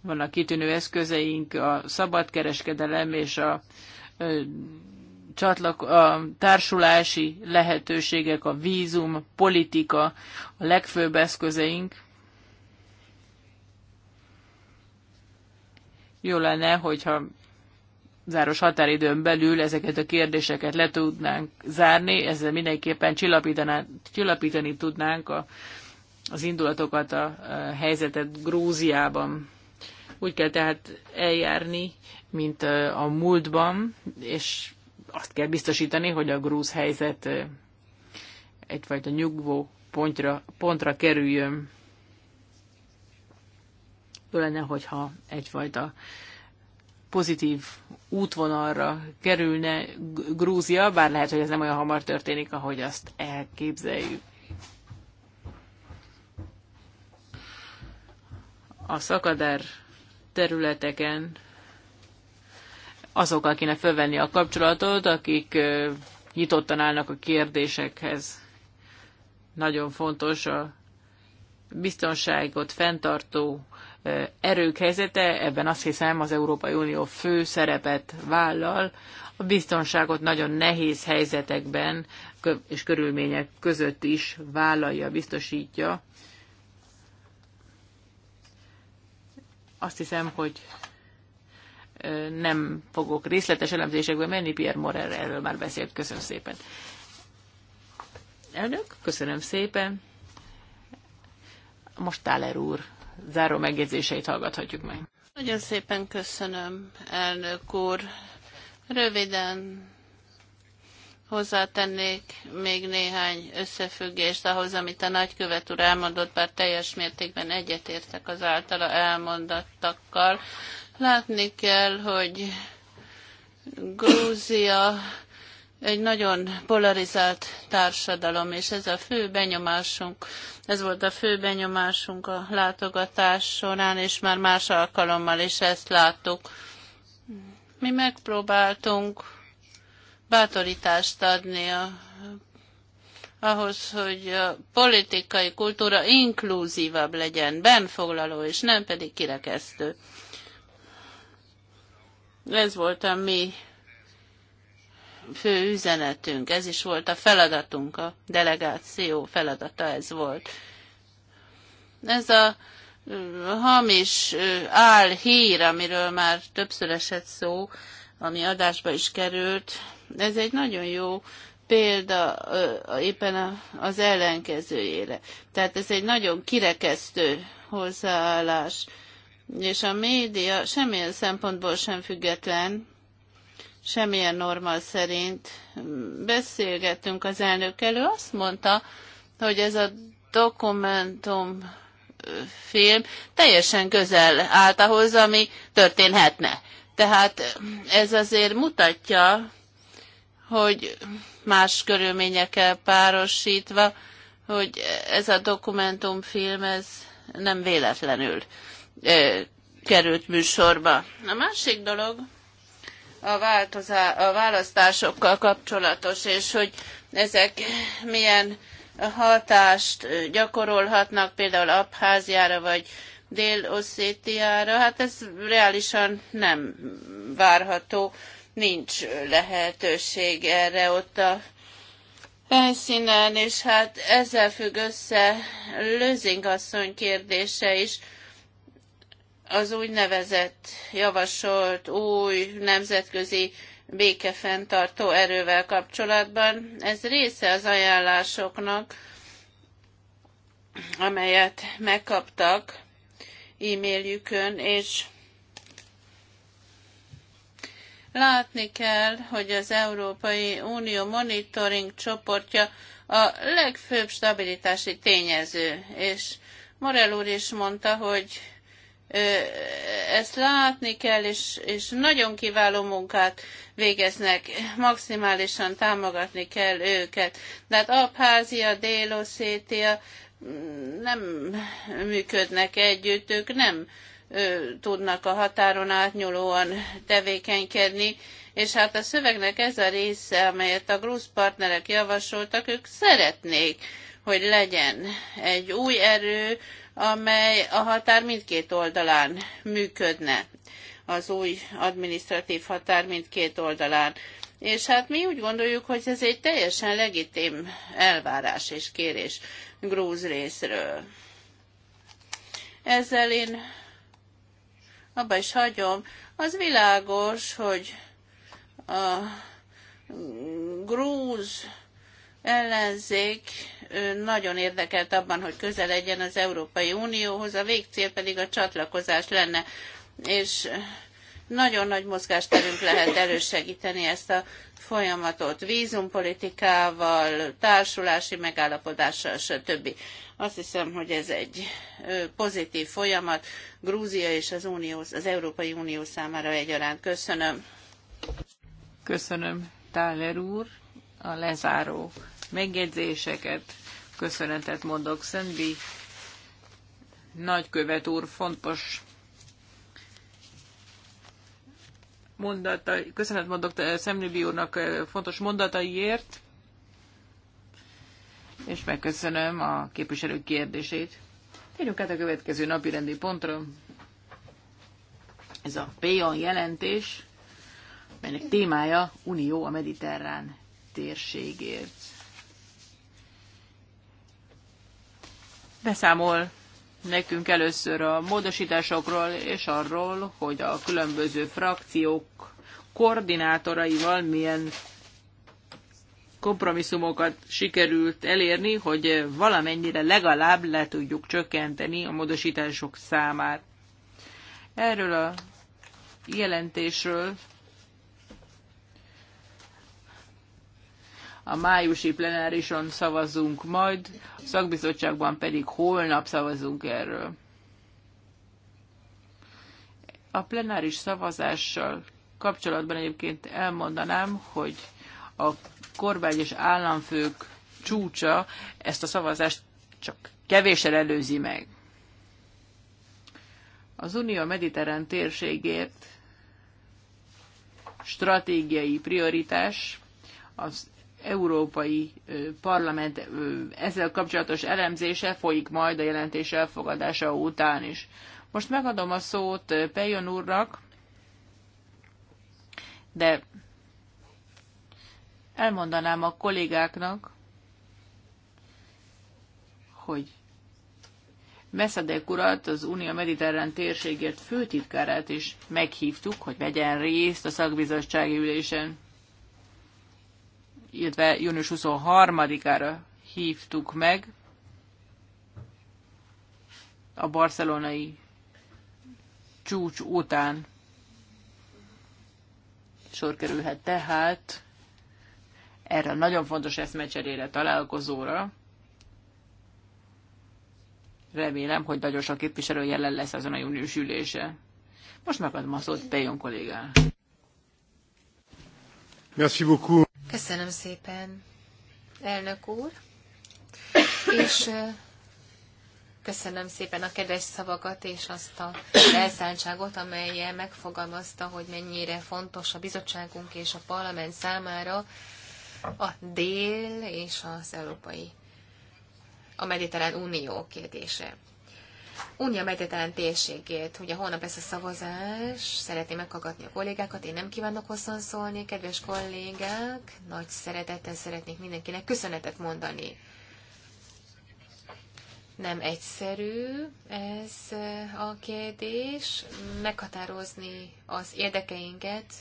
vannak kitűnő eszközeink, a szabadkereskedelem és a, csatlak, a társulási lehetőségek, a vízum, politika a legfőbb eszközeink. Jó lenne, hogyha záros határidőn belül ezeket a kérdéseket le tudnánk zárni, ezzel mindenképpen csillapítani tudnánk a, az indulatokat, a, a helyzetet Grúziában. Úgy kell tehát eljárni, mint a múltban, és azt kell biztosítani, hogy a grúz helyzet egyfajta nyugvó pontra, pontra kerüljön. Jó lenne, hogyha egyfajta pozitív útvonalra kerülne Grúzia, bár lehet, hogy ez nem olyan hamar történik, ahogy azt elképzeljük. A szakadár területeken azokkal kéne fölvenni a kapcsolatot, akik nyitottan állnak a kérdésekhez. Nagyon fontos a biztonságot fenntartó erők helyzete, ebben azt hiszem az Európai Unió fő szerepet vállal, a biztonságot nagyon nehéz helyzetekben és körülmények között is vállalja, biztosítja. Azt hiszem, hogy nem fogok részletes elemzésekbe menni, Pierre Morer erről már beszélt. Köszönöm szépen. Elnök, köszönöm szépen. Most Táler úr záró megjegyzéseit hallgathatjuk meg. Nagyon szépen köszönöm, elnök úr. Röviden hozzátennék még néhány összefüggést ahhoz, amit a nagykövet úr elmondott, bár teljes mértékben egyetértek az általa elmondattakkal. Látni kell, hogy Grúzia egy nagyon polarizált társadalom, és ez a fő benyomásunk, ez volt a fő benyomásunk a látogatás során, és már más alkalommal is ezt láttuk. Mi megpróbáltunk bátorítást adni a, ahhoz, hogy a politikai kultúra inkluzívabb legyen, benfoglaló, és nem pedig kirekesztő. Ez volt a mi fő üzenetünk, ez is volt a feladatunk, a delegáció feladata ez volt. Ez a hamis áll hír, amiről már többször esett szó, ami adásba is került, ez egy nagyon jó példa éppen az ellenkezőjére. Tehát ez egy nagyon kirekesztő hozzáállás, és a média semmilyen szempontból sem független, semmilyen norma szerint beszélgettünk az elnök elő, azt mondta, hogy ez a dokumentum film teljesen közel állt ahhoz, ami történhetne. Tehát ez azért mutatja, hogy más körülményekkel párosítva, hogy ez a dokumentumfilm, ez nem véletlenül került műsorba. A másik dolog, a, változá- a választásokkal kapcsolatos, és hogy ezek milyen hatást gyakorolhatnak például Abháziára vagy Dél-Oszétiára, hát ez reálisan nem várható, nincs lehetőség erre ott a helyszínen, és hát ezzel függ össze Lőzing asszony kérdése is, az úgynevezett javasolt új nemzetközi békefenntartó erővel kapcsolatban. Ez része az ajánlásoknak, amelyet megkaptak e-mailjükön, és látni kell, hogy az Európai Unió monitoring csoportja a legfőbb stabilitási tényező, és Morel úr is mondta, hogy ezt látni kell, és, és nagyon kiváló munkát végeznek, maximálisan támogatni kell őket. De hát Abházia, Délosszétia mm, nem működnek együtt, ők nem tudnak a határon átnyúlóan tevékenykedni, és hát a szövegnek ez a része, amelyet a grúz partnerek javasoltak, ők szeretnék, hogy legyen egy új erő, amely a határ mindkét oldalán működne, az új adminisztratív határ mindkét oldalán. És hát mi úgy gondoljuk, hogy ez egy teljesen legitim elvárás és kérés grúz részről. Ezzel én abba is hagyom. Az világos, hogy a grúz ellenzék nagyon érdekelt abban, hogy közel legyen az Európai Unióhoz, a végcél pedig a csatlakozás lenne. És nagyon nagy mozgásterünk lehet elősegíteni ezt a folyamatot vízumpolitikával, társulási megállapodással, stb. Azt hiszem, hogy ez egy pozitív folyamat. Grúzia és az, Unió, az Európai Unió számára egyaránt. Köszönöm. Köszönöm, Táler úr, a lezáró megjegyzéseket köszönetet mondok Szentbi nagykövet úr fontos mondata, köszönet mondok eh, Szemlőbi úrnak eh, fontos mondataiért, és megköszönöm a képviselők kérdését. Térjünk át a következő napi rendi pontra. Ez a PAN jelentés, melynek témája Unió a Mediterrán térségért. beszámol nekünk először a módosításokról és arról, hogy a különböző frakciók koordinátoraival milyen kompromisszumokat sikerült elérni, hogy valamennyire legalább le tudjuk csökkenteni a módosítások számát. Erről a jelentésről a májusi plenárison szavazunk majd, a szakbizottságban pedig holnap szavazunk erről. A plenáris szavazással kapcsolatban egyébként elmondanám, hogy a kormány és államfők csúcsa ezt a szavazást csak kevésen előzi meg. Az Unió mediterrán térségért stratégiai prioritás az Európai Parlament ezzel kapcsolatos elemzése folyik majd a jelentés elfogadása után is. Most megadom a szót Pejon úrnak, de elmondanám a kollégáknak, hogy Meszedek urat, az Unió Mediterrán térségért főtitkárát is meghívtuk, hogy vegyen részt a szakbizottsági ülésen illetve június 23-ára hívtuk meg a barcelonai csúcs után sor kerülhet tehát erre a nagyon fontos eszmecserére, találkozóra. Remélem, hogy nagyon sok képviselő jelen lesz azon a június ülése. Most megadom a szót Pejon kollégán. Merci beaucoup. Köszönöm szépen, elnök úr, és köszönöm szépen a kedves szavakat és azt a elszántságot, amelyel megfogalmazta, hogy mennyire fontos a bizottságunk és a parlament számára a dél és az európai a mediterrán unió kérdése. Unia mediterrán térségét. Ugye holnap lesz a szavazás, szeretném meghallgatni a kollégákat, én nem kívánok hosszan szólni, kedves kollégák, nagy szeretettel szeretnék mindenkinek köszönetet mondani. Nem egyszerű ez a kérdés, meghatározni az érdekeinket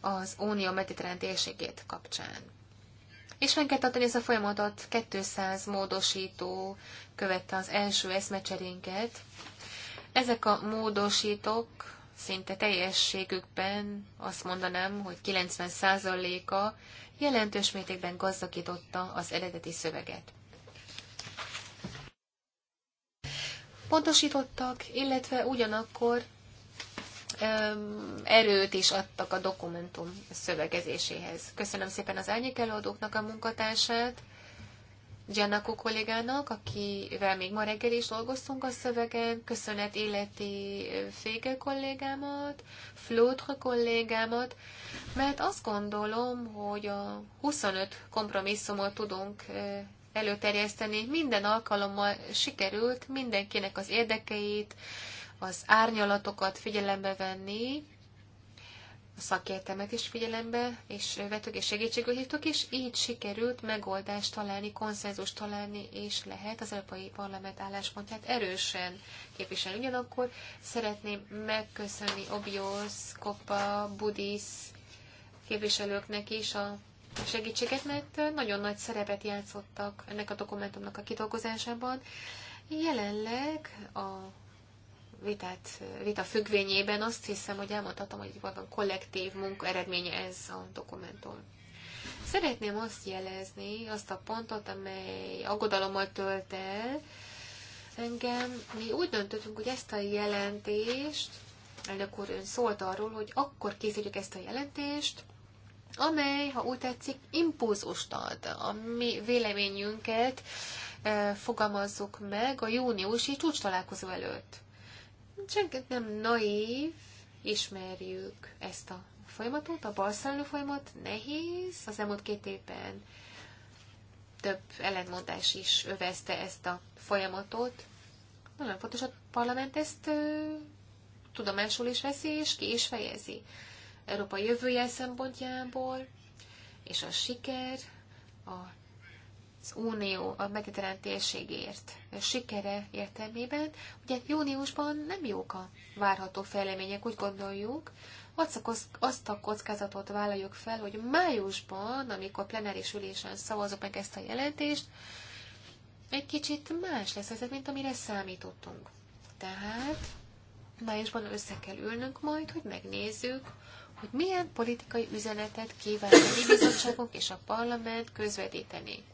az Unió mediterrán térségét kapcsán és meg kell tartani ezt a folyamatot. 200 módosító követte az első eszmecserénket. Ezek a módosítók szinte teljességükben azt mondanám, hogy 90%-a jelentős mértékben gazdagította az eredeti szöveget. Pontosítottak, illetve ugyanakkor erőt is adtak a dokumentum szövegezéséhez. Köszönöm szépen az előadóknak a munkatársát, Giannakó kollégának, akivel még ma reggel is dolgoztunk a szövegen, köszönet életi féke kollégámat, Flótra kollégámat, mert azt gondolom, hogy a 25 kompromisszumot tudunk előterjeszteni. Minden alkalommal sikerült mindenkinek az érdekeit, az árnyalatokat figyelembe venni, a szakértemet is figyelembe, és vetők és segítségül hívtuk, és így sikerült megoldást találni, konszenzust találni, és lehet az Európai Parlament álláspontját erősen képviselni. Ugyanakkor szeretném megköszönni Obiosz, Kopa, Budisz képviselőknek is a segítséget, mert nagyon nagy szerepet játszottak ennek a dokumentumnak a kidolgozásában. Jelenleg a vitát, vita függvényében azt hiszem, hogy elmondhatom, hogy a kollektív munka eredménye ez a dokumentum. Szeretném azt jelezni, azt a pontot, amely aggodalommal tölt el engem. Mi úgy döntöttünk, hogy ezt a jelentést, elnök úr ön szólt arról, hogy akkor készítjük ezt a jelentést, amely, ha úgy tetszik, impulzust ad a mi véleményünket, eh, fogalmazzuk meg a júniusi csúcs találkozó előtt senkit nem naív, ismerjük ezt a folyamatot, a balszálló folyamat nehéz, az elmúlt két évben több ellentmondás is övezte ezt a folyamatot. Nagyon fontos, a parlament ezt ö, tudomásul is veszi, és ki is fejezi. Európa jövője szempontjából, és a siker, a az Unió a mediterrán térségért sikere értelmében. Ugye júniusban nem jók a várható fejlemények, úgy gondoljuk, azt a kockázatot vállaljuk fel, hogy májusban, amikor plenáris ülésen szavazok meg ezt a jelentést, egy kicsit más lesz ez, mint amire számítottunk. Tehát májusban össze kell ülnünk majd, hogy megnézzük, hogy milyen politikai üzenetet kíván a bizottságunk és a parlament közvetíteni.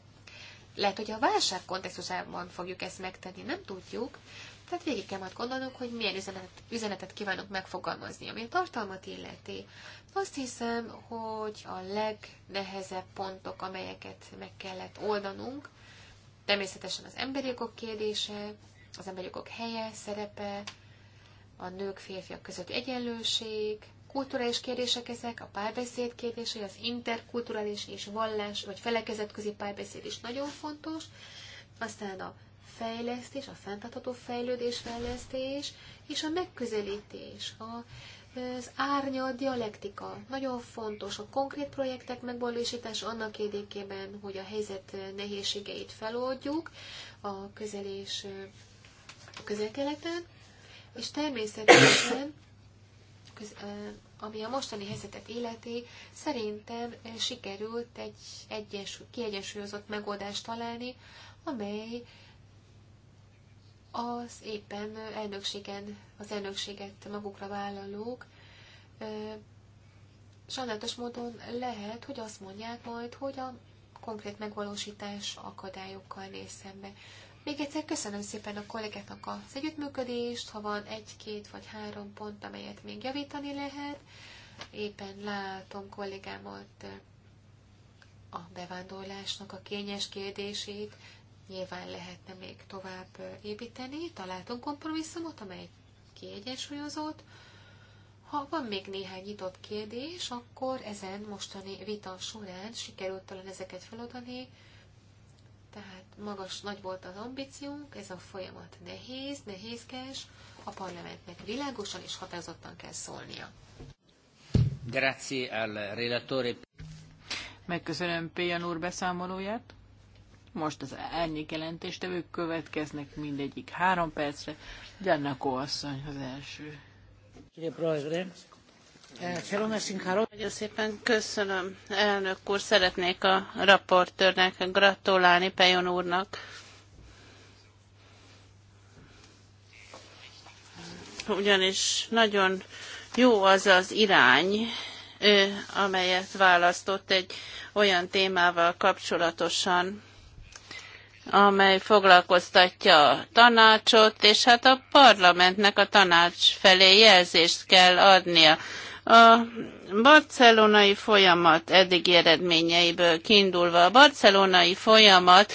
Lehet, hogy a válság kontextusában fogjuk ezt megtenni, nem tudjuk. Tehát végig kell majd gondolnunk, hogy milyen üzenetet, üzenetet kívánunk megfogalmazni, ami a tartalmat illeti. Azt hiszem, hogy a legnehezebb pontok, amelyeket meg kellett oldanunk, természetesen az emberi jogok kérdése, az emberi jogok helye, szerepe, a nők-férfiak között egyenlőség, kulturális kérdések ezek, a párbeszéd kérdései, az interkulturális és vallás, vagy felekezetközi párbeszéd is nagyon fontos. Aztán a fejlesztés, a fenntartható fejlődés fejlesztés, és a megközelítés, a, az árnya dialektika. Nagyon fontos a konkrét projektek megvalósítása annak érdekében, hogy a helyzet nehézségeit feloldjuk a közelés a közelkeleten, és természetesen ami a mostani helyzetet életi, szerintem sikerült egy egyes, kiegyensúlyozott megoldást találni, amely az éppen elnökségen, az elnökséget magukra vállalók sajnálatos módon lehet, hogy azt mondják majd, hogy a konkrét megvalósítás akadályokkal néz szembe. Még egyszer köszönöm szépen a kollégáknak az együttműködést, ha van egy-két vagy három pont, amelyet még javítani lehet. Éppen látom kollégámat a bevándorlásnak a kényes kérdését, nyilván lehetne még tovább építeni. Találtunk kompromisszumot, amely kiegyensúlyozott. Ha van még néhány nyitott kérdés, akkor ezen mostani vita során sikerült talán ezeket feladani, tehát magas, nagy volt az ambíciunk. ez a folyamat nehéz, nehézkes, a parlamentnek világosan és határozottan kell szólnia. Grazie al relatore. Megköszönöm Péjan úr beszámolóját. Most az árnyék jelentéstevők következnek mindegyik három percre. Gyannakó asszony az első. Kérdő nagyon szépen köszönöm, elnök úr. Szeretnék a raportőrnek gratulálni, Pejon úrnak. Ugyanis nagyon jó az az irány, amelyet választott egy olyan témával kapcsolatosan, amely foglalkoztatja a tanácsot, és hát a parlamentnek a tanács felé jelzést kell adnia a barcelonai folyamat eddigi eredményeiből kiindulva, a barcelonai folyamat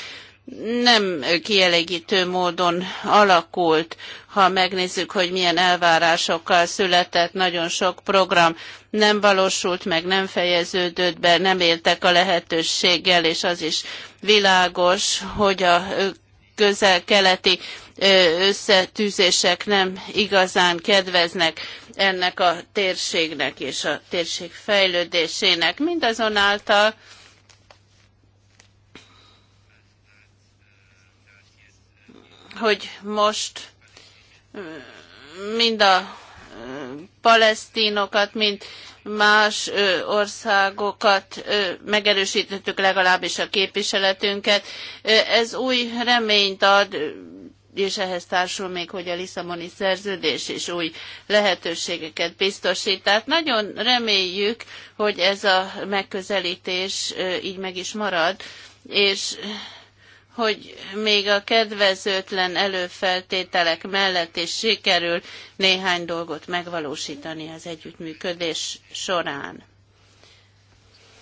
nem kielégítő módon alakult, ha megnézzük, hogy milyen elvárásokkal született nagyon sok program, nem valósult meg, nem fejeződött be, nem éltek a lehetőséggel, és az is világos, hogy a közel-keleti összetűzések nem igazán kedveznek ennek a térségnek és a térség fejlődésének. Mindazonáltal hogy most mind a palesztínokat, mind más országokat megerősítettük legalábbis a képviseletünket. Ez új reményt ad, és ehhez társul még, hogy a Lisszaboni szerződés is új lehetőségeket biztosít. Tehát nagyon reméljük, hogy ez a megközelítés így meg is marad, és hogy még a kedvezőtlen előfeltételek mellett is sikerül néhány dolgot megvalósítani az együttműködés során.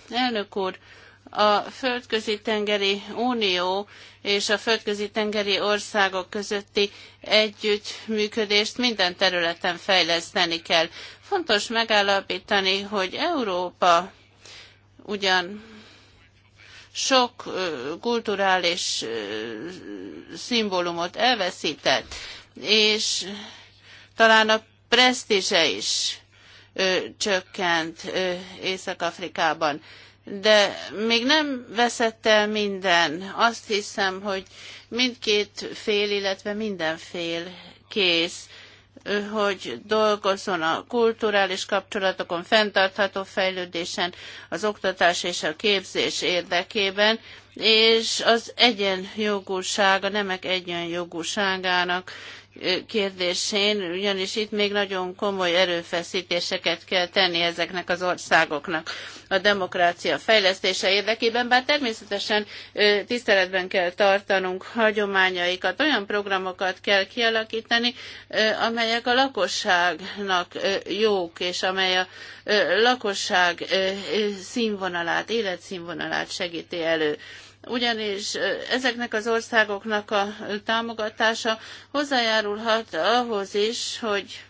Elnök úr, a Földközi-tengeri Unió és a Földközi-tengeri országok közötti együttműködést minden területen fejleszteni kell. Fontos megállapítani, hogy Európa ugyan sok kulturális szimbólumot elveszített, és talán a presztízse is csökkent Észak-Afrikában. De még nem veszett el minden. Azt hiszem, hogy mindkét fél, illetve minden fél kész hogy dolgozzon a kulturális kapcsolatokon, fenntartható fejlődésen, az oktatás és a képzés érdekében, és az egyenjogúság, a nemek egyenjogúságának kérdésén, ugyanis itt még nagyon komoly erőfeszítéseket kell tenni ezeknek az országoknak a demokrácia fejlesztése érdekében, bár természetesen tiszteletben kell tartanunk hagyományaikat, olyan programokat kell kialakítani, amelyek a lakosságnak jók, és amely a lakosság színvonalát, életszínvonalát segíti elő ugyanis ezeknek az országoknak a támogatása hozzájárulhat ahhoz is, hogy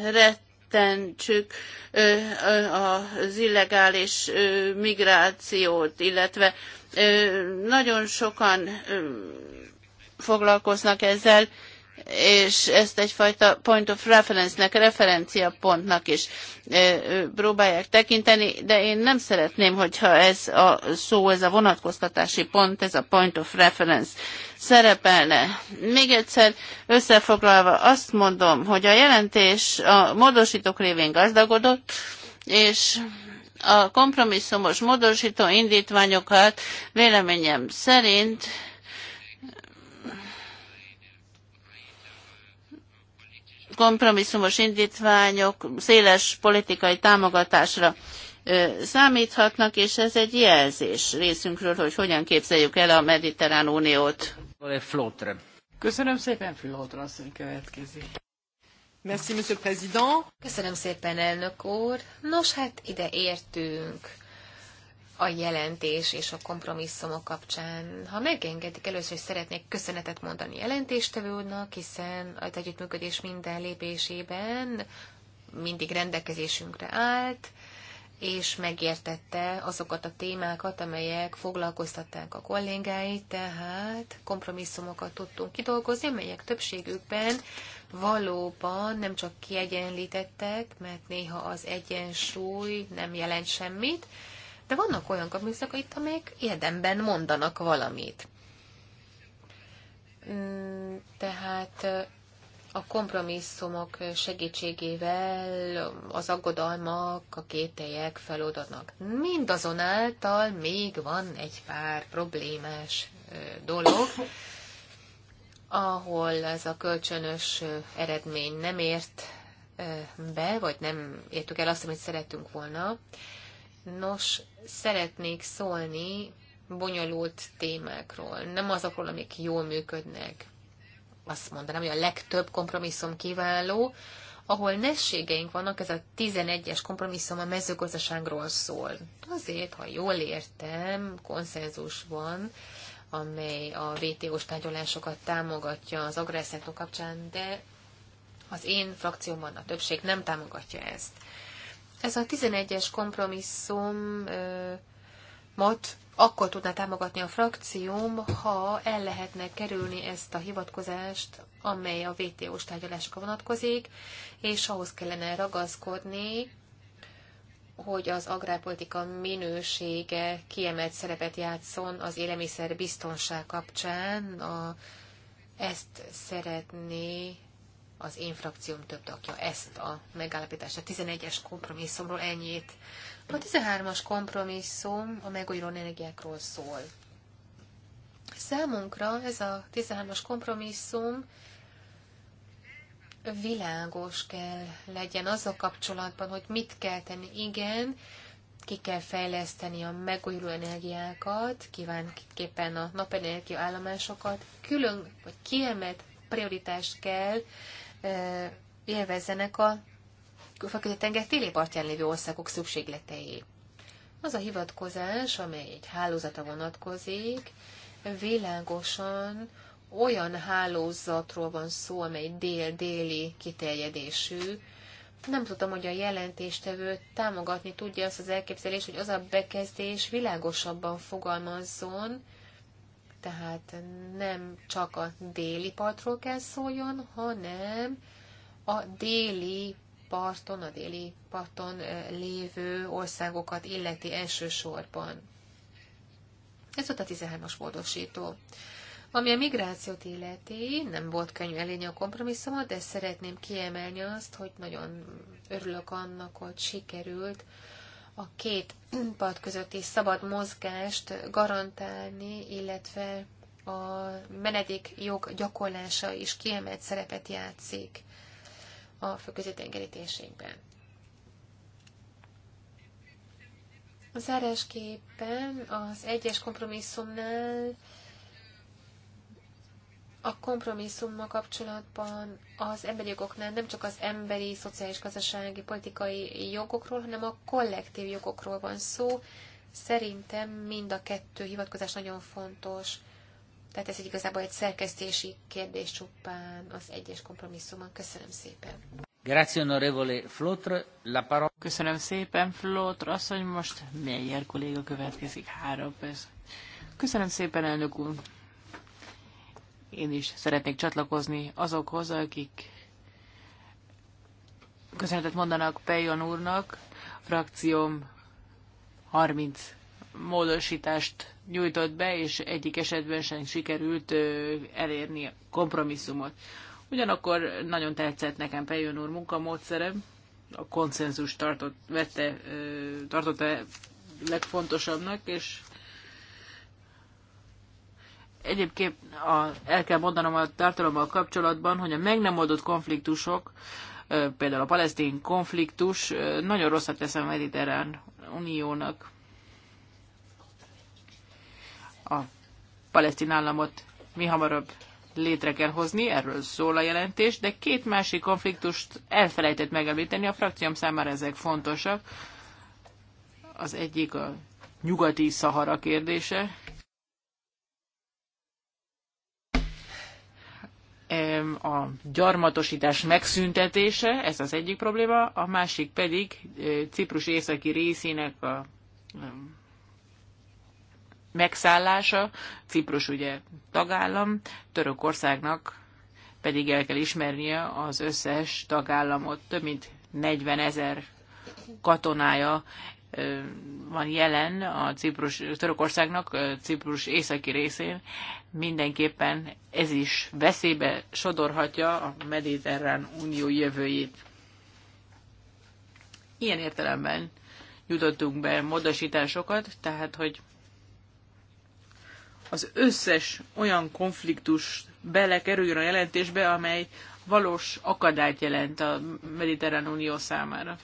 elrettentsük az illegális migrációt, illetve nagyon sokan foglalkoznak ezzel, és ezt egyfajta point of reference-nek, referenciapontnak is próbálják tekinteni, de én nem szeretném, hogyha ez a szó, ez a vonatkoztatási pont, ez a point of reference szerepelne. Még egyszer összefoglalva azt mondom, hogy a jelentés a módosítók révén gazdagodott, és a kompromisszumos módosító indítványokat véleményem szerint kompromisszumos indítványok széles politikai támogatásra számíthatnak, és ez egy jelzés részünkről, hogy hogyan képzeljük el a Mediterrán Uniót. Flotre. Köszönöm szépen, Flotre asszony következik. Merci, Monsieur le Président. Köszönöm szépen, elnök úr. Nos, hát ide értünk a jelentés és a kompromisszumok kapcsán. Ha megengedik, először is szeretnék köszönetet mondani jelentéstevőnek, hiszen az együttműködés minden lépésében mindig rendelkezésünkre állt, és megértette azokat a témákat, amelyek foglalkoztatták a kollégáit, tehát kompromisszumokat tudtunk kidolgozni, amelyek többségükben valóban nem csak kiegyenlítettek, mert néha az egyensúly nem jelent semmit, de vannak olyan kaműszak, itt, amelyek érdemben mondanak valamit. Mm, tehát a kompromisszumok segítségével az aggodalmak, a kételyek feloldanak. Mindazonáltal még van egy pár problémás dolog, ahol ez a kölcsönös eredmény nem ért be, vagy nem értük el azt, amit szerettünk volna. Nos, szeretnék szólni bonyolult témákról, nem azokról, amik jól működnek. Azt mondanám, hogy a legtöbb kompromisszum kiváló, ahol nességeink vannak, ez a 11-es kompromisszum a mezőgazdaságról szól. Azért, ha jól értem, konszenzus van, amely a VTO-s tárgyalásokat támogatja az agresszektor kapcsán, de az én frakciómban a többség nem támogatja ezt. Ez a 11-es kompromisszumot akkor tudná támogatni a frakcióm, ha el lehetne kerülni ezt a hivatkozást, amely a VTO-s tárgyalásokra vonatkozik, és ahhoz kellene ragaszkodni, hogy az agrárpolitika minősége kiemelt szerepet játszon az élelmiszer biztonság kapcsán. A, ezt szeretné az én frakcióm több tagja ezt a megállapítást. A 11-es kompromisszumról ennyit. A 13-as kompromisszum a megújuló energiákról szól. Számunkra ez a 13-as kompromisszum világos kell legyen azzal kapcsolatban, hogy mit kell tenni. Igen, ki kell fejleszteni a megújuló energiákat, kívánképpen a napenergia állomásokat, külön vagy kiemelt prioritást kell élvezzenek a külföldi tenger téli partján lévő országok szükségletei. Az a hivatkozás, amely egy hálózata vonatkozik, világosan olyan hálózatról van szó, amely dél-déli kiterjedésű. Nem tudtam, hogy a jelentéstevő támogatni tudja azt az elképzelést, hogy az a bekezdés világosabban fogalmazzon, tehát nem csak a déli partról kell szóljon, hanem a déli parton, a déli parton eh, lévő országokat illeti elsősorban. Ez volt a 13-as módosító. Ami a migrációt illeti, nem volt könnyű elérni a kompromisszumot, de szeretném kiemelni azt, hogy nagyon örülök annak, hogy sikerült a két pad közötti szabad mozgást garantálni, illetve a menedék jog gyakorlása is kiemelt szerepet játszik a főközi tengerítésében. Zárásképpen az egyes kompromisszumnál a kompromisszummal kapcsolatban az emberi jogoknál nem csak az emberi, szociális, gazdasági, politikai jogokról, hanem a kollektív jogokról van szó. Szerintem mind a kettő hivatkozás nagyon fontos. Tehát ez egy igazából egy szerkesztési kérdés csupán az egyes kompromisszumon. Köszönöm szépen. Grazie onorevole Flotre, la parola. Köszönöm szépen, Flotr, azt, hogy most Meyer kolléga következik három perc. Köszönöm szépen, elnök úr. Én is szeretnék csatlakozni azokhoz, akik köszönetet mondanak Pejon úrnak. Frakcióm 30 módosítást nyújtott be, és egyik esetben sem sikerült elérni a kompromisszumot. Ugyanakkor nagyon tetszett nekem Pejon úr munkamódszere, a konszenzus tartott, vette, tartotta legfontosabbnak, és Egyébként a, el kell mondanom a tartalommal kapcsolatban, hogy a meg nem oldott konfliktusok, például a palesztin konfliktus nagyon rosszat tesz a Mediterrán Uniónak. A palesztin államot mi hamarabb létre kell hozni, erről szól a jelentés, de két másik konfliktust elfelejtett megemlíteni, a frakcióm számára ezek fontosak. Az egyik a nyugati szahara kérdése. a gyarmatosítás megszüntetése, ez az egyik probléma, a másik pedig Ciprus északi részének a megszállása. Ciprus ugye tagállam, Törökországnak pedig el kell ismernie az összes tagállamot, több mint 40 ezer katonája van jelen a Ciprus, Törökországnak Ciprus északi részén, mindenképpen ez is veszélybe sodorhatja a Mediterrán Unió jövőjét. Ilyen értelemben jutottunk be módosításokat, tehát hogy az összes olyan konfliktus belekerüljön a jelentésbe, amely valós akadályt jelent a Mediterrán Unió számára.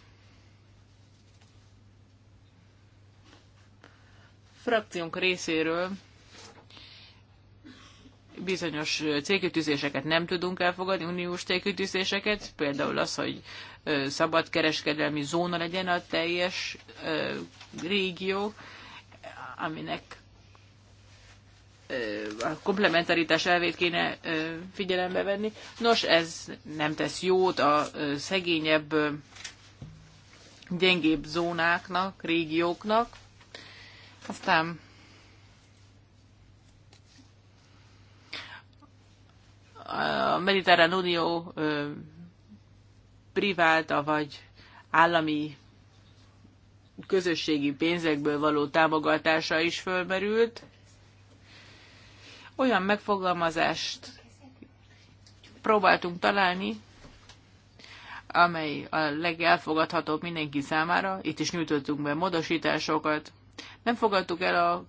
frakciónk részéről bizonyos célkütőzéseket nem tudunk elfogadni, uniós célkütőzéseket, például az, hogy szabad kereskedelmi zóna legyen a teljes régió, aminek a komplementaritás elvét kéne figyelembe venni. Nos, ez nem tesz jót a szegényebb, gyengébb zónáknak, régióknak, aztán a Mediterrán Unió privált, vagy állami közösségi pénzekből való támogatása is fölmerült. Olyan megfogalmazást próbáltunk találni, amely a legelfogadhatóbb mindenki számára. Itt is nyújtottunk be módosításokat. Nem fogadtuk el a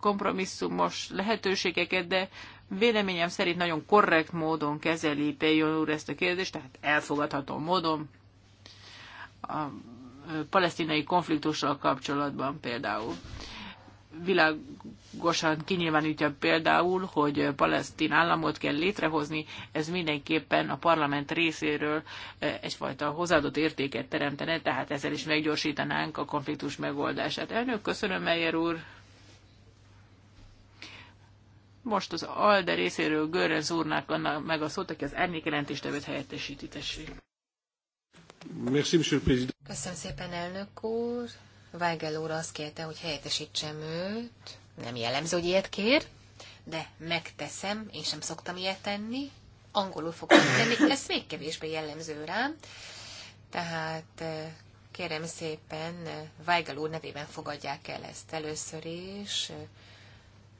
kompromisszumos lehetőségeket, de véleményem szerint nagyon korrekt módon kezeli Péjon úr ezt a kérdést, tehát elfogadható módon a palesztinai konfliktussal kapcsolatban például világosan kinyilvánítja például, hogy palesztin államot kell létrehozni, ez mindenképpen a parlament részéről eh, egyfajta hozzáadott értéket teremtene, tehát ezzel is meggyorsítanánk a konfliktus megoldását. Elnök, köszönöm, Meyer úr! Most az ALDE részéről Görrenz úrnak annak meg a szót, aki az árnyék jelentéstevőt helyettesíti, Köszönöm szépen, elnök úr! Weigel úr azt kérte, hogy helyettesítsem őt. Nem jellemző, hogy ilyet kér, de megteszem, én sem szoktam ilyet tenni. Angolul fogok [coughs] tenni, ez még kevésbé jellemző rám. Tehát eh, kérem szépen, eh, Weigel úr nevében fogadják el ezt először is. Eh,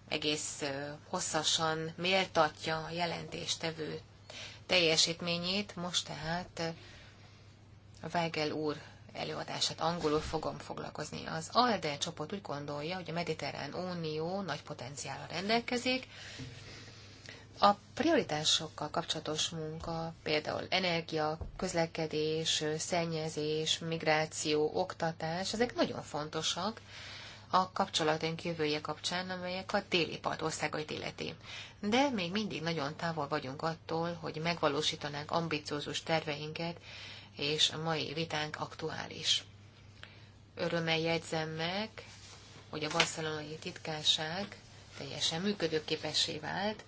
egész hosszasan méltatja a jelentéstevő teljesítményét, most tehát Weigel úr előadását angolul fogom foglalkozni. Az ALDE csoport úgy gondolja, hogy a Mediterrán Unió nagy potenciállal rendelkezik. A prioritásokkal kapcsolatos munka, például energia, közlekedés, szennyezés, migráció, oktatás, ezek nagyon fontosak a kapcsolataink jövője kapcsán, amelyek a déli part országait illeti. De még mindig nagyon távol vagyunk attól, hogy megvalósítanánk ambiciózus terveinket, és a mai vitánk aktuális. Örömmel jegyzem meg, hogy a barcelonai titkárság teljesen működőképessé vált,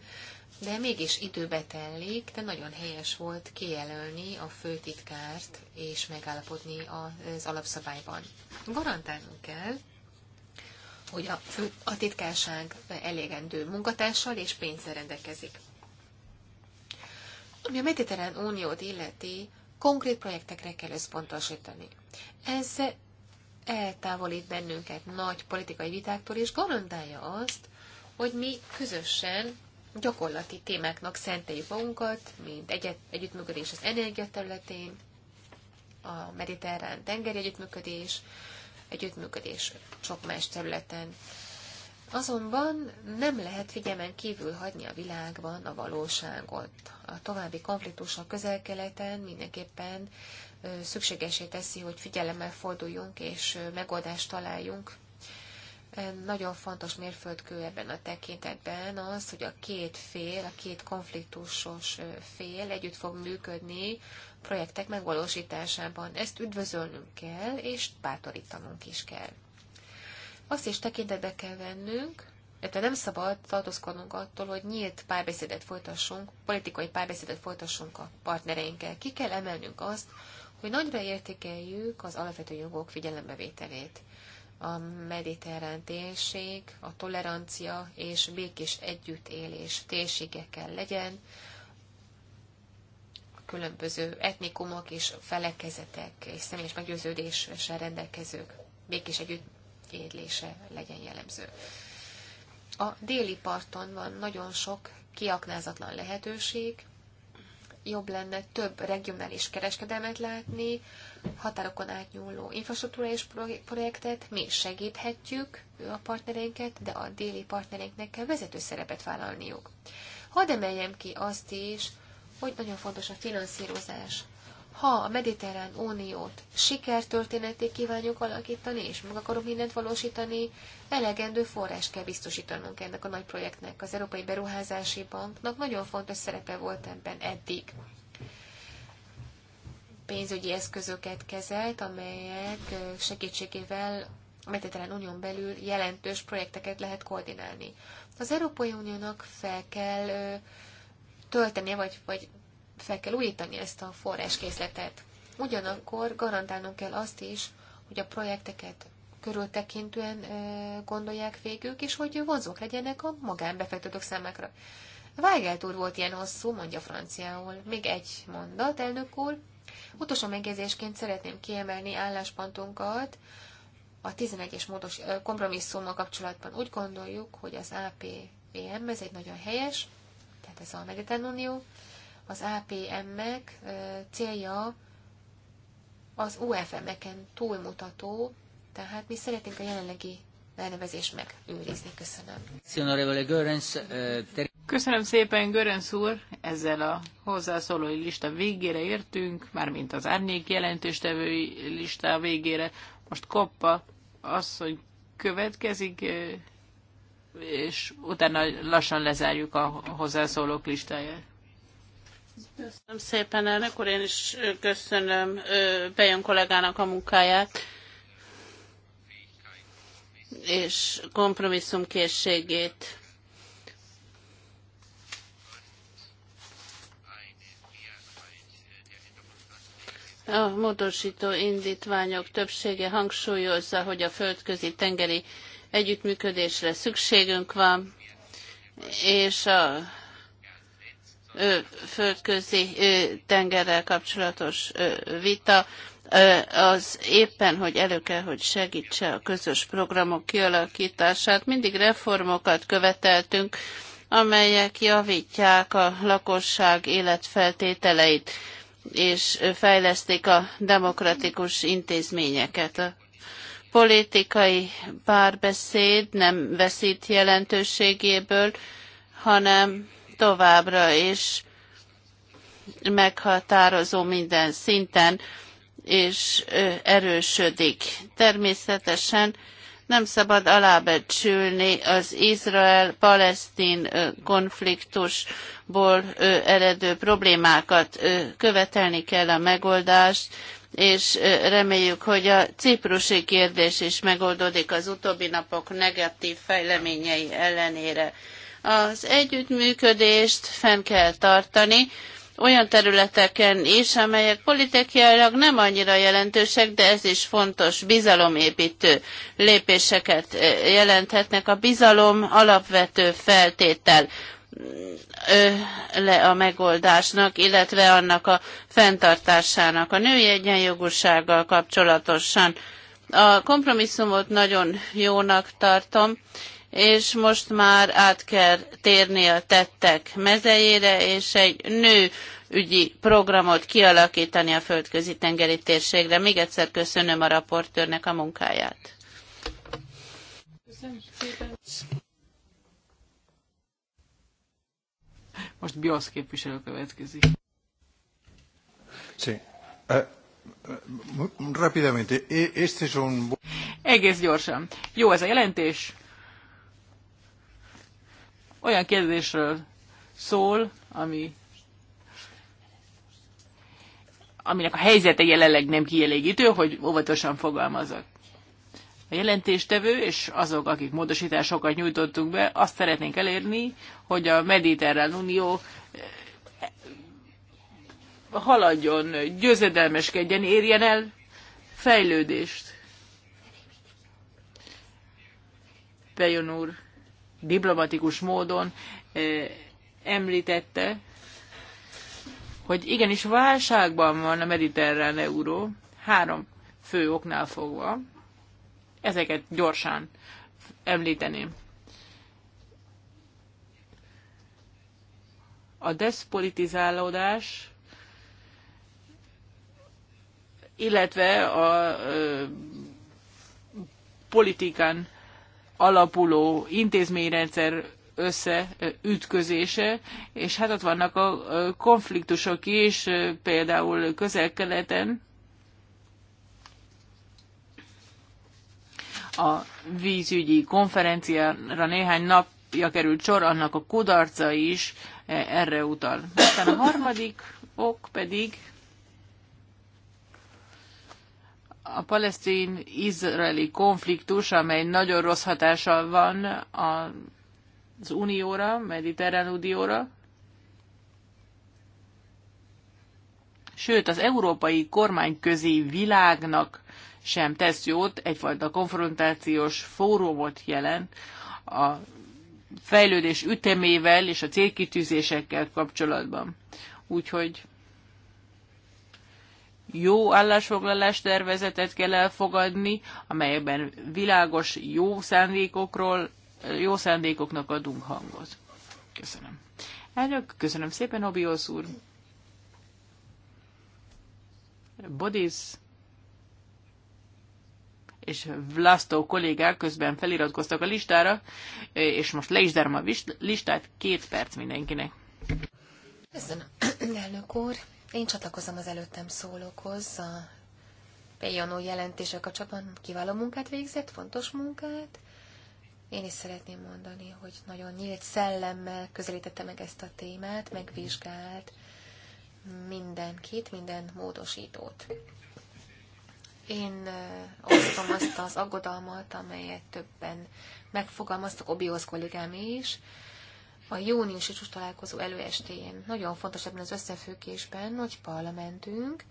de mégis időbe tellik, de nagyon helyes volt kijelölni a főtitkárt és megállapodni az alapszabályban. Garantálnunk kell, hogy a, fő, a titkárság elégendő munkatársal és pénzzel rendelkezik. Ami a Mediterrán Uniót illeti, konkrét projektekre kell összpontosítani. Ez eltávolít bennünket nagy politikai vitáktól, és garantálja azt, hogy mi közösen gyakorlati témáknak szenteljük magunkat, mint egyet, együttműködés az energiaterületén, a mediterrán tengeri együttműködés, együttműködés sok más területen, Azonban nem lehet figyelmen kívül hagyni a világban a valóságot. A további konfliktus a közel-keleten mindenképpen szükségesé teszi, hogy figyelemmel forduljunk és megoldást találjunk. Nagyon fontos mérföldkő ebben a tekintetben az, hogy a két fél, a két konfliktusos fél együtt fog működni projektek megvalósításában. Ezt üdvözölnünk kell, és bátorítanunk is kell. Azt is tekintetbe kell vennünk, illetve nem szabad tartózkodnunk attól, hogy nyílt párbeszédet folytassunk, politikai párbeszédet folytassunk a partnereinkkel. Ki kell emelnünk azt, hogy nagyra értékeljük az alapvető jogok figyelembevételét. A mediterrán térség, a tolerancia és békés együttélés térsége kell legyen, a különböző etnikumok és felekezetek és személyes meggyőződéssel rendelkezők békés együtt érlése legyen jellemző. A déli parton van nagyon sok kiaknázatlan lehetőség, jobb lenne több regionális kereskedelmet látni, határokon átnyúló infrastruktúrális projektet, mi segíthetjük a partnereinket, de a déli partnereinknek kell vezető szerepet vállalniuk. Hadd emeljem ki azt is, hogy nagyon fontos a finanszírozás ha a mediterrán uniót sikertörténeté kívánjuk alakítani, és meg akarunk mindent valósítani, elegendő forrás kell biztosítanunk ennek a nagy projektnek. Az Európai Beruházási Banknak nagyon fontos szerepe volt ebben eddig. Pénzügyi eszközöket kezelt, amelyek segítségével a mediterrán unión belül jelentős projekteket lehet koordinálni. Az Európai Uniónak fel kell töltenie, vagy, vagy fel kell újítani ezt a forráskészletet. Ugyanakkor garantálnunk kell azt is, hogy a projekteket körültekintően gondolják végük, és hogy vonzók legyenek a magánbefektetők számára. Weigelt úr volt ilyen hosszú, mondja franciául. Még egy mondat, elnök úr. Utolsó megjegyzésként szeretném kiemelni álláspontunkat a 11-es módos kompromisszummal kapcsolatban. Úgy gondoljuk, hogy az APVM, ez egy nagyon helyes, tehát ez a Mediterrán Unió, az APM-ek célja az UFM-eken túlmutató, tehát mi szeretnénk a jelenlegi elnevezést megőrizni. Köszönöm. Köszönöm szépen, Görönsz úr! Ezzel a hozzászólói lista végére értünk, mármint az árnyék jelentéstevői lista végére. Most Koppa az, hogy következik, és utána lassan lezárjuk a hozzászólók listáját. Köszönöm szépen, elnök úr, én is köszönöm Bejön kollégának a munkáját és kompromisszumkészségét. A módosító indítványok többsége hangsúlyozza, hogy a földközi tengeri együttműködésre szükségünk van, és a földközi tengerrel kapcsolatos vita az éppen, hogy elő kell, hogy segítse a közös programok kialakítását. Mindig reformokat követeltünk, amelyek javítják a lakosság életfeltételeit, és fejlesztik a demokratikus intézményeket. A politikai párbeszéd nem veszít jelentőségéből, hanem továbbra is meghatározó minden szinten, és erősödik. Természetesen nem szabad alábecsülni az Izrael-Palesztin konfliktusból eredő problémákat. Követelni kell a megoldást, és reméljük, hogy a ciprusi kérdés is megoldódik az utóbbi napok negatív fejleményei ellenére. Az együttműködést fenn kell tartani, olyan területeken is, amelyek politikailag nem annyira jelentősek, de ez is fontos bizalomépítő lépéseket jelenthetnek. A bizalom alapvető feltétel le a megoldásnak, illetve annak a fenntartásának. A női egyenjogúsággal kapcsolatosan a kompromisszumot nagyon jónak tartom, és most már át kell térni a tettek mezejére, és egy nő ügyi programot kialakítani a földközi tengeri térségre. Még egyszer köszönöm a raportőrnek a munkáját. Most Biosz képviselő következik. Sí. Eh, eh, Rapidamente. E-, este es un... Egész gyorsan. Jó ez a jelentés, olyan kérdésről szól, ami aminek a helyzete jelenleg nem kielégítő, hogy óvatosan fogalmazok. A jelentéstevő és azok, akik módosításokat nyújtottunk be, azt szeretnénk elérni, hogy a Mediterrán Unió eh, haladjon, győzedelmeskedjen, érjen el fejlődést. Pejon úr diplomatikus módon említette, hogy igenis válságban van a mediterrán euró, három fő oknál fogva. Ezeket gyorsan említeném. A despolitizálódás, illetve a ö, politikán alapuló intézményrendszer összeütközése, és hát ott vannak a konfliktusok is, például közel-keleten a vízügyi konferenciára néhány napja került sor, annak a kudarca is e, erre utal. Aztán a harmadik ok pedig a palesztin-izraeli konfliktus, amely nagyon rossz hatással van az unióra, mediterrán unióra, sőt az európai kormányközi világnak sem tesz jót, egyfajta konfrontációs fórumot jelent a fejlődés ütemével és a célkitűzésekkel kapcsolatban. Úgyhogy jó állásfoglalás tervezetet kell elfogadni, amelyben világos jó szándékokról, jó szándékoknak adunk hangot. Köszönöm. Elnök, köszönöm szépen, Obiósz úr. Bodis és Vlasztó kollégák közben feliratkoztak a listára, és most le is zárom a listát, két perc mindenkinek. Köszönöm, [clears throat] elnök úr. Én csatlakozom az előttem szólókhoz, a Pejanó jelentése kapcsolatban kiváló munkát végzett, fontos munkát. Én is szeretném mondani, hogy nagyon nyílt szellemmel közelítette meg ezt a témát, megvizsgált mindenkit, minden módosítót. Én osztom azt az aggodalmat, amelyet többen megfogalmaztak, Obihoz kollégám is, a júniusi csúcs találkozó előestéjén. Nagyon fontos ebben az összefüggésben, hogy parlamentünk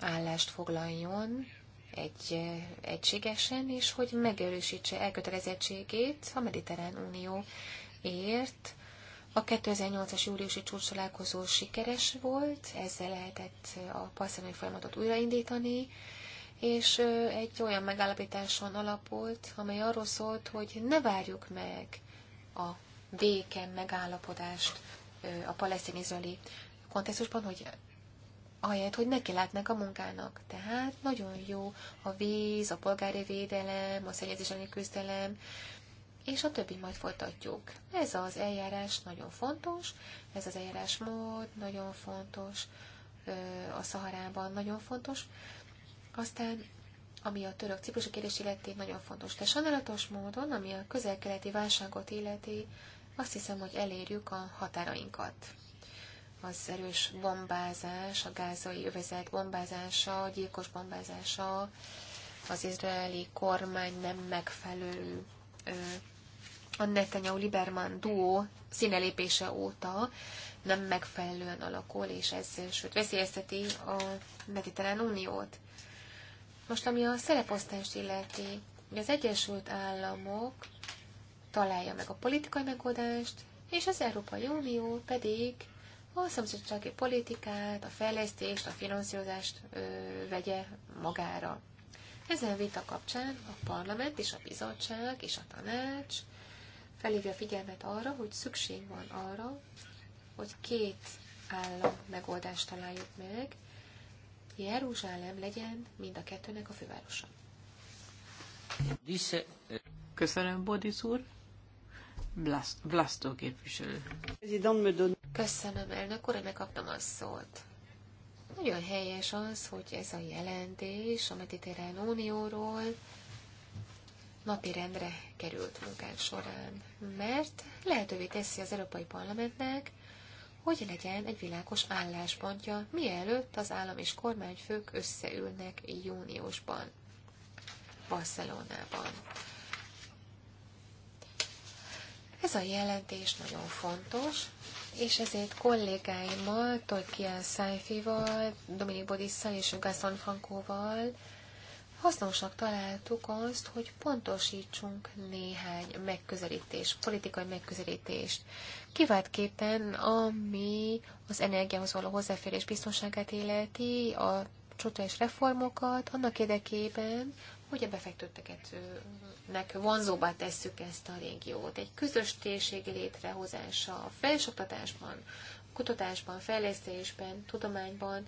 állást foglaljon egy, egységesen, és hogy megerősítse elkötelezettségét a Mediterrán Unió ért. A 2008-as júliusi csúcs találkozó sikeres volt, ezzel lehetett a passzionai folyamatot újraindítani, és egy olyan megállapításon alapult, amely arról szólt, hogy ne várjuk meg a béke megállapodást a palesztin-izraeli kontextusban, hogy ahelyett, hogy neki látnak a munkának. Tehát nagyon jó a víz, a polgári védelem, a szennyezés küzdelem, és a többi majd folytatjuk. Ez az eljárás nagyon fontos, ez az eljárásmód nagyon fontos, a Szaharában nagyon fontos. Aztán, ami a török ciprusi kérdés illeti, nagyon fontos. De sajnálatos módon, ami a közel-keleti válságot illeti, azt hiszem, hogy elérjük a határainkat. Az erős bombázás, a gázai övezet bombázása, a gyilkos bombázása, az izraeli kormány nem megfelelő a Netanyahu-Liberman duó színelépése óta nem megfelelően alakul, és ez sőt veszélyezteti a Mediterrán Uniót. Most, ami a szereposztást illeti, az Egyesült Államok találja meg a politikai megoldást, és az Európai Unió pedig a szomszédsági politikát, a fejlesztést, a finanszírozást ö, vegye magára. Ezen vita kapcsán a parlament és a bizottság és a tanács felhívja a figyelmet arra, hogy szükség van arra, hogy két állam megoldást találjuk meg, Jeruzsálem legyen mind a kettőnek a fővárosa. Köszönöm, Bodis úr képviselő. Köszönöm, elnök úr, megkaptam a szót. Nagyon helyes az, hogy ez a jelentés a Mediterrán Unióról napi rendre került munkánk során, mert lehetővé teszi az Európai Parlamentnek, hogy legyen egy világos álláspontja, mielőtt az állam és kormányfők összeülnek júniusban, Barcelonában. Ez a jelentés nagyon fontos, és ezért kollégáimmal, Tolkien Szájfival, Dominik Bodisszal és Gaston Frankóval hasznosnak találtuk azt, hogy pontosítsunk néhány megközelítés, politikai megközelítést. Kiváltképpen, ami az energiához való hozzáférés biztonságát életi, a csodás reformokat, annak érdekében, hogy a befektetőknek vonzóbbá tesszük ezt a régiót. Egy közös térség létrehozása a felsoktatásban, kutatásban, fejlesztésben, tudományban,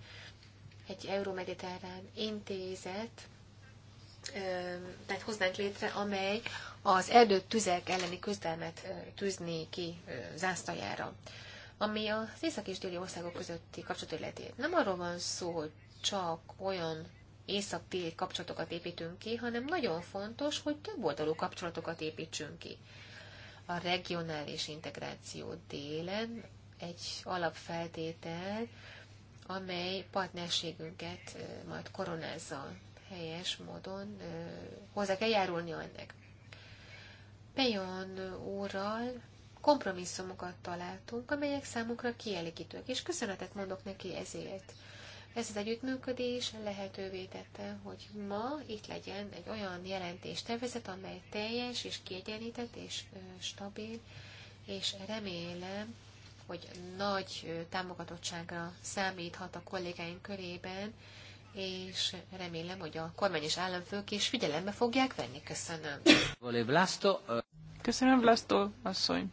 egy euromediterrán intézet, tehát hoznánk létre, amely az erdőt tüzek elleni küzdelmet tűzné ki zászlajára, ami az észak és déli országok közötti kapcsolatot illeti. Nem arról van szó, hogy csak olyan észak-déli kapcsolatokat építünk ki, hanem nagyon fontos, hogy több oldalú kapcsolatokat építsünk ki. A regionális integráció délen egy alapfeltétel, amely partnerségünket majd koronázza helyes módon, hozzá kell járulni ennek. Pejon úrral kompromisszumokat találtunk, amelyek számukra kielégítők, és köszönetet mondok neki ezért. Ez az együttműködés lehetővé tette, hogy ma itt legyen egy olyan jelentéstervezet, amely teljes és kiegyenlített és stabil, és remélem, hogy nagy támogatottságra számíthat a kollégáink körében, és remélem, hogy a kormány és államfők is figyelembe fogják venni. Köszönöm. Köszönöm, Vlasto asszony.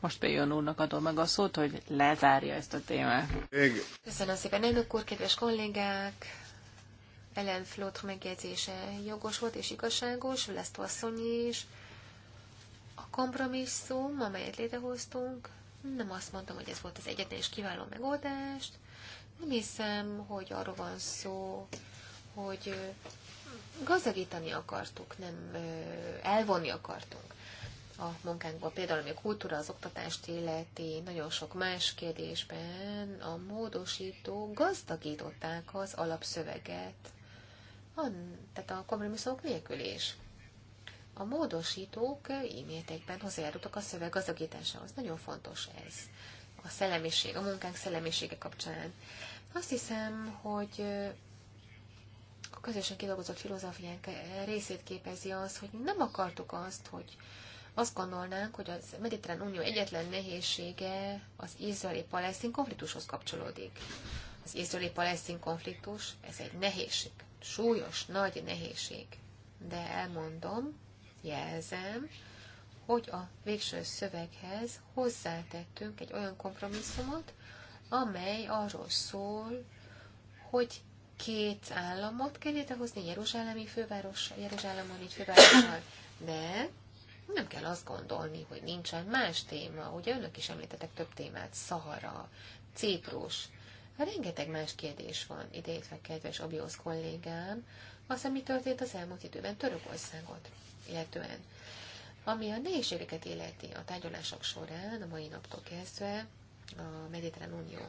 Most Péjon úrnak adom meg a szót, hogy lezárja ezt a témát. Igen. Köszönöm szépen, elnök úr, kedves kollégák! Ellen Flotr megjegyzése jogos volt és igazságos, lesz asszony is. A kompromisszum, amelyet létrehoztunk, nem azt mondtam, hogy ez volt az egyetlen és kiváló megoldást. Nem hiszem, hogy arról van szó, hogy gazdagítani akartuk, nem elvonni akartunk a munkánkból, például ami a kultúra, az oktatást illeti, nagyon sok más kérdésben a módosító gazdagították az alapszöveget, a, tehát a kompromisszumok nélkül is. A módosítók ímértékben hozzájárultak a szöveg gazdagításához. Nagyon fontos ez. A szellemiség, a munkánk szellemisége kapcsán. Azt hiszem, hogy a közösen kidolgozott filozófiánk részét képezi az, hogy nem akartuk azt, hogy azt gondolnánk, hogy a Mediterrán Unió egyetlen nehézsége az izraeli-palesztin konfliktushoz kapcsolódik. Az izraeli-palesztin konfliktus, ez egy nehézség. Súlyos, nagy nehézség. De elmondom, jelzem, hogy a végső szöveghez hozzátettünk egy olyan kompromisszumot, amely arról szól, hogy két államot kell létrehozni, Jeruzsálemi főváros, Jeruzsálemon így fővárossal, de nem kell azt gondolni, hogy nincsen más téma. Ugye önök is említettek több témát, Szahara, Ciprus, rengeteg más kérdés van, idétve kedves Abiosz kollégám, az, ami történt az elmúlt időben Törökországot illetően. Ami a nehézségeket illeti a tárgyalások során, a mai naptól kezdve, a Mediterrán Unió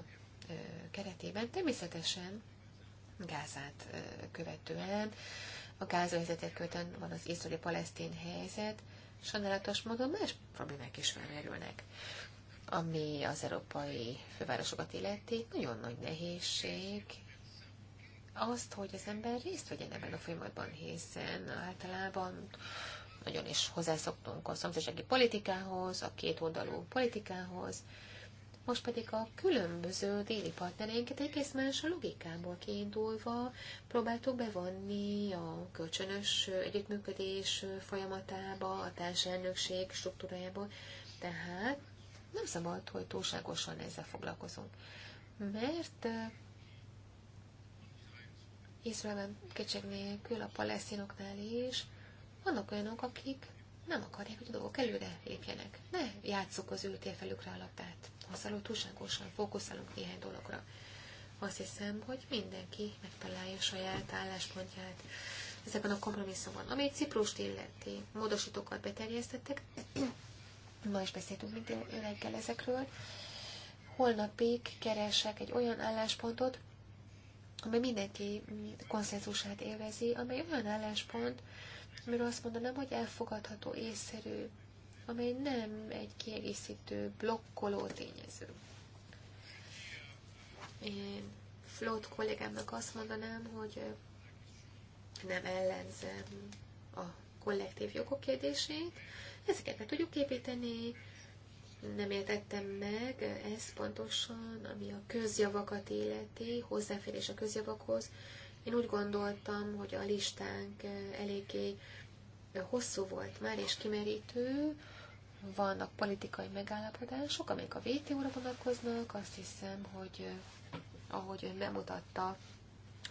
keretében, természetesen Gázát követően, a gázvezetet követően van az izraeli palesztin helyzet, sajnálatos módon más problémák is felmerülnek, ami az európai fővárosokat illeti, nagyon nagy nehézség azt, hogy az ember részt vegyen ebben a folyamatban, hiszen általában nagyon is hozzászoktunk a szomszédsági politikához, a kétoldalú politikához, most pedig a különböző déli partnereinket egész más a logikából kiindulva próbáltuk bevonni a kölcsönös együttműködés folyamatába, a társelnökség struktúrájába, tehát nem szabad, hogy túlságosan ezzel foglalkozunk. Mert Izraelben kétség nélkül, a palesztinoknál is, vannak olyanok, akik nem akarják, hogy a dolgok előre lépjenek. Ne játsszuk az ültél felükre a labdát. Azzal, túlságosan fókuszálunk néhány dologra. Azt hiszem, hogy mindenki megtalálja saját álláspontját ezekben a kompromisszumban. Ami Ciprust illeti, módosítókat beterjesztettek, ma is beszéltünk minden reggel ezekről, holnapig keresek egy olyan álláspontot, amely mindenki konszenzusát élvezi, amely olyan álláspont, amiről azt mondanám, hogy elfogadható, észszerű, amely nem egy kiegészítő, blokkoló tényező. Én Flót kollégámnak azt mondanám, hogy nem ellenzem a kollektív jogok kérdését, ezeket meg tudjuk építeni, nem értettem meg, ez pontosan, ami a közjavakat illeti, hozzáférés a közjavakhoz, én úgy gondoltam, hogy a listánk eh, eléggé hosszú volt már, és kimerítő. Vannak politikai megállapodások, amelyek a WTO-ra vonatkoznak. Azt hiszem, hogy eh, ahogy ön bemutatta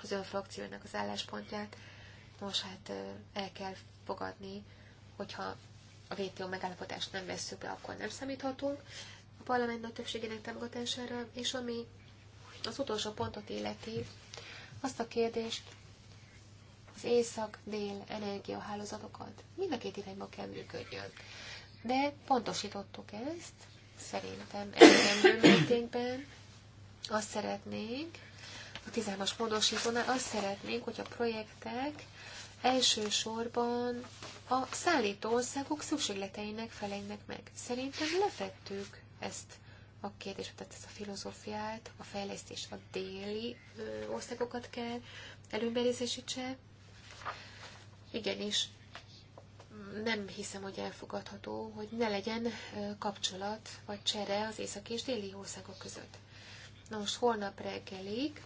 az ön frakciónak az álláspontját, most hát eh, el kell fogadni, hogyha a WTO megállapodást nem veszük be, akkor nem számíthatunk a parlament nagy többségének támogatására, és ami az utolsó pontot illeti, azt a kérdést, az észak-dél energiahálózatokat mind a két irányba kell működjön. De pontosítottuk ezt, szerintem elkemmő mértékben. Azt szeretnénk, a 13-as módosítónál azt szeretnénk, hogy a projektek elsősorban a szállító országok szükségleteinek felelnek meg. Szerintem lefettük ezt a kérdés, tehát ez a filozófiát, a fejlesztés a déli ö, országokat kell előnybe Igenis, nem hiszem, hogy elfogadható, hogy ne legyen kapcsolat vagy csere az északi és déli országok között. Na most holnap reggelig,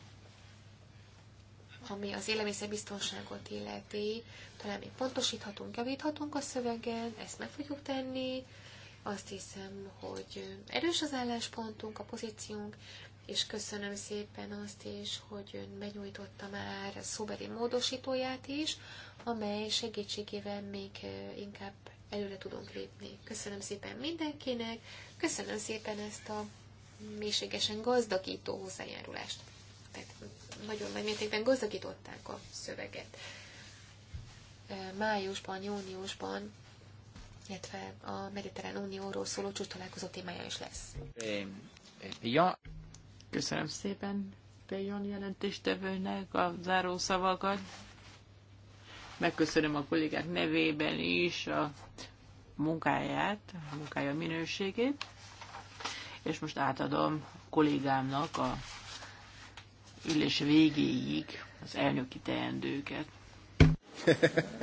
ami az élelmiszerbiztonságot illeti, talán még pontosíthatunk, javíthatunk a szövegen, ezt meg fogjuk tenni, azt hiszem, hogy erős az álláspontunk, a pozíciónk, és köszönöm szépen azt is, hogy ön benyújtotta már szóbeli módosítóját is, amely segítségével még eh, inkább előre tudunk lépni. Köszönöm szépen mindenkinek, köszönöm szépen ezt a mélységesen gazdagító hozzájárulást. Tehát nagyon nagy mértékben gazdagították a szöveget. Eh, májusban, júniusban illetve a Mediterrán Unióról szóló csúcs találkozó témája is lesz. Ja. Köszönöm szépen Pejon jelentéstevőnek a záró szavakat. Megköszönöm a kollégák nevében is a munkáját, a munkája minőségét, és most átadom kollégámnak a ülés végéig az elnöki teendőket. [laughs]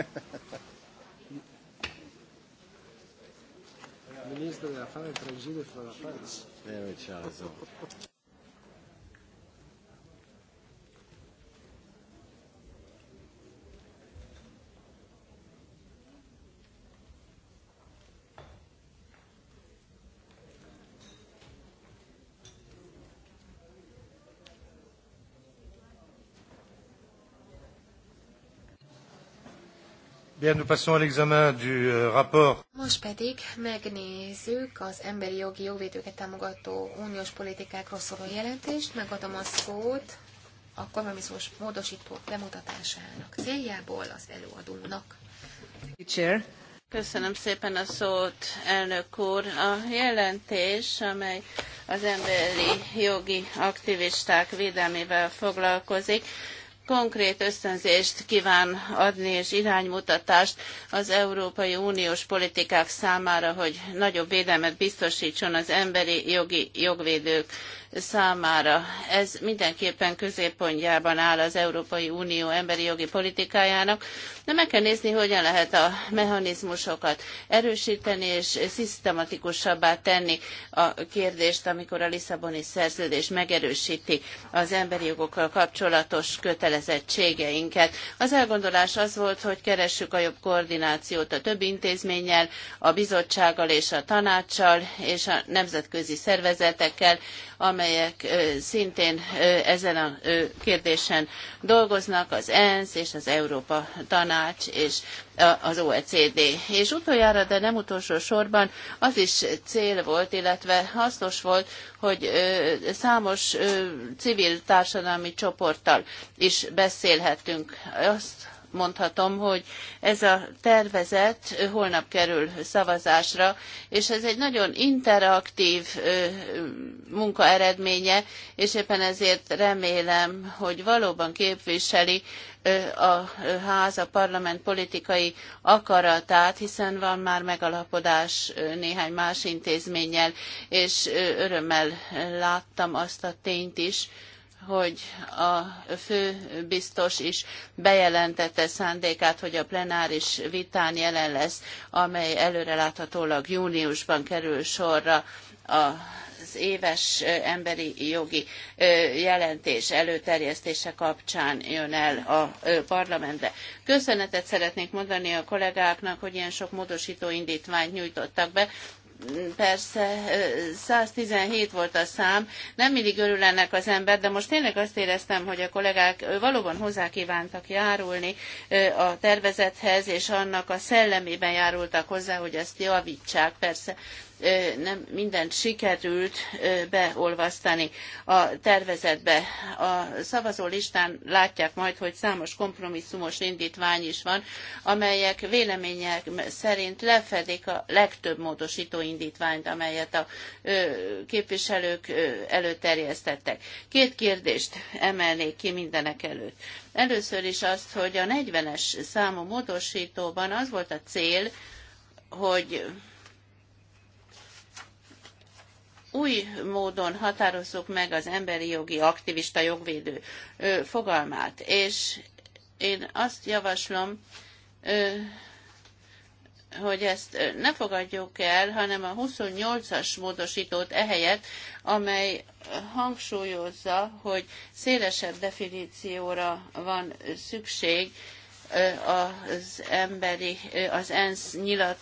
ministro della fame e tra fra la fans. Eh, ciao. Bien, nous passons à l'examen du euh, rapport. Most pedig megnézzük az emberi jogi jogvédőket támogató uniós politikákról szóló jelentést, megadom a szót a kormányzós módosító bemutatásának céljából az előadónak. Köszönöm szépen a szót, elnök úr. A jelentés, amely az emberi jogi aktivisták védelmével foglalkozik, konkrét ösztönzést kíván adni és iránymutatást az Európai Uniós politikák számára, hogy nagyobb védelmet biztosítson az emberi jogi jogvédők számára. Ez mindenképpen középpontjában áll az Európai Unió emberi jogi politikájának, de meg kell nézni, hogyan lehet a mechanizmusokat erősíteni és szisztematikusabbá tenni a kérdést, amikor a Lisszaboni szerződés megerősíti az emberi jogokkal kapcsolatos kötelezettségeinket. Az elgondolás az volt, hogy keressük a jobb koordinációt a többi intézménnyel, a bizottsággal és a tanácssal és a nemzetközi szervezetekkel, amelyek szintén ezen a kérdésen dolgoznak, az ENSZ és az Európa Tanács és az OECD. És utoljára, de nem utolsó sorban az is cél volt, illetve hasznos volt, hogy számos civil társadalmi csoporttal is beszélhettünk. Azt mondhatom, hogy ez a tervezet holnap kerül szavazásra, és ez egy nagyon interaktív munka eredménye, és éppen ezért remélem, hogy valóban képviseli a ház, a parlament politikai akaratát, hiszen van már megalapodás néhány más intézménnyel, és örömmel láttam azt a tényt is, hogy a fő biztos is bejelentette szándékát, hogy a plenáris vitán jelen lesz, amely előreláthatólag júniusban kerül sorra az éves emberi jogi jelentés előterjesztése kapcsán jön el a parlamentbe. Köszönetet szeretnék mondani a kollégáknak, hogy ilyen sok módosító indítványt nyújtottak be, persze 117 volt a szám, nem mindig örül ennek az ember, de most tényleg azt éreztem, hogy a kollégák valóban hozzá kívántak járulni a tervezethez, és annak a szellemében járultak hozzá, hogy ezt javítsák. Persze nem mindent sikerült beolvasztani a tervezetbe. A szavazó listán látják majd, hogy számos kompromisszumos indítvány is van, amelyek vélemények szerint lefedik a legtöbb módosító indítványt, amelyet a képviselők előterjesztettek. Két kérdést emelnék ki mindenek előtt. Először is azt, hogy a 40-es számú módosítóban az volt a cél, hogy új módon határozzuk meg az emberi jogi aktivista jogvédő fogalmát. És én azt javaslom, hogy ezt ne fogadjuk el, hanem a 28-as módosítót ehelyett, amely hangsúlyozza, hogy szélesebb definícióra van szükség az emberi, az ENSZ nyilat,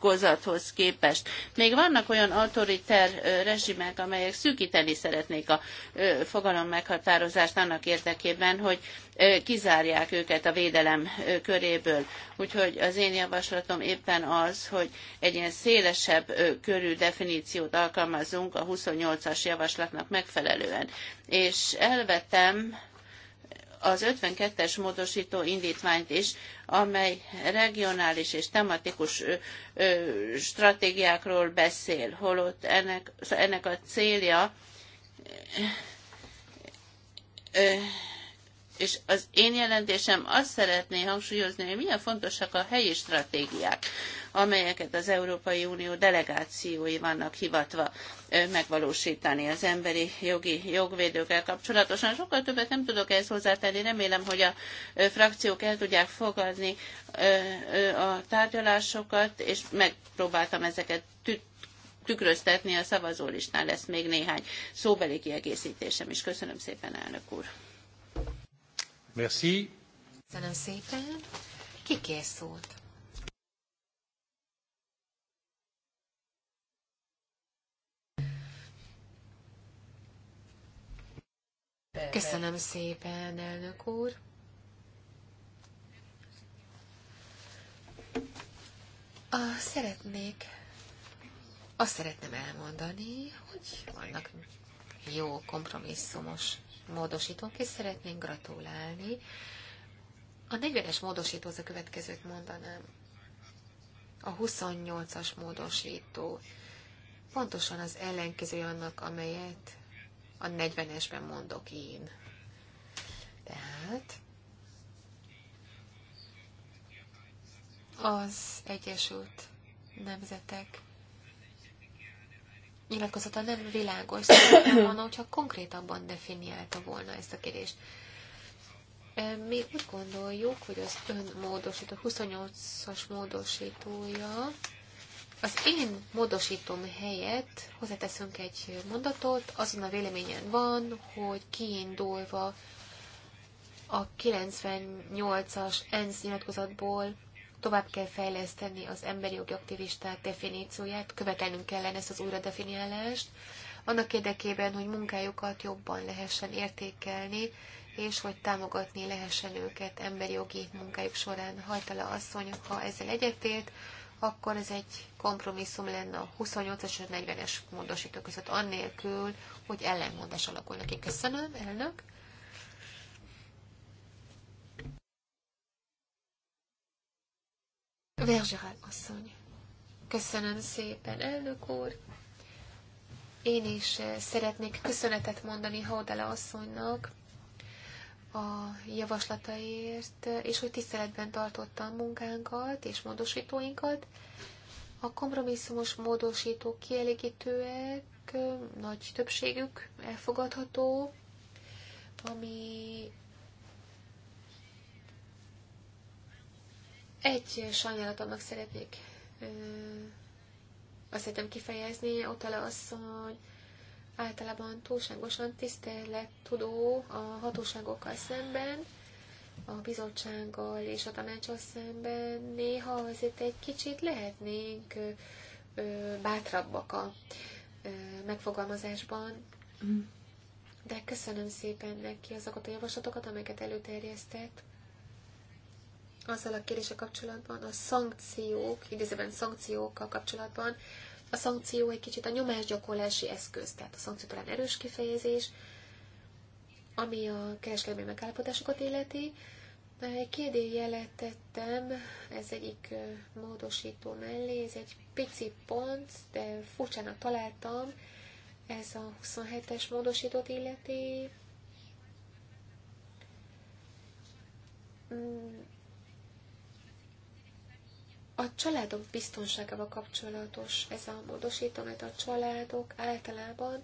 nyilatkozathoz képest. Még vannak olyan autoriter rezsimek, amelyek szűkíteni szeretnék a fogalom meghatározást annak érdekében, hogy kizárják őket a védelem köréből. Úgyhogy az én javaslatom éppen az, hogy egy ilyen szélesebb körű definíciót alkalmazunk a 28-as javaslatnak megfelelően. És elvetem az 52-es módosító indítványt is, amely regionális és tematikus ö, ö, stratégiákról beszél, holott ennek, szóval ennek a célja ö, és az én jelentésem azt szeretné hangsúlyozni, hogy milyen fontosak a helyi stratégiák, amelyeket az Európai Unió delegációi vannak hivatva megvalósítani az emberi jogi jogvédőkkel kapcsolatosan. Sokkal többet nem tudok ezt hozzátenni, remélem, hogy a frakciók el tudják fogadni a tárgyalásokat, és megpróbáltam ezeket tüt tükröztetni a szavazólistán lesz még néhány szóbeli kiegészítésem is. Köszönöm szépen, elnök úr! Merci. Köszönöm szépen. Ki kér szót? Köszönöm szépen, elnök úr. A, szeretnék, azt szeretném elmondani, hogy vannak jó kompromisszumos módosítónk, és szeretnénk gratulálni. A 40-es az a következőt mondanám. A 28-as módosító pontosan az ellenkező annak, amelyet a 40-esben mondok én. Tehát az Egyesült Nemzetek nyilatkozata nem világos, szerintem volna, [coughs] hogyha konkrétabban definiálta volna ezt a kérdést. Mi úgy gondoljuk, hogy az önmódosító, 28-as módosítója, az én módosítom helyett hozzáteszünk egy mondatot, azon a véleményen van, hogy kiindulva a 98-as ENSZ nyilatkozatból tovább kell fejleszteni az emberi jogi aktivisták definícióját, követelnünk kellene ezt az újradefiniálást, annak érdekében, hogy munkájukat jobban lehessen értékelni, és hogy támogatni lehessen őket emberi jogi munkájuk során. Hajtala asszony, ha ezzel egyetért, akkor ez egy kompromisszum lenne a 28-as és 40-es módosító között, annélkül, hogy ellenmondás alakulnak ki. Köszönöm, elnök. Verzsál asszony. Köszönöm szépen, elnök úr. Én is eh, szeretnék köszönetet mondani Haudala asszonynak a javaslataért, eh, és hogy tiszteletben tartotta a munkánkat és módosítóinkat. A kompromisszumos módosítók kielégítőek, eh, nagy többségük elfogadható, ami Egy sajnálatomnak szeretnék azt szeretem kifejezni, Otala asszony általában túlságosan tudó a hatóságokkal szemben, a bizottsággal és a tanácsal szemben. Néha azért egy kicsit lehetnénk bátrabbak a megfogalmazásban. Mm. De köszönöm szépen neki azokat a javaslatokat, amelyeket előterjesztett azzal a kérdése kapcsolatban, a szankciók, idézőben szankciókkal kapcsolatban, a szankció egy kicsit a nyomásgyakorlási eszköz, tehát a szankció talán erős kifejezés, ami a kereskedelmi megállapodásokat illeti. Egy kérdéjelet tettem, ez egyik módosító mellé, ez egy pici pont, de furcsának találtam, ez a 27-es módosítót illeti. Mm, a családok biztonságával kapcsolatos ez a módosító, mert a családok általában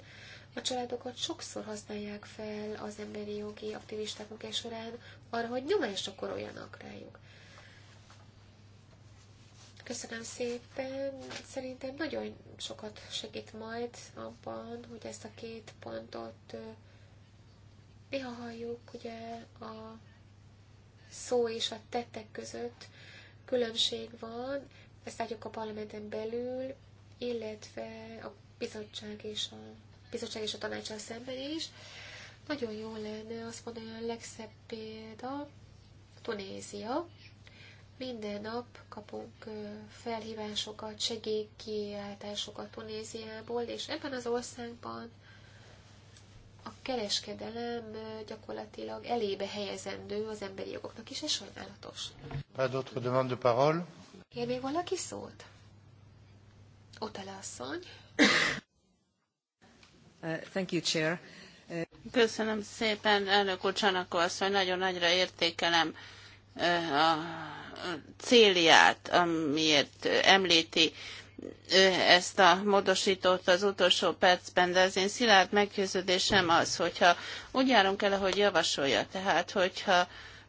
a családokat sokszor használják fel az emberi jogi aktivisták munkás során arra, hogy nyomást koroljanak rájuk. Köszönöm szépen. Szerintem nagyon sokat segít majd abban, hogy ezt a két pontot néha halljuk, ugye a szó és a tettek között különbség van, ezt látjuk a parlamenten belül, illetve a bizottság és a, bizottság és a tanácsal szemben is. Nagyon jó lenne azt mondani, hogy a legszebb példa Tunézia. Minden nap kapunk felhívásokat, segélykiáltásokat Tunéziából, és ebben az országban a kereskedelem gyakorlatilag elébe helyezendő az emberi jogoknak is, és sajnálatos. Kér még valaki szót? Otele asszony. Uh, thank you, Chair. Uh, Köszönöm szépen, elnök úr Csanakó asszony, nagyon nagyra értékelem uh, a célját, amiért említi ezt a módosítót az utolsó percben, de az én szilárd meggyőződésem az, hogyha úgy járunk el, ahogy javasolja, tehát hogyha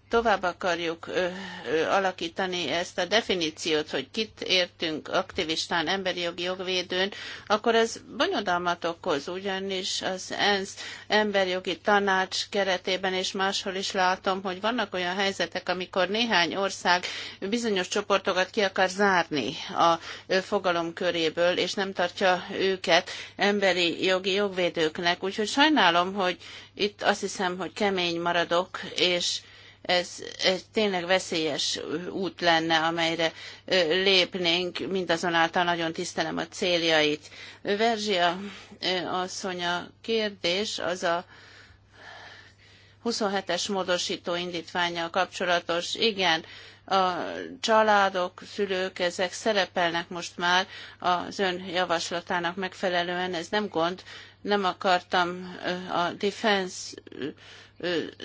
tovább akarjuk ö, ö, alakítani ezt a definíciót, hogy kit értünk aktivistán, emberi jogi jogvédőn, akkor ez bonyodalmat okoz, ugyanis az ENSZ emberi jogi tanács keretében és máshol is látom, hogy vannak olyan helyzetek, amikor néhány ország bizonyos csoportokat ki akar zárni a fogalom köréből, és nem tartja őket emberi jogi jogvédőknek. Úgyhogy sajnálom, hogy itt azt hiszem, hogy kemény maradok, és ez, tényleg veszélyes út lenne, amelyre lépnénk, mindazonáltal nagyon tisztelem a céljait. Verzsia asszony, a kérdés az a 27-es módosító indítványa kapcsolatos. Igen, a családok, szülők, ezek szerepelnek most már az ön javaslatának megfelelően, ez nem gond, nem akartam a defense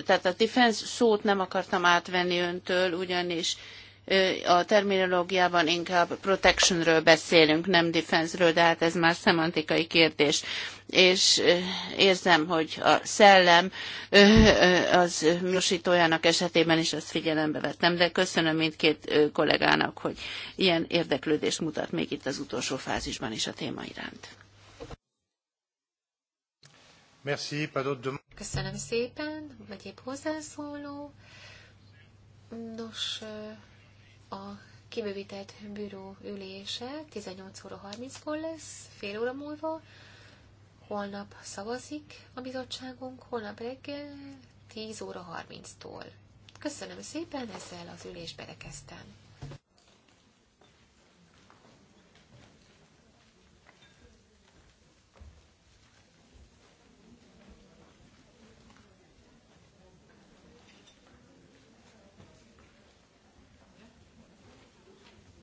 tehát a defense szót nem akartam átvenni öntől, ugyanis a terminológiában inkább protectionről beszélünk, nem defenseről, de hát ez már szemantikai kérdés. És érzem, hogy a szellem az műsítójának esetében is azt figyelembe vettem, de köszönöm mindkét kollégának, hogy ilyen érdeklődést mutat még itt az utolsó fázisban is a téma iránt. Merci, pas d'autres Köszönöm szépen, vagy épp hozzászóló. Nos, a kibővített bűró ülése 18 óra 30-kor lesz, fél óra múlva. Holnap szavazik a bizottságunk, holnap reggel 10 óra 30-tól. Köszönöm szépen, ezzel az ülésbe berekeztem.